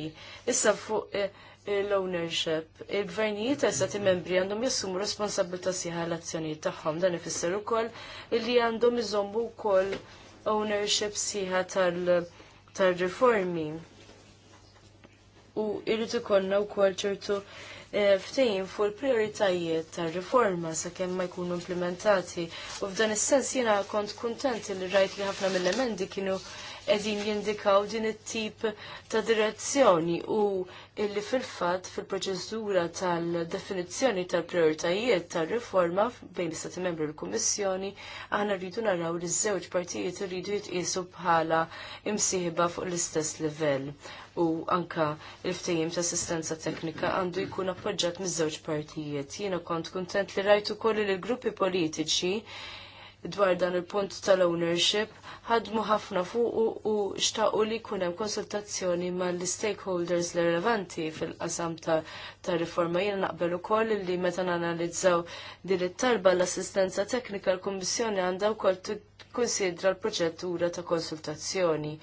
Issa fuq eh, l-ownership, il-gvernijiet ta' stati membri għandhom jassumu responsabilità siħa l-azzjonijiet tagħhom dan ifisser ukoll illi għandhom iżommu wkoll ownership sieħa tal-riformi. U irrid ikollna wkoll ċertu E, ftejn fuq il-prioritajiet tar-riforma sakemm ma jkunu implementati u f'dan is-sens jiena kont kuntent li rajt li ħafna mill-emendi kienu edin jindikaw din it-tip ta' direzzjoni u illi fil-fat fil-proċedura tal-definizzjoni tal-prioritajiet tal-riforma bejn l-Stati membri l-Kummissjoni aħna rridu naraw li ż-żewġ partijiet rridu jitqisu bħala imsieħba fuq l-istess livell u anka il-ftejjem ta' assistenza teknika għandu jkun appoġġat miż-żewġ partijiet. Jiena kont kontent li rajtu koll il gruppi politiċi dwar dan il-punt tal-ownership ħadmu ħafna fuq u xtaqu li kunem konsultazzjoni ma' l-stakeholders l relevanti fil-qasam ta', ta riforma. Jena naqbel u koll li meta nanalizzaw din it-talba l-assistenza teknika l-Kommissjoni għandha wkoll konsidra l-proċettura ta' konsultazzjoni.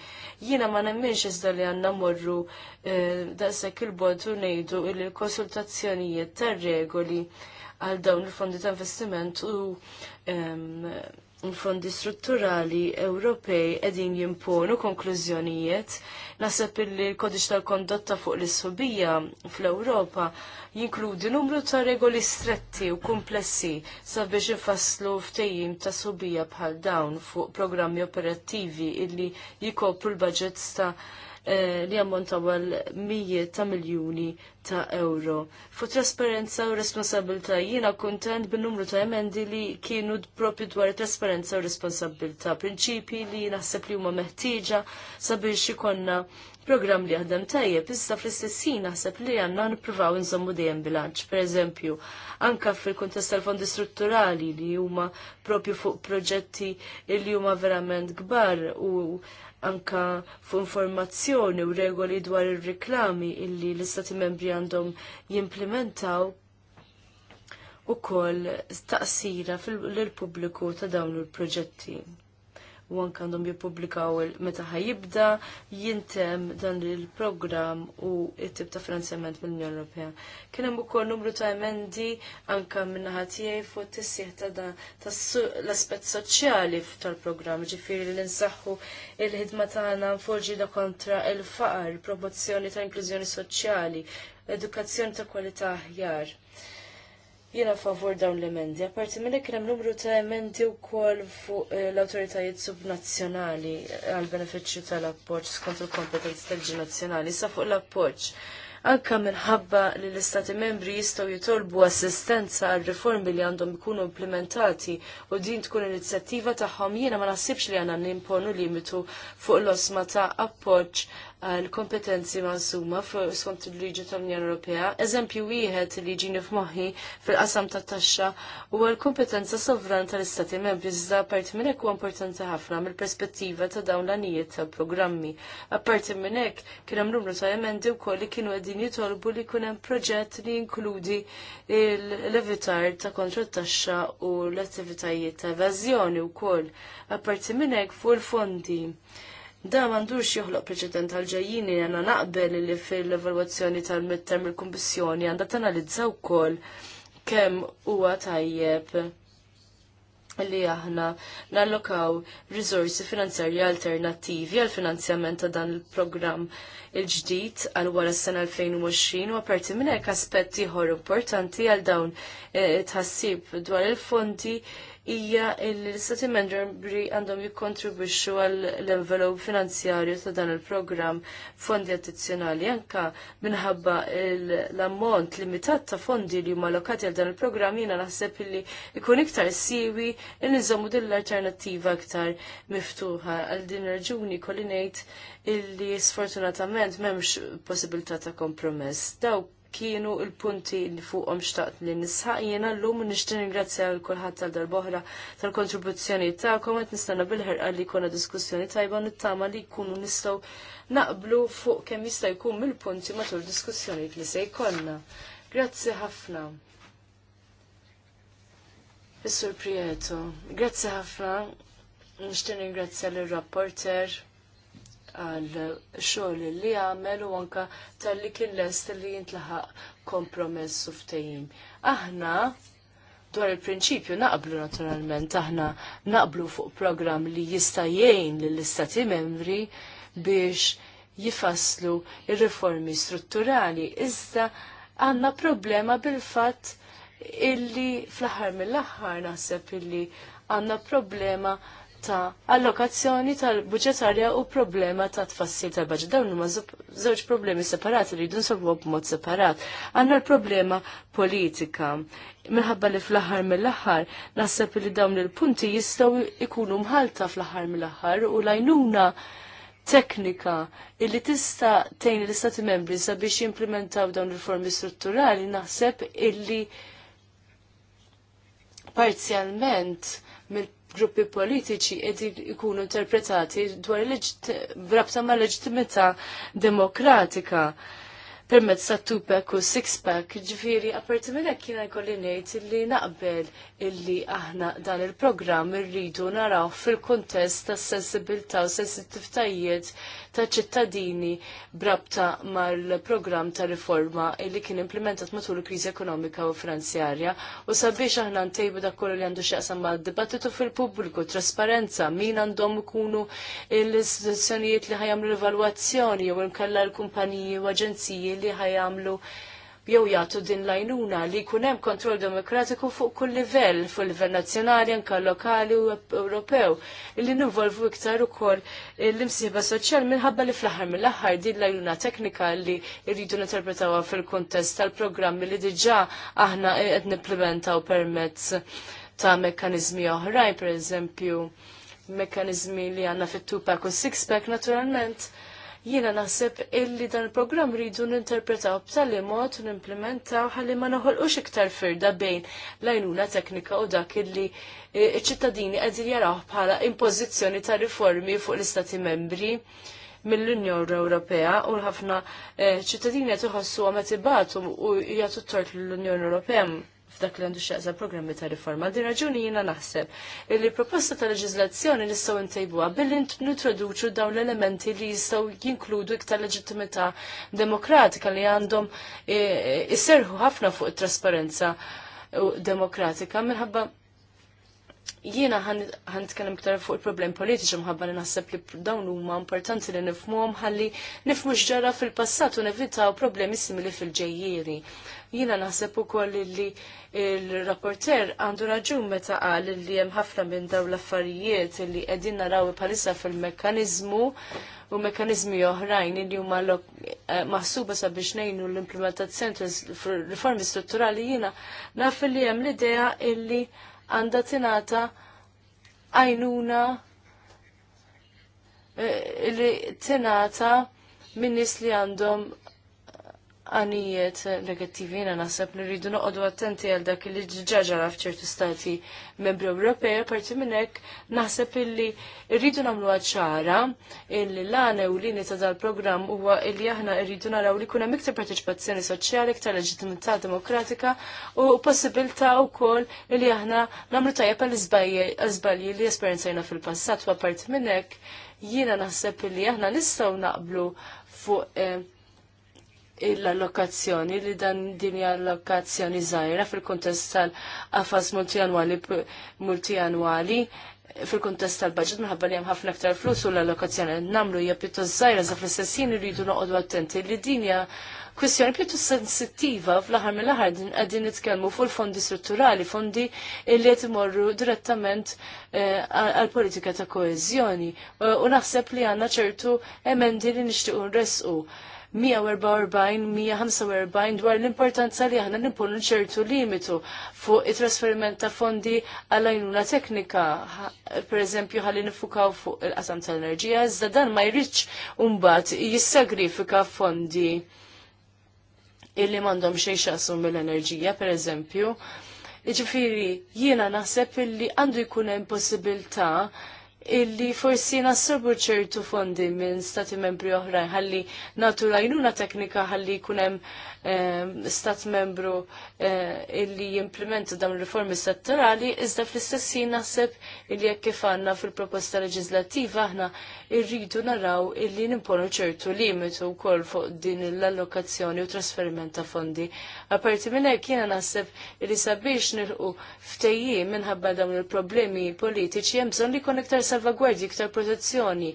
Jina ma nemminx iżda li għanna morru eh, daqshekk il-bodu ngħidu li l-konsultazzjonijiet tar-regoli għal dawn il-fondi ta' investiment u il-fondi strutturali Ewropej edin jimponu konklużjonijiet. Nasab li l-kodiċ tal-kondotta fuq l-isħobija fl-Ewropa jinkludi numru ta' regoli stretti u komplessi sabiex ifasslu ftejjim ta' subija bħal dawn fuq programmi operattivi illi jikopru l-budgets ta' Eh, li ammontaw għal mijiet ta' miljuni ta' euro. Fu trasparenza u responsabilta jiena kontent bin-numru ta' emendi li kienu propju dwar trasparenza u responsabilta. Prinċipi li naħseb li huma meħtieġa sabiex ikonna programm li għadam tajjeb, pista fl-istessin naħseb li għanna nipruvaw nżommu dejjem bilanċ. Per eżempju, anka fil-kontest tal-fondi strutturali li huma propju fuq proġetti li huma verament kbar u anka fuq informazzjoni u regoli dwar ir-riklami li illi l-istati membri għandhom jimplementaw u koll taqsira fil-pubbliku ta' dawn il-proġetti u anke għandhom jippubblikaw meta ħajibda jintem dan il-programm u t-tip ta' finanzjament mill-Unjoni Ewropea. Kien hemm ukoll numru ta' emendi anke min-naħa tiegħi fuq tissieħ ta' l-aspett soċjali tal-programm, ġifieri li nsaħħu il-ħidma tagħna da kontra il-faqar, promozzjoni ta' inklużjoni soċjali, edukazzjoni ta' kwalità aħjar Jiena favur dawn l-emendi. Apparti minn hekk hemm numru ta' emendi wkoll fuq eh, l-awtoritajiet subnazzjonali għal benefiċċju tal-appoġġ skont il-kompetenzi tal-ġi nazzjonali sa fuq l-appoġġ. Anka minħabba li l-Istati membri jistgħu jitolbu assistenza għal riformi li għandhom ikunu implementati u din tkun inizjattiva tagħhom jiena ma naħsibx li għandna nimponu limitu fuq l-osma ta' appoġġ għal kompetenzi mażuma fuq skont il-liġi tal-Unjoni Ewropea. Eżempju wieħed li ġini f'moħħi fil-qasam tat taxxa huwa l-kompetenza sovran tal-Istati membri iżda apparti minn hekk huwa importanti ħafna mill-perspettiva ta' dawn l-anijiet tal-programmi. Apparti minn hekk kien hemm numru ta' emendi wkoll li kienu qegħdin jitolbu li jkun hemm proġett li jinkludi l-evitar ta' kontra taxxa u l-attivitajiet ta' evażjoni wkoll. Apparti minn hekk fuq il-fondi. Da mandux joħloq preċedent għal-ġajjini għanna naqbel li fil-evaluazzjoni tal mittem il-Kommissjoni għanda tanalizzaw kol kem huwa tajjeb li aħna nallokaw risorsi finanzjarji alternattivi għal finanzjament ta' dan il-programm il-ġdid għal wara s-sena 2020 u għaparti minn hekk aspetti ieħor importanti għal dawn eh, tħassib dwar il-fondi hija l-Istati Membri għandhom jikkontribwixxu għall-envelop finanzjarju ta' dan il-programm fondi addizzjonali anka minħabba l-ammont limitat ta' fondi li huma allokati għal dan il-programm jiena naħseb li ikun iktar siwi li nizomu din l-alternattiva iktar miftuħa għal din raġuni kolli ngħid illi sfortunatament m'hemmx possibilità ta' kompromess. Dawk kienu il-punti li fuqhom xtaqt li nisħaq jena l u nishtin ningrazzja l kulħadd tal-darbohra tal-kontribuzzjoni tagħkom qed nistenna bil-ħerqa li jkollna diskussjoni tajba nittama li jkunu nistgħu naqblu fuq kemm jista' jkun mill-punti matul diskussjoni li se jkollna. Grazzi ħafna. Fissur Prieto, grazzi ħafna. Nishtin ningrazzja l rapporter għal xogħol li għamel u anka tal-li kien lest li jintlaħaq kompromess u ftehim. Aħna dwar il-prinċipju naqblu naturalment, aħna naqblu fuq program li jista' jgħin lill-istati membri biex jifasslu ir-riformi strutturali. Iżda għandna problema bil-fatt illi fl-aħħar mill-aħħar naħseb illi għandna problema ta' allokazzjoni tal buġetarja u problema ta' tfassil tal-budget. Dawn huma żewġ problemi separati li jridu nsolvu b'mod separat. Għandna l-problema politika. Minħabba li fl-aħħar mill-aħħar naħseb li dawn il-punti jistgħu jkunu mħalta fl-aħħar mill-aħħar u lajnuna teknika illi tista' tgħin l-Istati Membri sabiex jimplementaw dawn il-riformi strutturali naħseb illi parzjalment mill gruppi politiċi qegħdin ikunu interpretati dwar rabta ma' leġittimità demokratika permezz sa' two-pack u six-pack. Ġifiri, aperti minn hekk jiena jkolli ngħid illi naqbel illi aħna dan il-programm irridu naraw fil-kuntest tas sensibilità u sensittivtajiet ta' ċittadini brabta mal-programm ta' riforma illi kien implementat matul il-kriżi ekonomika u finanzjarja u sabiex aħna ntejbu dak kollu li għandu x'jaqsam mad-dibattitu fil-pubbliku, trasparenza, min għandhom ikunu l-istituzzjonijiet li ħajam l-evalwazzjoni jew nkella l-kumpaniji u aġenziji li ħajamlu jew jagħtu din lajnuna li jkun hemm kontroll demokratiku fuq kull livell, fuq livell nazzjonali, anke lokali u Ewropew, li ninvolvu iktar ukoll l-imsieħba soċjal minħabba li fl-aħħar mill-aħħar din lajnuna teknika li rridu ninterpretawha fil-kuntest tal-programmi li diġà aħna qed nipplementaw permezz ta' mekkaniżmi oħrajn, pereżempju mekkaniżmi li għandna fit tupak pack u six pack naturalment Jiena naħseb illi dan il-programm rridu ninterpretaw b'tali mod u nimplementaw ħalli ma noħolqux iktar firda bejn l-għajnuna teknika u dak illi e, iċ-ċittadini qegħdin jaraw bħala impożizzjoni ta' riformi fuq l-Istati membri mill-Unjoni Ewropea u ħafna e, ċittadini qed iħossu għamet ibatu u jagħtu tort l-Unjoni Ewropea f'dak li għandu xaqsa programmi ta' riforma. Di raġuni jina naħseb illi proposta ta' leġizlazzjoni nistaw ntejbuha billi nintroduċu dawn l-elementi li jistaw jinkludu iktar leġittimità demokratika li għandhom jisserħu e, e, ħafna fuq it-trasparenza demokratika minħabba jiena ħan tkellem iktar fuq il-problem politiċi mħabba li naħseb li dawn huma importanti li nifhmuhom ħalli nifhmu x'ġara fil-passat u nevitaw problemi simili fil-ġejjieri. Jiena naħseb ukoll li il-rapporter għandu raġun meta qal li hemm ħafna minn dawn l-affarijiet li qegħdin naraw bħalissa fil-mekkaniżmu u mekkaniżmi oħrajn li huma eh, maħsuba sabiex ngħinu l-implementazzjoni riformi strutturali jiena naf li hemm l-idea illi għandha tingħata għajnuna eh, illi tingħata minn nies li għandhom għanijiet negattivi jena naħseb li rridu noqogħdu attenti għal dak li ġġaġara f'ċertu stati membri Ewropej, parti minn hekk naħseb illi rridu namlu ċara illi l-għana u lini ta' dal-programm huwa illi aħna rridu naraw li kuna miktar parteċipazzjoni soċjali, iktar leġitimità demokratika u u wkoll illi aħna nagħmlu tajjeb għal izbalji li esperjenzajna fil-passat u parti minn hekk jiena naħseb illi aħna nistgħu naqblu fuq eh, l-allokazzjoni li dan din allokazzjoni żgħira fil-kuntest tal-qafas multianwali multianwali fil-kuntest tal-budget minħabba li hemm ħafna aktar flus u l-allokazzjoni li nagħmlu hija pjuttost żgħira sa fl-istessin irridu noqogħdu attenti li din hija kwestjoni pjuttost sensittiva fl-aħħar mill-aħħar qegħdin nitkellmu fuq il-fondi strutturali, fondi li qed imorru direttament eh, għall politika ta' koeżjoni u naħseb li għandna ċertu emendi li nixtiequ nresqu 144-145 dwar l-importanza li aħna nimponu ċertu limitu fuq it-trasferiment ta' fondi għal-għajnuna teknika. Per eżempju, ħalli nifukaw fuq il-qasam tal-enerġija, iżda dan ma jirriċ umbat jissagrifika fondi illi mandom xej xasum mill-enerġija, per eżempju. Iġifiri, jiena naħseb illi għandu jkun hemm possibilità illi forsi nasabu ċertu fondi minn stati membri oħrajn, ħalli natu lajnuna teknika ħalli kunem ehm, stat membru eh, illi jimplementu dawn riformi settorali, iżda fl-istess naħseb illi jekk kif għandna fil-proposta leġislativa aħna irridu naraw illi nimponu ċertu limitu wkoll fuq din l-allokazzjoni u trasferiment ta' fondi. Aparti minn hekk jiena naħseb illi sabiex nilqu ftejjim minħabba dawn il-problemi politiċi hemm bżonn li jkun iktar salvagwardji iktar protezzjoni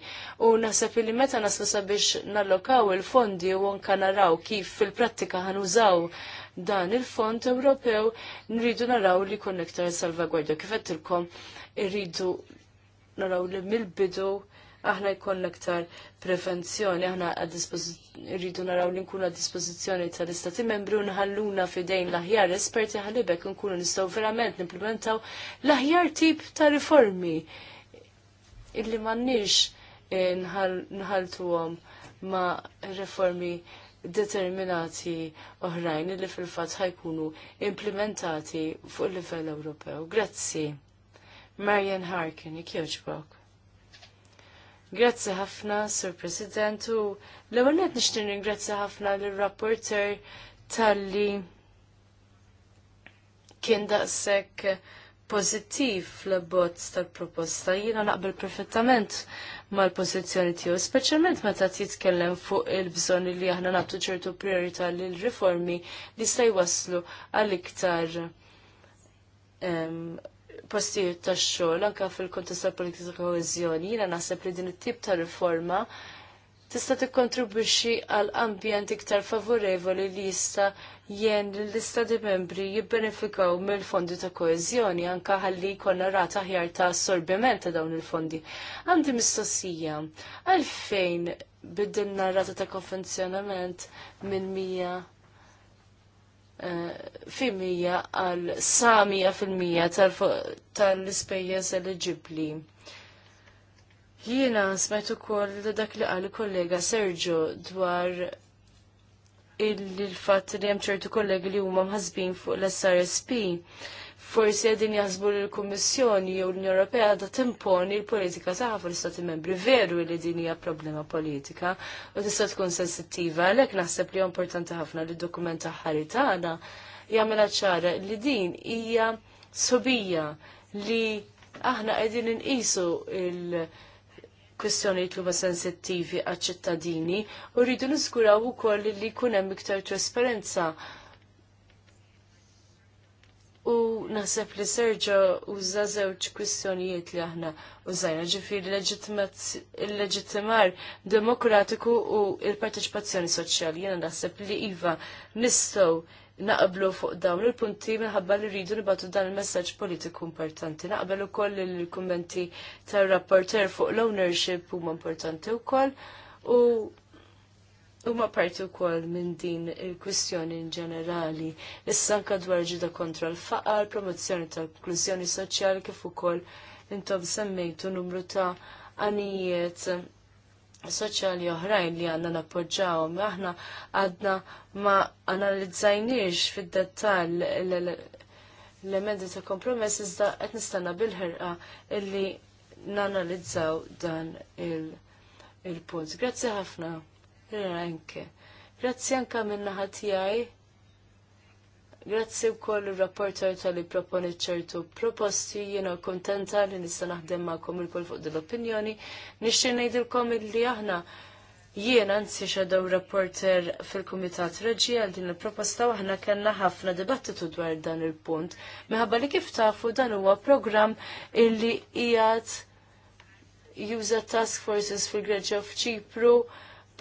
u naħseb li meta naslu sabiex nallokaw il-fondi u anka naraw kif fil-prattika ħanużaw dan il-fond Ewropew nridu naraw li kun iktar salvagwardja. Kif għettilkom irridu naraw li mill-bidu aħna jkun iktar prevenzjoni, aħna rridu naraw li nkunu għad dispożizzjoni tal-istati membri u nħalluna fidejn l-aħjar esperti ħalibek nkunu nistgħu verament nimplementaw l-aħjar tip ta' riformi illi eh, nħaltu għom ma' reformi determinati oħrajn illi fil fat ħajkunu implementati fuq il-livell Ewropew. Grazzi. Marian Harkin, ikjoġbok. Grazzi ħafna, Sir President, u l-ewwel nishtin ringrazzi ħafna lir-rapporter talli kien daqshekk pozittiv fl-abbozz tal-proposta. Jiena naqbel perfettament mal-pozizjoni tiegħu, speċjalment meta titkellem fuq il-bżonn li aħna nagħtu ċertu priorità lil riformi li se jwasslu għal iktar postijiet tax-xogħol anke fil-kontest tal-politika koeżjoni. Jiena naħseb li din it-tip ta' riforma tista' tikkontribwixxi għal ambjent iktar favorevoli li jista' jen l-istati membri jibbenefikaw mill-fondi ta' koezjoni anka ħalli jkollna rata ħjar ta' assorbiment ta' dawn il-fondi. Għandi mistoqsija, għalfejn bidilna rata ta' konvenzjonament minn mija eh, fil-mija għal sa' mija fil-mija tal-ispejjeż eligibli. Jiena smajtu ukoll dak li għal kollega Sergio dwar il fat li hemm ċertu kollegi li huma mħasbin fuq l-SRSP. Forsi qegħdin jaħsbu li l-Kummissjoni jew l-Unjoni Ewropea da timponi l-politika saħħa fuq l-Istati Membri. Veru li din hija problema politika u tista' tkun sensittiva għalhekk naħseb li importanti ħafna li d-dokument aħħari tagħna jagħmilha ċara li din hija sobija li aħna qegħdin inqisu il- kwestjoni li huma sensittivi għaċ-ċittadini u rridu niżguraw ukoll li jkun hemm iktar trasparenza. U naħseb li Serġo uża żewġ kwistjonijiet li aħna użajna ġifieri il-leġittimar demokratiku u l parteċipazzjoni soċjali. Jiena naħseb li iva nistgħu naqblu fuq dawn il-punti minħabba li rridu nibatu dan il-messaġġ politiku importanti. Naqbel ukoll il-kummenti tar-rapporter fuq l-ownership huma importanti wkoll u huma parti wkoll minn din il-kwistjoni ġenerali. Issa anke dwar ġida kontra l-faqar, promozzjoni tal-inklużjoni soċjali kif ukoll intom semmejtu numru ta' għanijiet soċjali oħrajn li għanna nappoġġaw. Aħna għadna ma analizzajniex fid-dettall l-emendi ta' kompromess iżda qed nistanna bil-ħerqa illi nanalizzaw dan il-punt. Grazzi ħafna. r-ranke. Grazzi anka minna ħatijaj Grazzi wkoll ir-rapporter tal-li proponi ċertu proposti, jiena kontenta li nista' naħdem magħkom il fuq din l-opinjoni. Nixtieq ngħidilkom illi aħna jiena nsi xadow rapporter fil-Kumitat Reġi għal din il-proposta aħna kellna ħafna dibattitu dwar dan il-punt. Minħabba li kif tafu dan huwa programm illi qiegħed juża task forces fil of f'Ċipru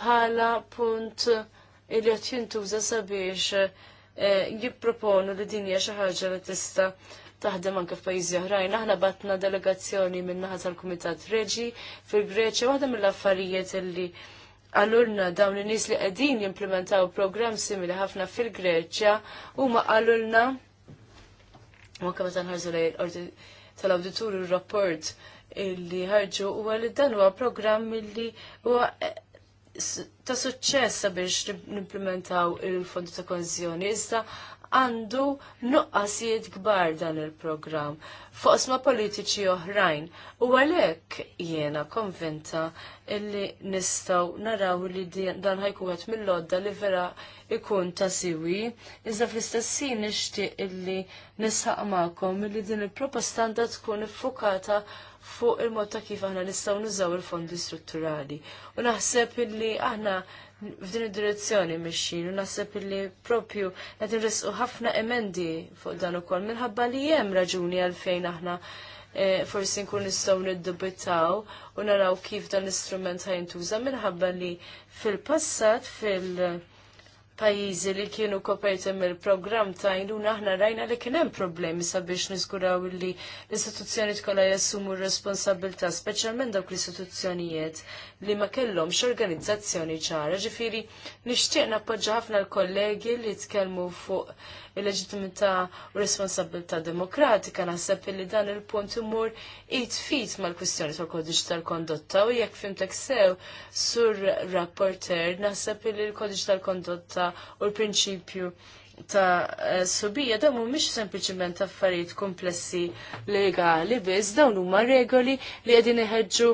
bħala punt illi qed jintuża sabiex Eh, jipproponu li din hija xi ħaġa li tista' taħdem anke f'pajjiżi oħrajn. Aħna batna delegazzjoni minn naħa tal-Kumitat Reġi fil-Greċja waħda mill-affarijiet illi għallulna dawn in-nies li qegħdin jimplementaw programm simili ħafna fil-Greċja huma għallulna ma kemm meta nħarsu lejn qorti tal-awditur ir-rapport illi ħarġu huwa li dan huwa programm illi huwa ta' suċċess sabiex nimplementaw il-fondi ta' konzjoni, iżda għandu nuqqasijiet kbar dan il-programm fuq ma' politiċi oħrajn u għalhekk jiena konvinta illi nistgħu naraw li dan ħajku għat mill-lodda li vera ikun ta' siwi iżda fl-istessin nixtieq illi nisħaq magħkom illi din il-proposta għandha tkun iffukata fuq il-mod ta' kif aħna nistgħu nużaw il-fondi strutturali. U naħseb illi aħna f'din id-direzzjoni mixin u naħseb illi propju qed nresqu ħafna emendi fuq dan ukoll minħabba li hemm raġuni għalfejn aħna e, forsi nkun nistgħu niddubitaw u naraw kif dan l-istrument ħajntuża minħabba li fil-passat fil-, -passat, fil pajizi li kienu koperti mill program ta' iluna aħna rajna li kien hemm problemi sabiex niżguraw li l-istituzzjoni tkolla jassumu r-responsabilità, speċjalment dawk l-istituzzjonijiet li ma kellhomx organizzazzjoni ċara. ġifiri nixtieq nappoġġa ħafna l-kollegi li tkellmu fuq il-leġitimità u responsabilità demokratika naħseb li dan il-punt imur it-fit mal-kwistjoni tal-kodiċ tal-kondotta u jekk fimtek sew sur rapporter naħseb li l-kodiċ tal-kondotta u l-prinċipju ta' eh, subija dawn mhumiex sempliċiment affarijiet komplessi legali biss, dawn huma regoli li qegħdin iħeġġu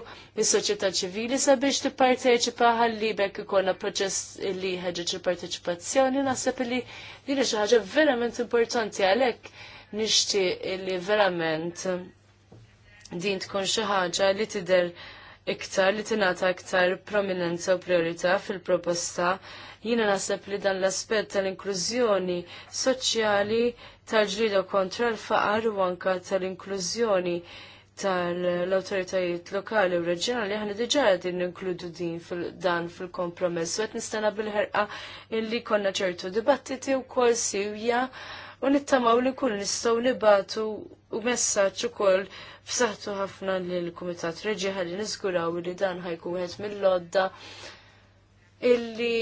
is-soċjetà ċivili sabiex tipparteċipa ħalli bekk ikollna proċess li jħeġġeġ il-parteċipazzjoni naħseb li din xi ħaġa verament importanti għalhekk nixtieq li verament din tkun xi ħaġa li tidher iktar li tingħata iktar prominenza u priorità fil-proposta Jiena naħseb li dan l-aspett tal-inklużjoni soċjali tal-ġlida kontra l-faqar u anka tal-inklużjoni tal-autoritajiet lokali u reġjonali ħana diġà għadin inkludu din dan fil-kompromess. Għet nistana bil-ħerqa illi konna ċertu dibattiti u kol sivja u nittamaw li kull nistgħu nibatu u messaċ ukoll f'saħħtu ħafna l kumitat reġi ħalli niżguraw li dan ħajku għet mill-lodda illi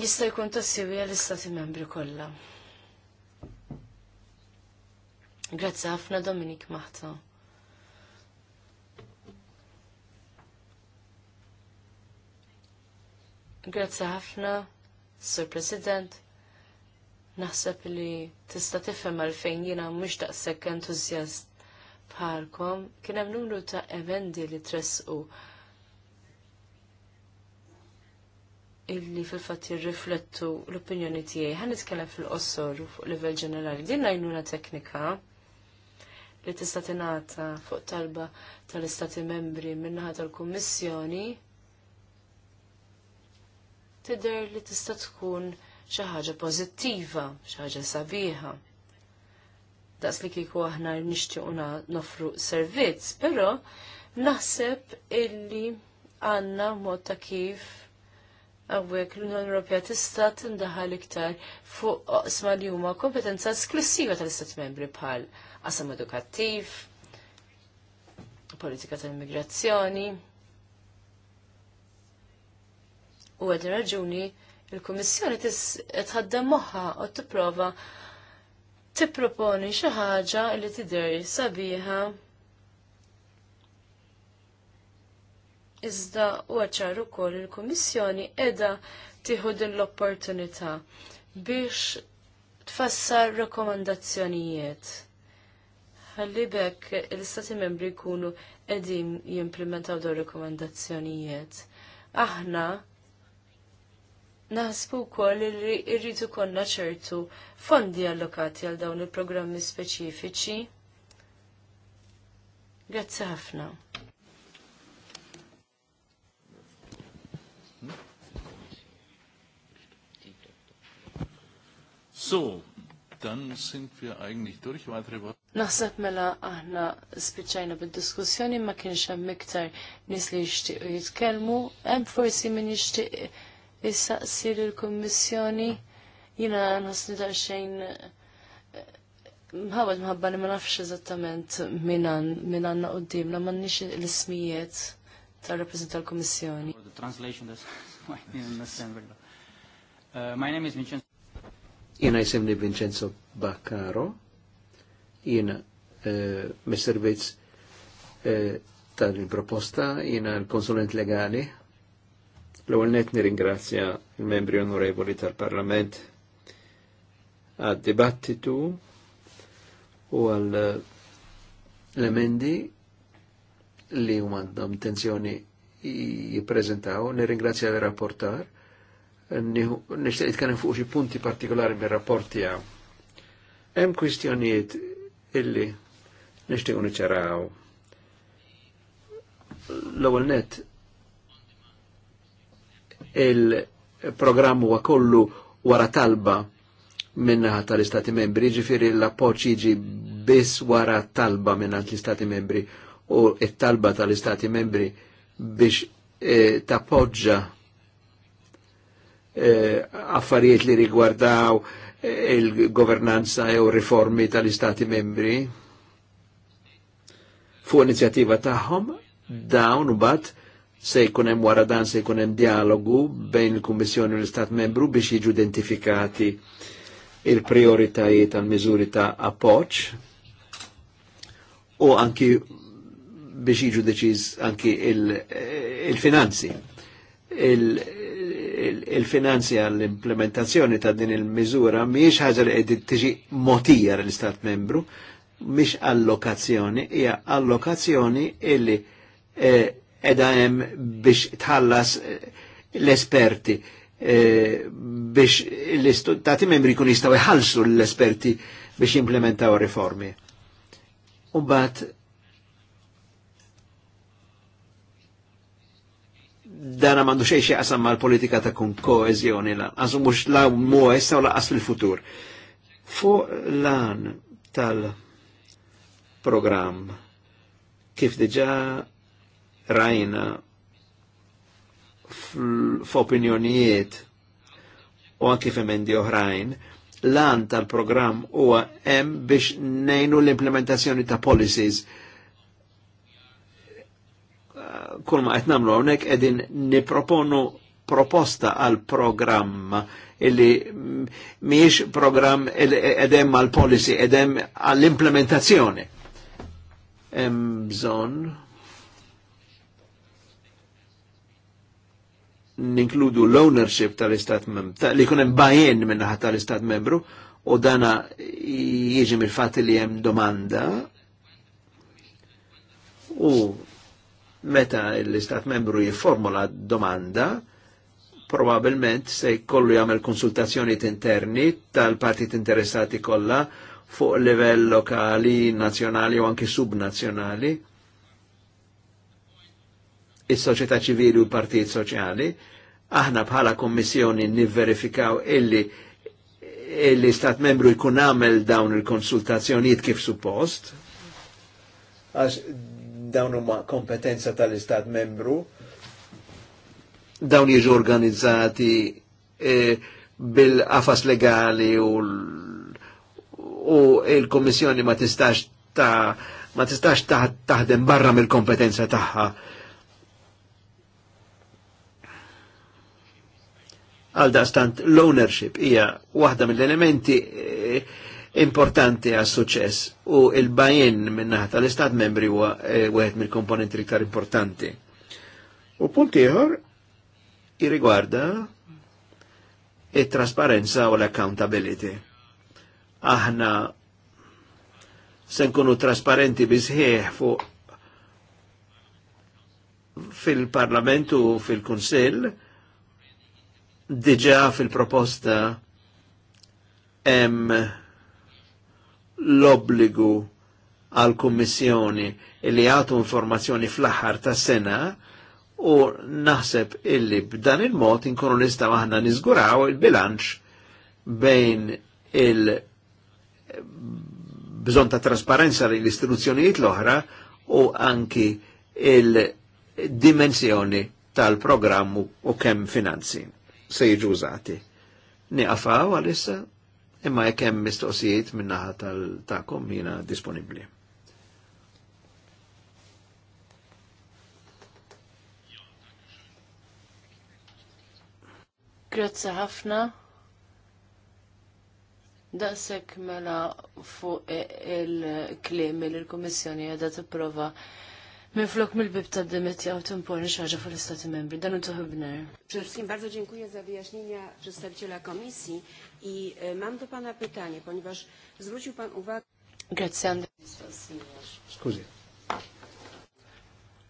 jista' jkun ta' siwja l-istati membri kollha. Grazzi ħafna Dominik Maħta. Grazzi ħafna, Sur President. Naħseb li tista' tifhem għalfejn jiena mhux daqshekk entużjast bħalkom kien hemm numru ta' emendi li tressqu illi fil-fatt jirriflettu l-opinjoni tiegħi. Ħan nitkellem fil-qossor fuq livell ġenerali. Din lajnuna teknika li tista' tingħata fuq talba tal-Istati Membri minnaħa tal-Kummissjoni tidher li tista' tkun xi ħaġa pożittiva, xi ħaġa sabiħa. Daqs li kieku aħna nixtiequ nofru servizz, però naħseb illi għandna mod ta' kif għawek l-Unjoni Ewropea tista' tindaħal iktar fuq oqsma li huma kompetenza esklusiva tal-Istat Membri bħal qasam edukattiv, politika tal-immigrazzjoni. U għedin raġuni il-Kummissjoni tħaddem moħħa u tipprova tipproponi xi ħaġa li tidher sabiħa iżda huwa ċar ukoll il-Kummissjoni qiegħda tieħu din l-opportunità biex tfassar rekomandazzjonijiet. Ħalli bekk l-Istati membri jkunu qegħdin jimplementaw dawn rekomandazzjonijiet. Aħna naħsbu wkoll li rridu konna ċertu fondi allokati għal dawn il-programmi speċifiċi. Grazzi ħafna. So, dan sind wir eigentlich durch. Weitere Worte? Naħseb mela aħna spiċajna bil diskussjoni ma kienx hemm miktar nies li jixtiequ jitkellmu, hemm forsi min jixtieq jissaqsi il kummissjoni jiena nħossni xejn eh, mħabad mħabba li ma nafx eżattament minan għandna qoddimna ma nix l-ismijiet tar rappresentant tal-Kummissjoni. Uh, my name is Vincenzo Jena jisimni Vincenzo Baccaro, jena uh, mis-servizz uh, tal-proposta, jena l-konsulent legali. l għol net nirringrazzja il-membri onorevoli tal-Parlament għad-dibattitu u għal lemendi li għandhom intenzjoni jiprezentaw. Nirringrazzja l-rapportar nixtieq nitkellem fuq xi punti partikolari mir-rapport tiegħu. Hemm kwistjonijiet illi nixtiequ niċċaraw. L-ewwel net il-programm huwa kollu wara talba minnaħa tal-Istati membri, ġifiri l-appoċ jiġi biss wara talba minnaħa l istati membri u it-talba tal-Istati membri biex e, tappoġġa Eh, affarijiet li rigwardaw eh, il-governanza e u riformi tal-istati membri Fu inizjativa tagħhom dawn u bat se jkun hemm wara dan se jkun hemm dialogu bejn il-Kummissjoni u l-Istat membru biex jiġu identifikati il-prioritajiet tal mizuri ta' appoġġ u anki biex jiġu deċiż anki eh, il-finanzi. Il il-finanzja l-implementazzjoni ta' din il mizura miex ħagġa li għedit tiġi motija l-Istat membru, miex allokazzjoni, hija allokazzjoni illi eh, edha hemm biex tħallas eh, eh, l-esperti biex l-istati membri kun jistaw jħalsu l-esperti biex implementaw riformi. Umbat dana mandu xej xej qasam mal-politika ta' kun koezjoni lan, għazu mux la' mu issa u laqas fil-futur. Fuq lan tal-program kif diġa rajna f'opinjonijiet u anki f'emendi oħrajn, lan tal-program huwa hemm biex nejnu l-implementazzjoni ta' policies kull ma qed nagħmlu hawnhekk qegħdin niproponu proposta għal programm illi miex programm edem għal policy edem għall implementazzjoni hemm bżonn ninkludu l-ownership tal-istat membru, li kunem hemm minna minnaħa tal-istat membru u dana jieġi mill fat li hemm domanda u meta l-Istat membru jiformula domanda, probabilment se kollu jagħmel konsultazzjonijiet interni tal-partit interessati kollha fuq livell lokali, nazzjonali u anki subnazzjonali, is-soċjetà ċivili u partijiet soċjali, aħna bħala kommissjoni nivverifikaw illi illi stat membru jkun għamel dawn il-konsultazzjonijiet kif suppost, dawn huma kompetenza tal-Istat membru, dawn jiġu organizzati e, bil-qafas legali u, u il-Komissjoni ma tistax ta' ma tistax taħdem barra mill-kompetenza tagħha. Għal daqstant l-ownership hija waħda mill-elementi eh, importanti għas suċess u il-bajin minnaħat tal-Istat membri u eh, wieħed mill-komponenti iktar importanti. U punt ieħor jirrigwarda it-trasparenza u l-accountability. Aħna senkunu trasparenti bizħieħ fuq fil parlamentu u fil-Kunsill diġa fil-proposta hemm l-obbligu għal kommissjoni li għatu informazzjoni fl-aħħar ta' sena u naħseb illi b'dan il-mod inkunu nistaw aħna niżguraw il-bilanċ bejn il- bżon ta' trasparenza li l-istituzzjonijiet l-oħra u anki il-dimensjoni tal-programmu u kemm finanzi se jiġu użati. Niqafaw għalissa imma jekk hemm mistoqsijiet min-naħa tal-takom jiena disponibbli. Grazzi ħafna. Daqshekk mela fuq e- il-klim li l-Kummissjoni għadha tipprova Minflok mill-bib ta' d-dimet jaw timponi xaġa fl-Istati Membri, dan u tuħibner. Ġursin, bardzo dziękuję za ġustabċi la komissi. I e, mam do Pana pytanie, ponieważ zwrócił Pan uwagę... Grazie, Andrzej.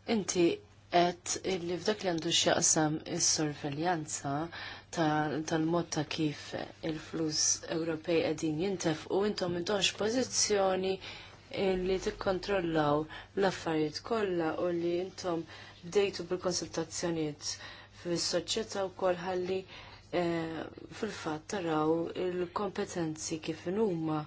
Inti et li f'dak li għandu x'jaqsam is-sorveljanza tal motta ta' kif il-flus Ewropej qegħdin u intom intomx pożizzjoni li tikkontrollaw l-affarijiet kollha u li intom bdejtu bil-konsultazzjonijiet fis-soċjetà wkoll ħalli Eh, fil-fatt taraw il-kompetenzi kif huma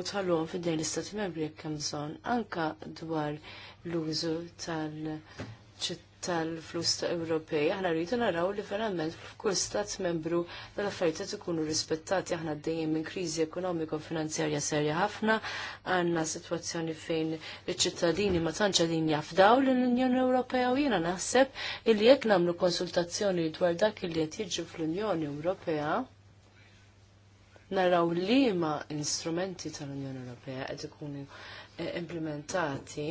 u tħallhom fid-dejn l-Istati Membri jekk hemm bżonn anke dwar l-użu tal-ċittadini tal-flus ta' Ewropej, aħna rridu naraw li verament kull stat membru tal-affarijiet ikunu rispettati aħna dejjem minn kriżi ekonomika u finanzjarja serja ħafna, għandna sitwazzjoni fejn iċ-ċittadini ma tantx qegħdin jafdaw l-Unjoni Ewropea u jiena naħseb illi jekk nagħmlu konsultazzjoni dwar dak illi qed jiġu fl-Unjoni Ewropea naraw liema instrumenti tal-Unjoni Ewropea qed ikunu Eh, implementati,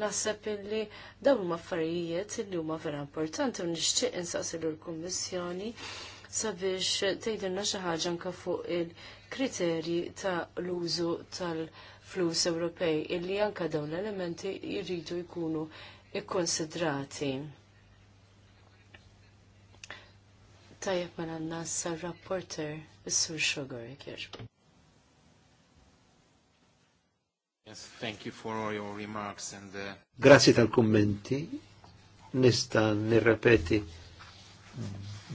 naħseb illi dawn huma affarijiet illi huma vera importanti u nixtieq insaqsilu l-Kummissjoni sabiex tgħidilna xi ħaġa anke fuq il-kriterji ta' l-użu tal-flus Ewropej illi anke dawn l-elementi jridu jkunu ikkonsidrati. Tajjeb mela n-nas rapporter is-Sur Sugar kjer. Grazie thank you for all your remarks and uh... Grazzi tal-kummenti. Nista nirrepeti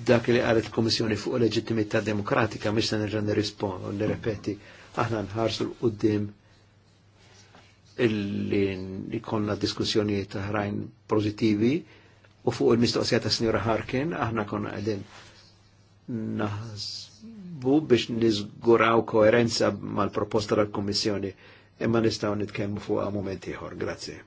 dak li qalet il-Komissjoni fuq leġittimità demokratika mhix se nerġa' nirrispondu nirrepeti aħna nħarsu l qudiem illi ikonna diskussjonijiet oħrajn pożittivi u fuq il-mistoqsija ta' signora Harkin aħna konna qegħdin naħsbu biex nizguraw koerenza mal-proposta tal-Kummissjoni imma nistgħu nitkellmu fuqha mument ieħor. Grazzi.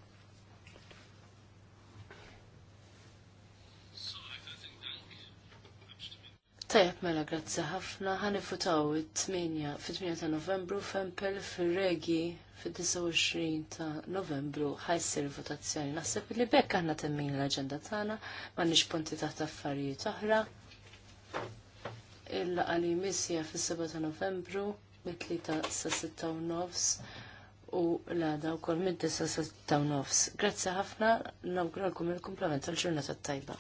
Tajab mela grazzi ħafna ħanifutaw it-8 fit-8 ta' Novembru fempel fir-regi fid-29 ta' Novembru ħajsir votazzjoni. Naħseb li bekk aħna temmin l-aġenda tagħna m'għandniex punti taħt affarijiet oħra. Il-laqali missija fis-7 ta' Novembru mit-3 sa' 6 nofs u l-għada u kol mid-disa sa' nofs. Grazzi ħafna, nawguralkom il-komplement tal-ġurnata tajba.